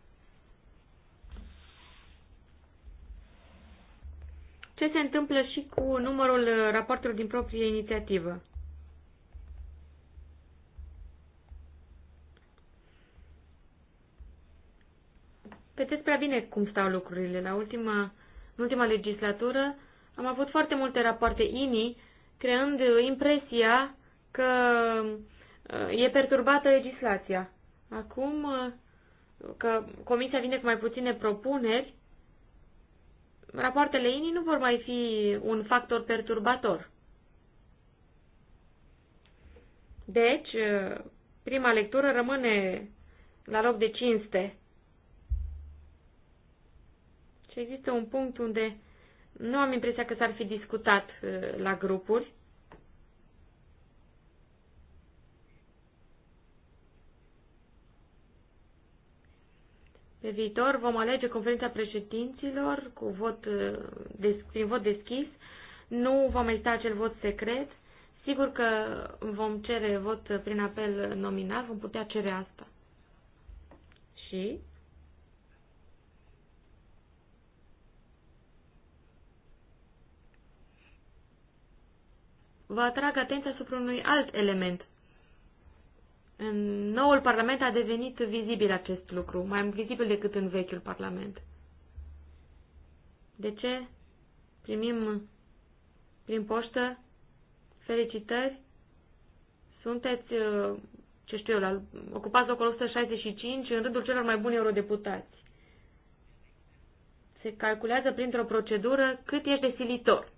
ce se întâmplă și cu numărul uh, rapoartelor din proprie inițiativă. Vedeți prea bine cum stau lucrurile. La ultima, în ultima legislatură am avut foarte multe rapoarte INI, creând uh, impresia că uh, e perturbată legislația. Acum că comisia vine cu mai puține propuneri, rapoartele inii nu vor mai fi un factor perturbator. Deci, prima lectură rămâne la loc de cinste. Și există un punct unde nu am impresia că s-ar fi discutat eh, la grupuri. Pe viitor vom alege conferința președinților cu vot, uh, des, prin vot deschis. Nu vom exista acel vot secret. Sigur că vom cere vot prin apel nominal, vom putea cere asta. Și vă atrag atenția asupra unui alt element. În noul Parlament a devenit vizibil acest lucru, mai vizibil decât în vechiul Parlament. De ce? Primim prin poștă felicitări. Sunteți, uh, ce știu eu, la, ocupați locul 165 în rândul celor mai buni eurodeputați. Se calculează printr-o procedură cât ești de silitor.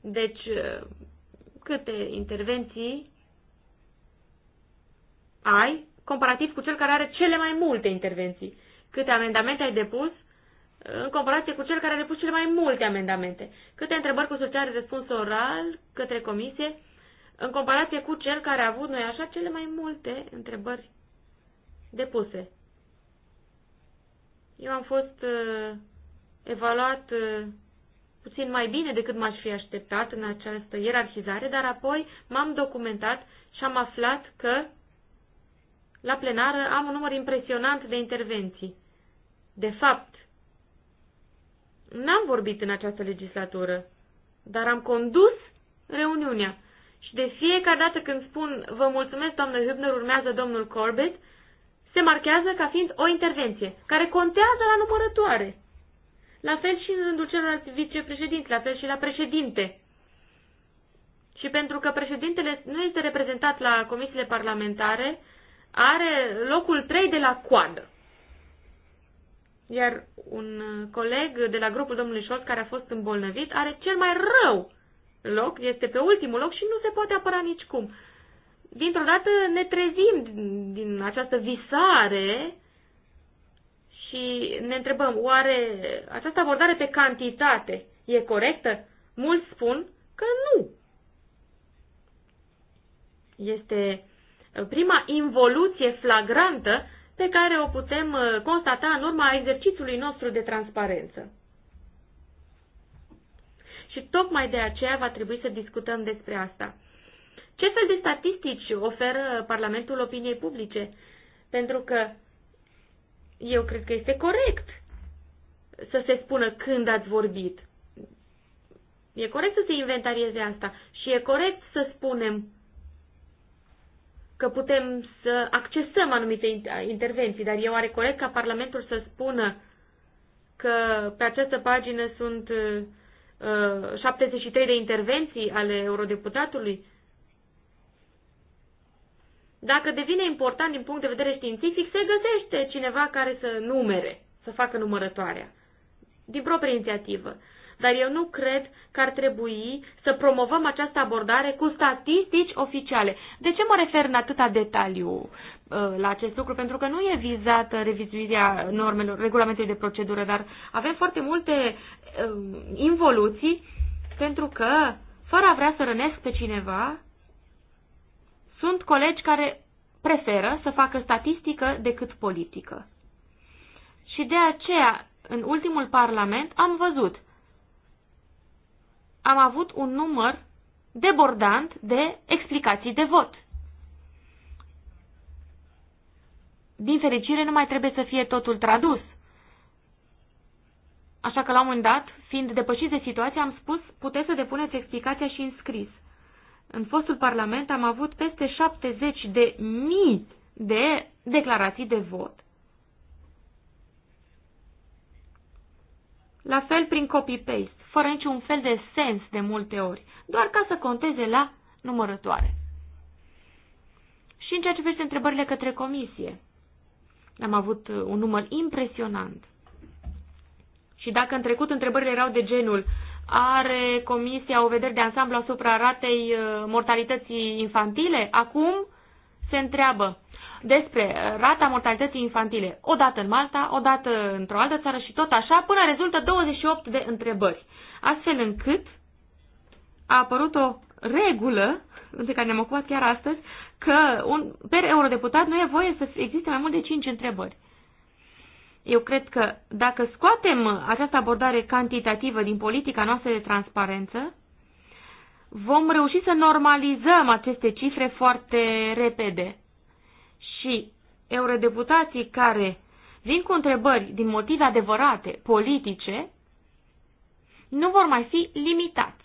Deci, uh, câte intervenții ai comparativ cu cel care are cele mai multe intervenții. Câte amendamente ai depus în comparație cu cel care a depus cele mai multe amendamente. Câte întrebări cu solicitare răspuns oral către comisie în comparație cu cel care a avut, noi așa, cele mai multe întrebări depuse. Eu am fost uh, evaluat uh, puțin mai bine decât m-aș fi așteptat în această ierarhizare, dar apoi m-am documentat și am aflat că la plenară am un număr impresionant de intervenții. De fapt, n-am vorbit în această legislatură, dar am condus reuniunea. Și de fiecare dată când spun vă mulțumesc, doamnă Hübner, urmează domnul Corbett, se marchează ca fiind o intervenție, care contează la numărătoare. La fel și în rândul celorlalți vicepreședinți, la fel și la președinte. Și pentru că președintele nu este reprezentat la comisiile parlamentare, are locul 3 de la coadă. Iar un coleg de la grupul domnului Scholz care a fost îmbolnăvit are cel mai rău loc, este pe ultimul loc și nu se poate apăra nicicum. Dintr-o dată ne trezim din această visare și ne întrebăm, oare această abordare pe cantitate e corectă? Mulți spun că nu. Este prima involuție flagrantă pe care o putem uh, constata în urma exercițiului nostru de transparență. Și tocmai de aceea va trebui să discutăm despre asta. Ce fel de statistici oferă Parlamentul opiniei publice? Pentru că eu cred că este corect să se spună când ați vorbit. E corect să se inventarieze asta și e corect să spunem că putem să accesăm anumite intervenții, dar e oare corect ca Parlamentul să spună că pe această pagină sunt uh, 73 de intervenții ale eurodeputatului? Dacă devine important din punct de vedere științific, se găsește cineva care să numere, să facă numărătoarea, din proprie inițiativă dar eu nu cred că ar trebui să promovăm această abordare cu statistici oficiale. De ce mă refer în atâta detaliu uh, la acest lucru? Pentru că nu e vizată revizuirea normelor, regulamentului de procedură, dar avem foarte multe uh, involuții pentru că, fără a vrea să rănesc pe cineva, sunt colegi care preferă să facă statistică decât politică. Și de aceea, în ultimul parlament, am văzut am avut un număr debordant de explicații de vot. Din fericire, nu mai trebuie să fie totul tradus. Așa că, la un moment dat, fiind depășit de situație, am spus, puteți să depuneți explicația și în scris. În fostul Parlament am avut peste 70 de mii de declarații de vot. La fel prin copy-paste fără niciun fel de sens de multe ori, doar ca să conteze la numărătoare. Și în ceea ce privește întrebările către comisie, am avut uh, un număr impresionant. Și dacă în trecut întrebările erau de genul are comisia o vedere de ansamblu asupra ratei uh, mortalității infantile, acum se întreabă despre uh, rata mortalității infantile, o dată în Malta, o dată într-o altă țară și tot așa, până rezultă 28 de întrebări. Astfel încât a apărut o regulă, de care ne-am ocupat chiar astăzi, că un, per eurodeputat nu e voie să existe mai mult de 5 întrebări. Eu cred că dacă scoatem această abordare cantitativă din politica noastră de transparență, vom reuși să normalizăm aceste cifre foarte repede și eurodeputații care vin cu întrebări din motive adevărate, politice, nu vor mai fi limitați.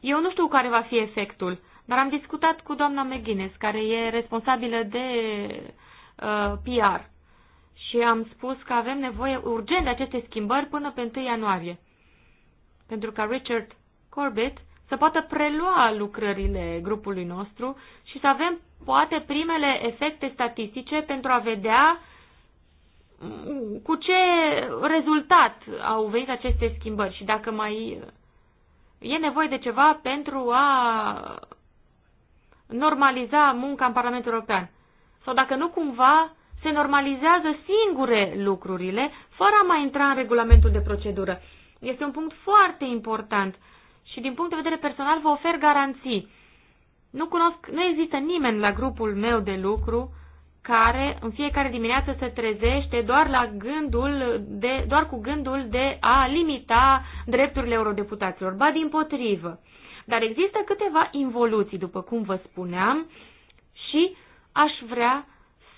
Eu nu știu care va fi efectul, dar am discutat cu doamna McGuinness, care e responsabilă de uh, PR și am spus că avem nevoie urgent de aceste schimbări până pe 1 ianuarie, pentru ca Richard Corbett să poată prelua lucrările grupului nostru și să avem poate primele efecte statistice pentru a vedea mm, cu ce rezultat au venit aceste schimbări și dacă mai e nevoie de ceva pentru a normaliza munca în Parlamentul European. Sau dacă nu cumva se normalizează singure lucrurile fără a mai intra în regulamentul de procedură. Este un punct foarte important și din punct de vedere personal vă ofer garanții. Nu cunosc, nu există nimeni la grupul meu de lucru care în fiecare dimineață se trezește doar, la gândul de, doar cu gândul de a limita drepturile eurodeputaților. Ba din potrivă. Dar există câteva involuții, după cum vă spuneam, și aș vrea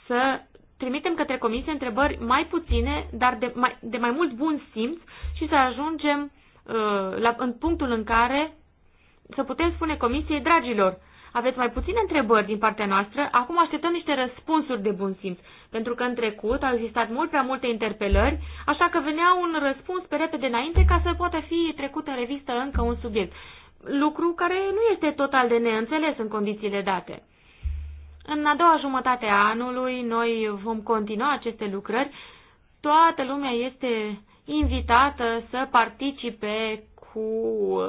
să trimitem către comisie întrebări mai puține, dar de mai, de mai mult bun simț și să ajungem Uh, la, în punctul în care să putem spune comisiei, dragilor, aveți mai puține întrebări din partea noastră, acum așteptăm niște răspunsuri de bun simț, pentru că în trecut au existat mult prea multe interpelări, așa că venea un răspuns pe repede înainte ca să poată fi trecut în revistă încă un subiect, lucru care nu este total de neînțeles în condițiile date. În a doua jumătate a anului noi vom continua aceste lucrări. Toată lumea este invitată să participe cu uh,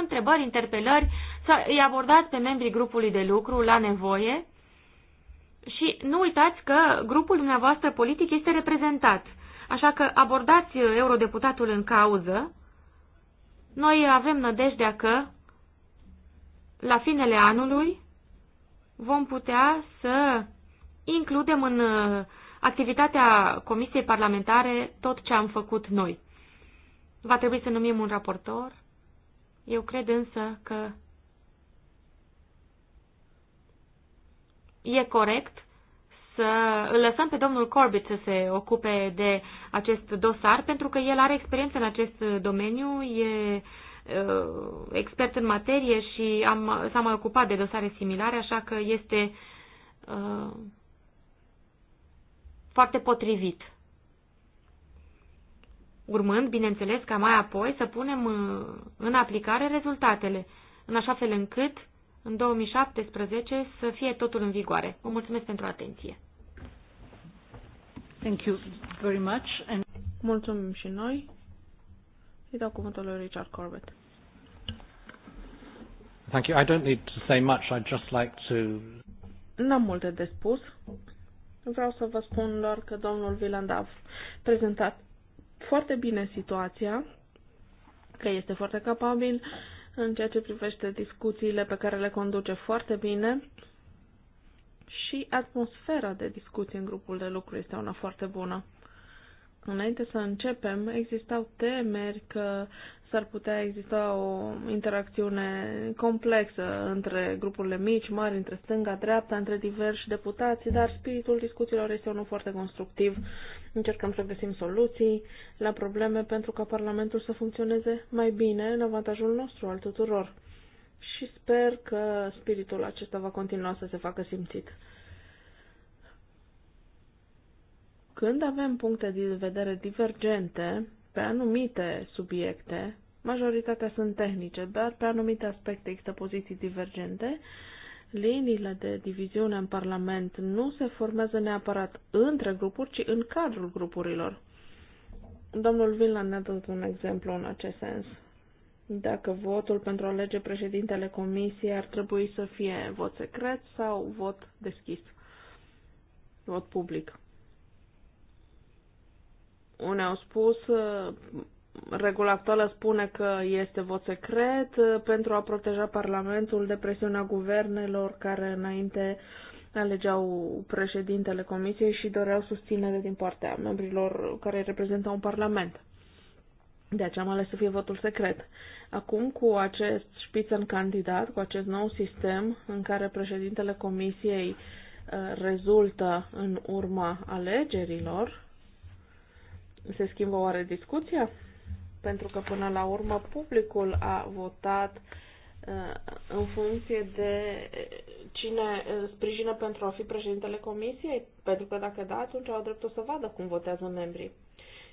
întrebări, interpelări, să îi abordați pe membrii grupului de lucru la nevoie și nu uitați că grupul dumneavoastră politic este reprezentat. Așa că abordați uh, eurodeputatul în cauză. Noi avem nădejdea că la finele anului vom putea să includem în uh, activitatea Comisiei Parlamentare, tot ce am făcut noi. Va trebui să numim un raportor. Eu cred însă că e corect să îl lăsăm pe domnul Corbett să se ocupe de acest dosar, pentru că el are experiență în acest domeniu, e uh, expert în materie și am, s-a mai ocupat de dosare similare, așa că este uh, foarte potrivit. Urmând, bineînțeles, ca mai apoi să punem uh, în aplicare rezultatele, în așa fel încât în 2017 să fie totul în vigoare. Vă mulțumesc pentru atenție. Thank you very much. And... Mulțumim și noi. Îi dau cuvântul lui Richard Corbett. Thank you. I don't need to say much. I'd just like to... N-am multe de spus. Vreau să vă spun doar că domnul Viland a prezentat foarte bine situația, că este foarte capabil în ceea ce privește discuțiile pe care le conduce foarte bine și atmosfera de discuție în grupul de lucru este una foarte bună. Înainte să începem, existau temeri că s-ar putea exista o interacțiune complexă între grupurile mici, mari, între stânga, dreapta, între diversi deputați, dar spiritul discuțiilor este unul foarte constructiv. Încercăm să găsim soluții la probleme pentru ca Parlamentul să funcționeze mai bine în avantajul nostru al tuturor. Și sper că spiritul acesta va continua să se facă simțit. Când avem puncte de vedere divergente, pe anumite subiecte, majoritatea sunt tehnice, dar pe anumite aspecte există poziții divergente. Liniile de diviziune în Parlament nu se formează neapărat între grupuri, ci în cadrul grupurilor. Domnul Vinland ne-a dat un exemplu în acest sens dacă votul pentru a alege președintele comisiei ar trebui să fie vot secret sau vot deschis, vot public. Unii au spus, regula actuală spune că este vot secret uh, pentru a proteja Parlamentul de presiunea guvernelor care înainte alegeau președintele comisiei și doreau susținere din partea membrilor care reprezentau un parlament. De aceea am ales să fie votul secret. Acum, cu acest spițen candidat, cu acest nou sistem în care președintele comisiei uh, rezultă în urma alegerilor, se schimbă oare discuția? Pentru că până la urmă publicul a votat uh, în funcție de cine uh, sprijină pentru a fi președintele comisiei, pentru că dacă da, atunci au dreptul să vadă cum votează membrii.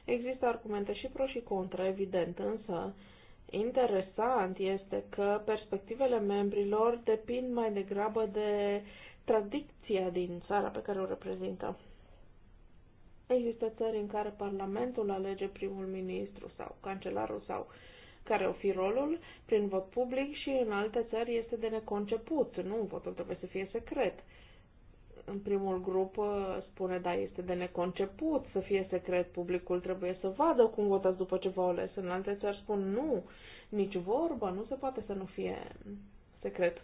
Există argumente și pro și contra, evident, însă interesant este că perspectivele membrilor depind mai degrabă de tradiția din țara pe care o reprezintă. Există țări în care Parlamentul alege primul ministru sau cancelarul sau care o fi rolul prin vot public și în alte țări este de neconceput. Nu, votul trebuie să fie secret. În primul grup uh, spune, da, este de neconceput să fie secret, publicul trebuie să vadă cum votați după ce vă ales. În alte țări spun, nu, nici vorbă, nu se poate să nu fie secret.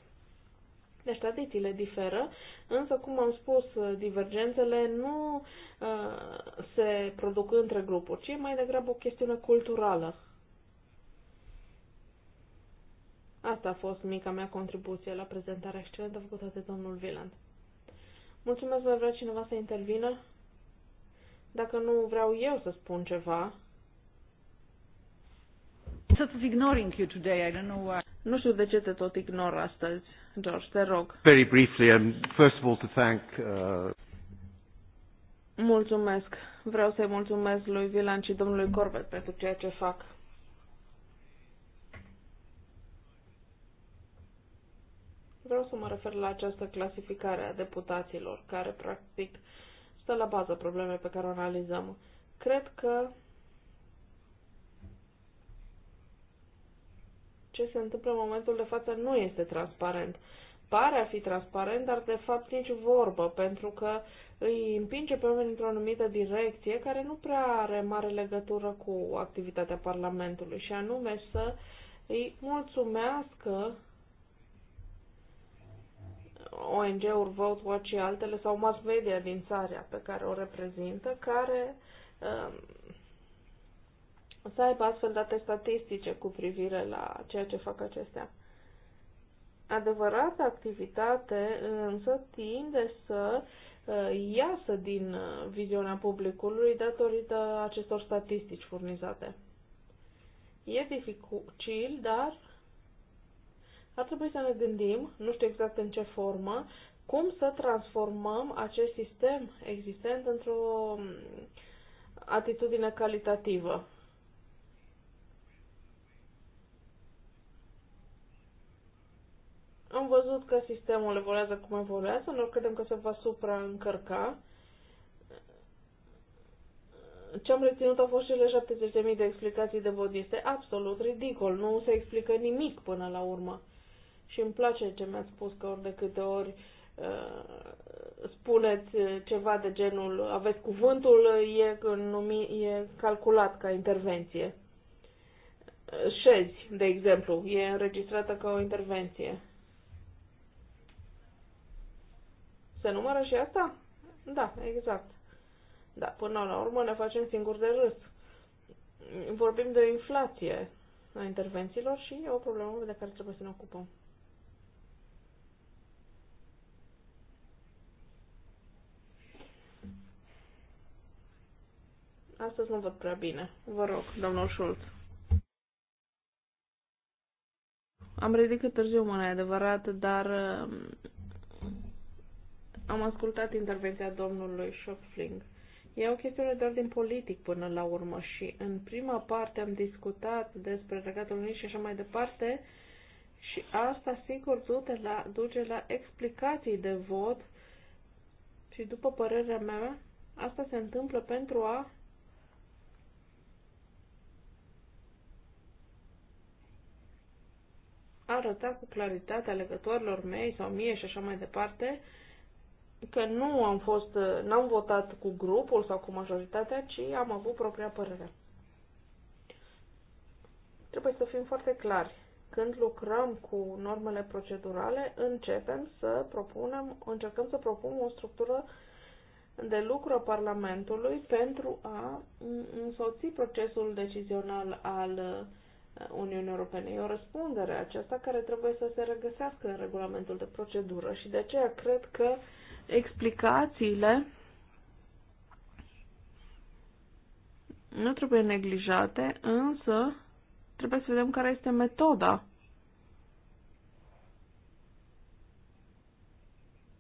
Deci tradițiile diferă, însă, cum am spus, divergențele nu uh, se produc între grupuri, ci mai degrabă o chestiune culturală. Asta a fost mica mea contribuție la prezentarea excelentă făcută de domnul Viland. Mulțumesc, mai vrea cineva să intervină? Dacă nu vreau eu să spun ceva... Sort of ignoring you today, I don't know why. Nu știu de ce te tot ignor astăzi. George, te rog. Very briefly, um, first of all to thank... Uh... Mulțumesc. Vreau să-i mulțumesc lui Vilan și domnului Corbett pentru ceea ce fac. Vreau să mă refer la această clasificare a deputaților, care practic stă la bază problemei pe care o analizăm. Cred că ce se întâmplă în momentul de față nu este transparent. Pare a fi transparent, dar de fapt nici vorbă, pentru că îi împinge pe oameni într-o anumită direcție care nu prea are mare legătură cu activitatea Parlamentului, și anume să îi mulțumească ONG-uri, Vote Watch și altele, sau mass media din țara pe care o reprezintă, care um, să aibă astfel date statistice cu privire la ceea ce fac acestea. Adevărata activitate însă tinde să uh, iasă din uh, viziunea publicului datorită acestor statistici furnizate. E dificil, dar ar trebui să ne gândim, nu știu exact în ce formă, cum să transformăm acest sistem existent într-o mm, atitudine calitativă. Am văzut că sistemul evoluează cum evoluează, nu credem că se va supraîncărca. Ce am reținut au fost cele 70.000 de explicații de vot. Este absolut ridicol, nu se explică nimic până la urmă. Și îmi place ce mi-ați spus că ori de câte ori uh, spuneți ceva de genul aveți cuvântul, e, numi, e calculat ca intervenție șezi, de exemplu, e înregistrată ca o intervenție. Se numără și asta? Da, exact. Da, până la urmă ne facem singuri de râs. Vorbim de inflație a intervențiilor și e o problemă de care trebuie să ne ocupăm. Astăzi nu văd prea bine. Vă rog, domnul Schulz. Am ridicat târziu mâna, e adevărat, dar am ascultat intervenția domnului Schöpfling. E o chestiune de ordin politic până la urmă și în prima parte am discutat despre Regatul Unit și așa mai departe și asta sigur duce la, duce la explicații de vot și după părerea mea asta se întâmplă pentru a arăta cu claritate legătorilor mei sau mie și așa mai departe că nu am fost, n-am votat cu grupul sau cu majoritatea, ci am avut propria părere. Trebuie să fim foarte clari. Când lucrăm cu normele procedurale, începem să propunem, încercăm să propunem o structură de lucru a Parlamentului pentru a însoți procesul decizional al uh, Uniunii Europene. E o răspundere aceasta care trebuie să se regăsească în regulamentul de procedură și de aceea cred că uh, explicațiile nu trebuie neglijate, însă trebuie să vedem care este metoda.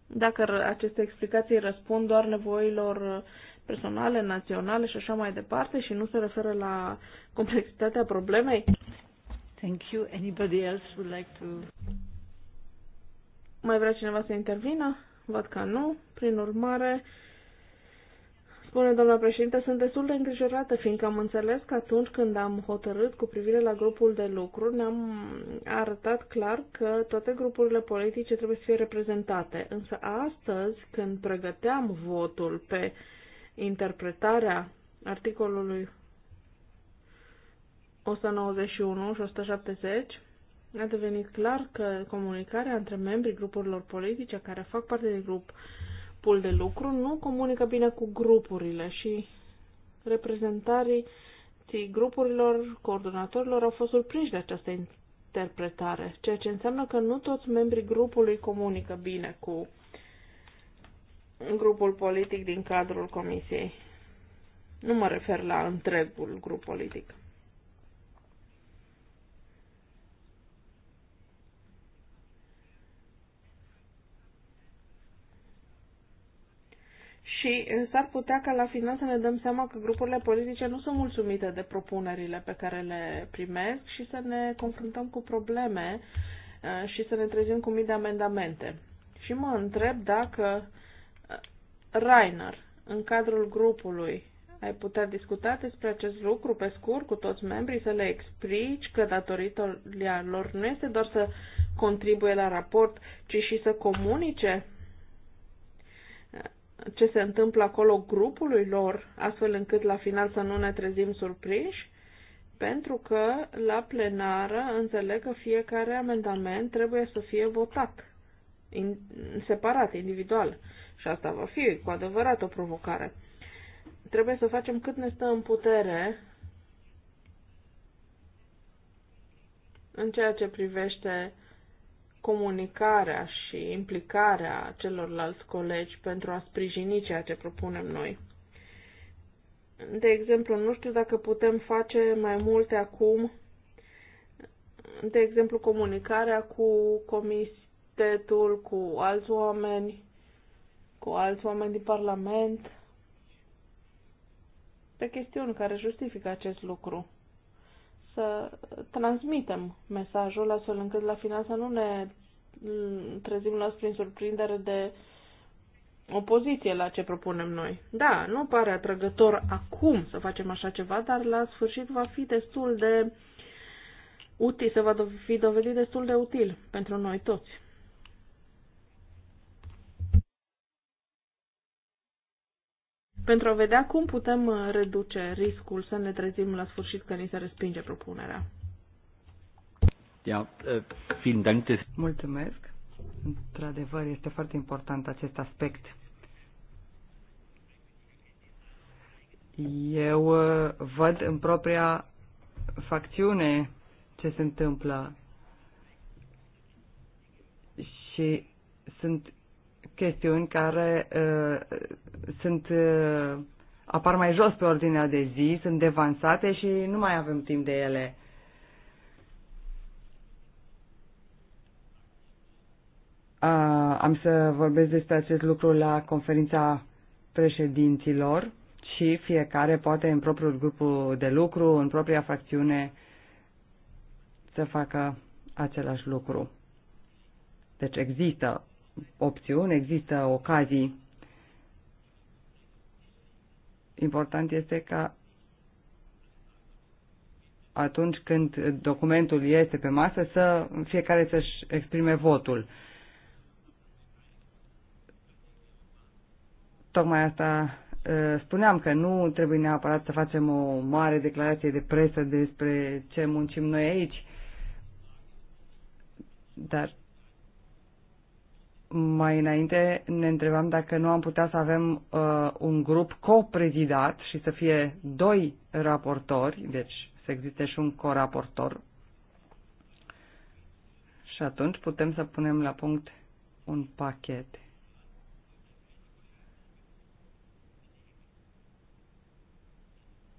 Dacă aceste explicații răspund doar nevoilor personale, naționale și așa mai departe și nu se referă la complexitatea problemei. Thank you. Anybody else would like to... Mai vrea cineva să intervină? Văd că nu. Prin urmare, spune doamna președinte, sunt destul de îngrijorată, fiindcă am înțeles că atunci când am hotărât cu privire la grupul de lucru, ne-am arătat clar că toate grupurile politice trebuie să fie reprezentate. Însă astăzi, când pregăteam votul pe interpretarea articolului 191 și 170, a devenit clar că comunicarea între membrii grupurilor politice care fac parte din grupul de lucru nu comunică bine cu grupurile și reprezentarii grupurilor, coordonatorilor au fost surprinși de această interpretare, ceea ce înseamnă că nu toți membrii grupului comunică bine cu grupul politic din cadrul comisiei. Nu mă refer la întregul grup politic. și s-ar putea ca la final să ne dăm seama că grupurile politice nu sunt mulțumite de propunerile pe care le primesc și să ne confruntăm cu probleme uh, și să ne trezim cu mii de amendamente. Și mă întreb dacă uh, Rainer, în cadrul grupului, ai putea discuta despre acest lucru pe scurt cu toți membrii, să le explici că datorită lor nu este doar să contribuie la raport, ci și să comunice ce se întâmplă acolo grupului lor, astfel încât la final să nu ne trezim surprinși, pentru că la plenară înțeleg că fiecare amendament trebuie să fie votat in, separat, individual. Și asta va fi cu adevărat o provocare. Trebuie să facem cât ne stă în putere în ceea ce privește comunicarea și implicarea celorlalți colegi pentru a sprijini ceea ce propunem noi. De exemplu, nu știu dacă putem face mai multe acum, de exemplu, comunicarea cu comitetul, cu alți oameni, cu alți oameni din Parlament, Pe chestiuni care justifică acest lucru să transmitem mesajul astfel încât la final să nu ne trezim la prin surprindere de opoziție la ce propunem noi. Da, nu pare atrăgător acum să facem așa ceva, dar la sfârșit va fi destul de util, se va fi dovedit destul de util pentru noi toți. pentru a vedea cum putem uh, reduce riscul să ne trezim la sfârșit că ni se respinge propunerea. Uh, Mulțumesc. Într-adevăr, este foarte important acest aspect. Eu uh, văd în propria facțiune ce se întâmplă și sunt chestiuni care uh, sunt uh, apar mai jos pe ordinea de zi, sunt devansate și nu mai avem timp de ele. Uh, am să vorbesc despre acest lucru la conferința președinților și fiecare poate în propriul grup de lucru, în propria facțiune, să facă același lucru. Deci există opțiuni, există ocazii. Important este ca atunci când documentul este pe masă să fiecare să-și exprime votul. Tocmai asta ă, spuneam că nu trebuie neapărat să facem o mare declarație de presă despre ce muncim noi aici, dar mai înainte ne întrebam dacă nu am putea să avem uh, un grup coprezidat și să fie doi raportori, deci să existe și un coraportor. Și atunci putem să punem la punct un pachet.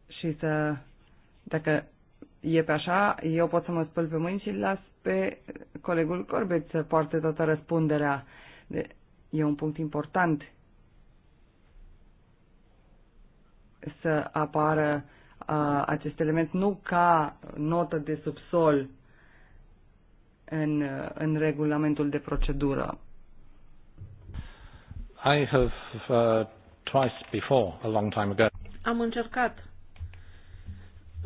Și să, dacă e pe așa, eu pot să mă spăl pe mâini și las pe colegul Corbet să poarte toată răspunderea uh, E un punct important să apară a, acest element nu ca notă de subsol în, în regulamentul de procedură. I have uh, twice before, a long time ago. Am încercat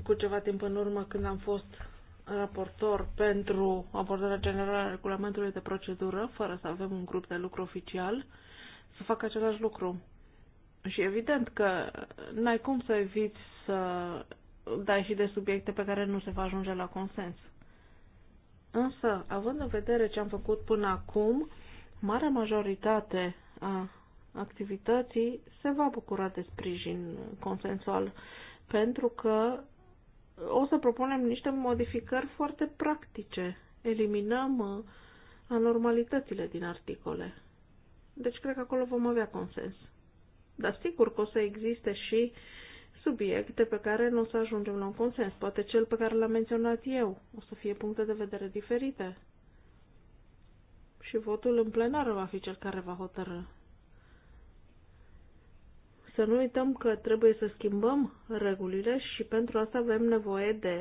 cu ceva timp în urmă când am fost raportor pentru abordarea generală a regulamentului de procedură, fără să avem un grup de lucru oficial, să facă același lucru. Și evident că n-ai cum să eviți să dai și de subiecte pe care nu se va ajunge la consens. Însă, având în vedere ce am făcut până acum, marea majoritate a activității se va bucura de sprijin consensual, pentru că o să propunem niște modificări foarte practice. Eliminăm uh, anormalitățile din articole. Deci cred că acolo vom avea consens. Dar sigur că o să existe și subiecte pe care nu o să ajungem la un consens. Poate cel pe care l-am menționat eu. O să fie puncte de vedere diferite. Și votul în plenară va fi cel care va hotărâ. Să nu uităm că trebuie să schimbăm regulile și pentru asta avem nevoie de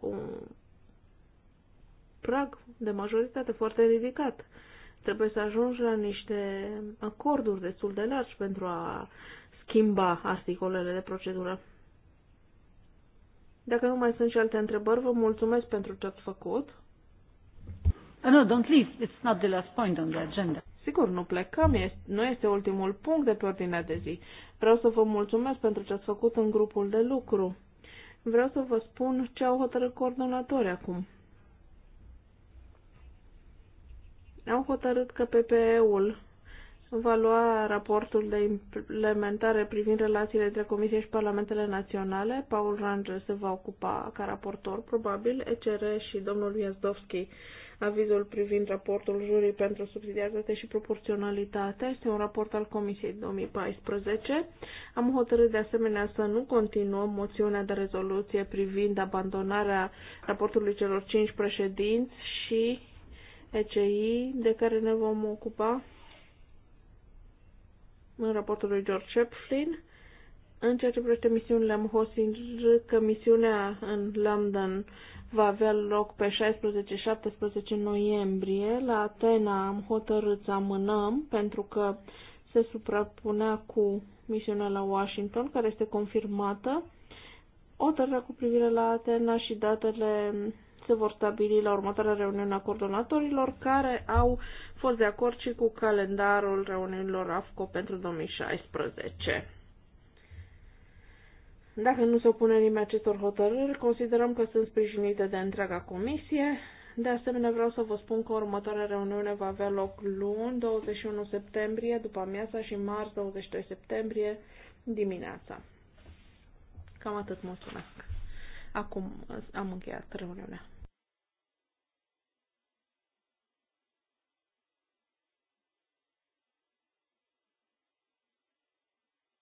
un prag de majoritate foarte ridicat. Trebuie să ajungi la niște acorduri destul de largi pentru a schimba articolele de procedură. Dacă nu mai sunt și alte întrebări, vă mulțumesc pentru ce ați făcut. Uh, no, don't leave. It's not the last point on the agenda. Sigur, nu plecăm, este, nu este ultimul punct de pe ordinea de zi. Vreau să vă mulțumesc pentru ce ați făcut în grupul de lucru. Vreau să vă spun ce au hotărât coordonatorii acum. Au hotărât că PPE-ul va lua raportul de implementare privind relațiile între Comisie și Parlamentele Naționale. Paul Rangel se va ocupa ca raportor, probabil, ECR și domnul Iazdovski avizul privind raportul jurii pentru subsidiaritate și proporționalitate. Este un raport al Comisiei 2014. Am hotărât de asemenea să nu continuăm moțiunea de rezoluție privind abandonarea raportului celor cinci președinți și ECI, de care ne vom ocupa în raportul lui George Shepflin. În ceea ce privește misiunile, am hotărât că misiunea în London va avea loc pe 16-17 noiembrie. La Atena am hotărât să amânăm pentru că se suprapunea cu misiunea la Washington, care este confirmată. O tărere cu privire la Atena și datele se vor stabili la următoarea reuniune a coordonatorilor, care au fost de acord și cu calendarul reuniunilor AFCO pentru 2016. Dacă nu se opune nimeni acestor hotărâri, considerăm că sunt sprijinite de întreaga comisie. De asemenea, vreau să vă spun că următoarea reuniune va avea loc luni, 21 septembrie, după amiaza și marți, 22 septembrie, dimineața. Cam atât, mulțumesc. Acum am încheiat reuniunea.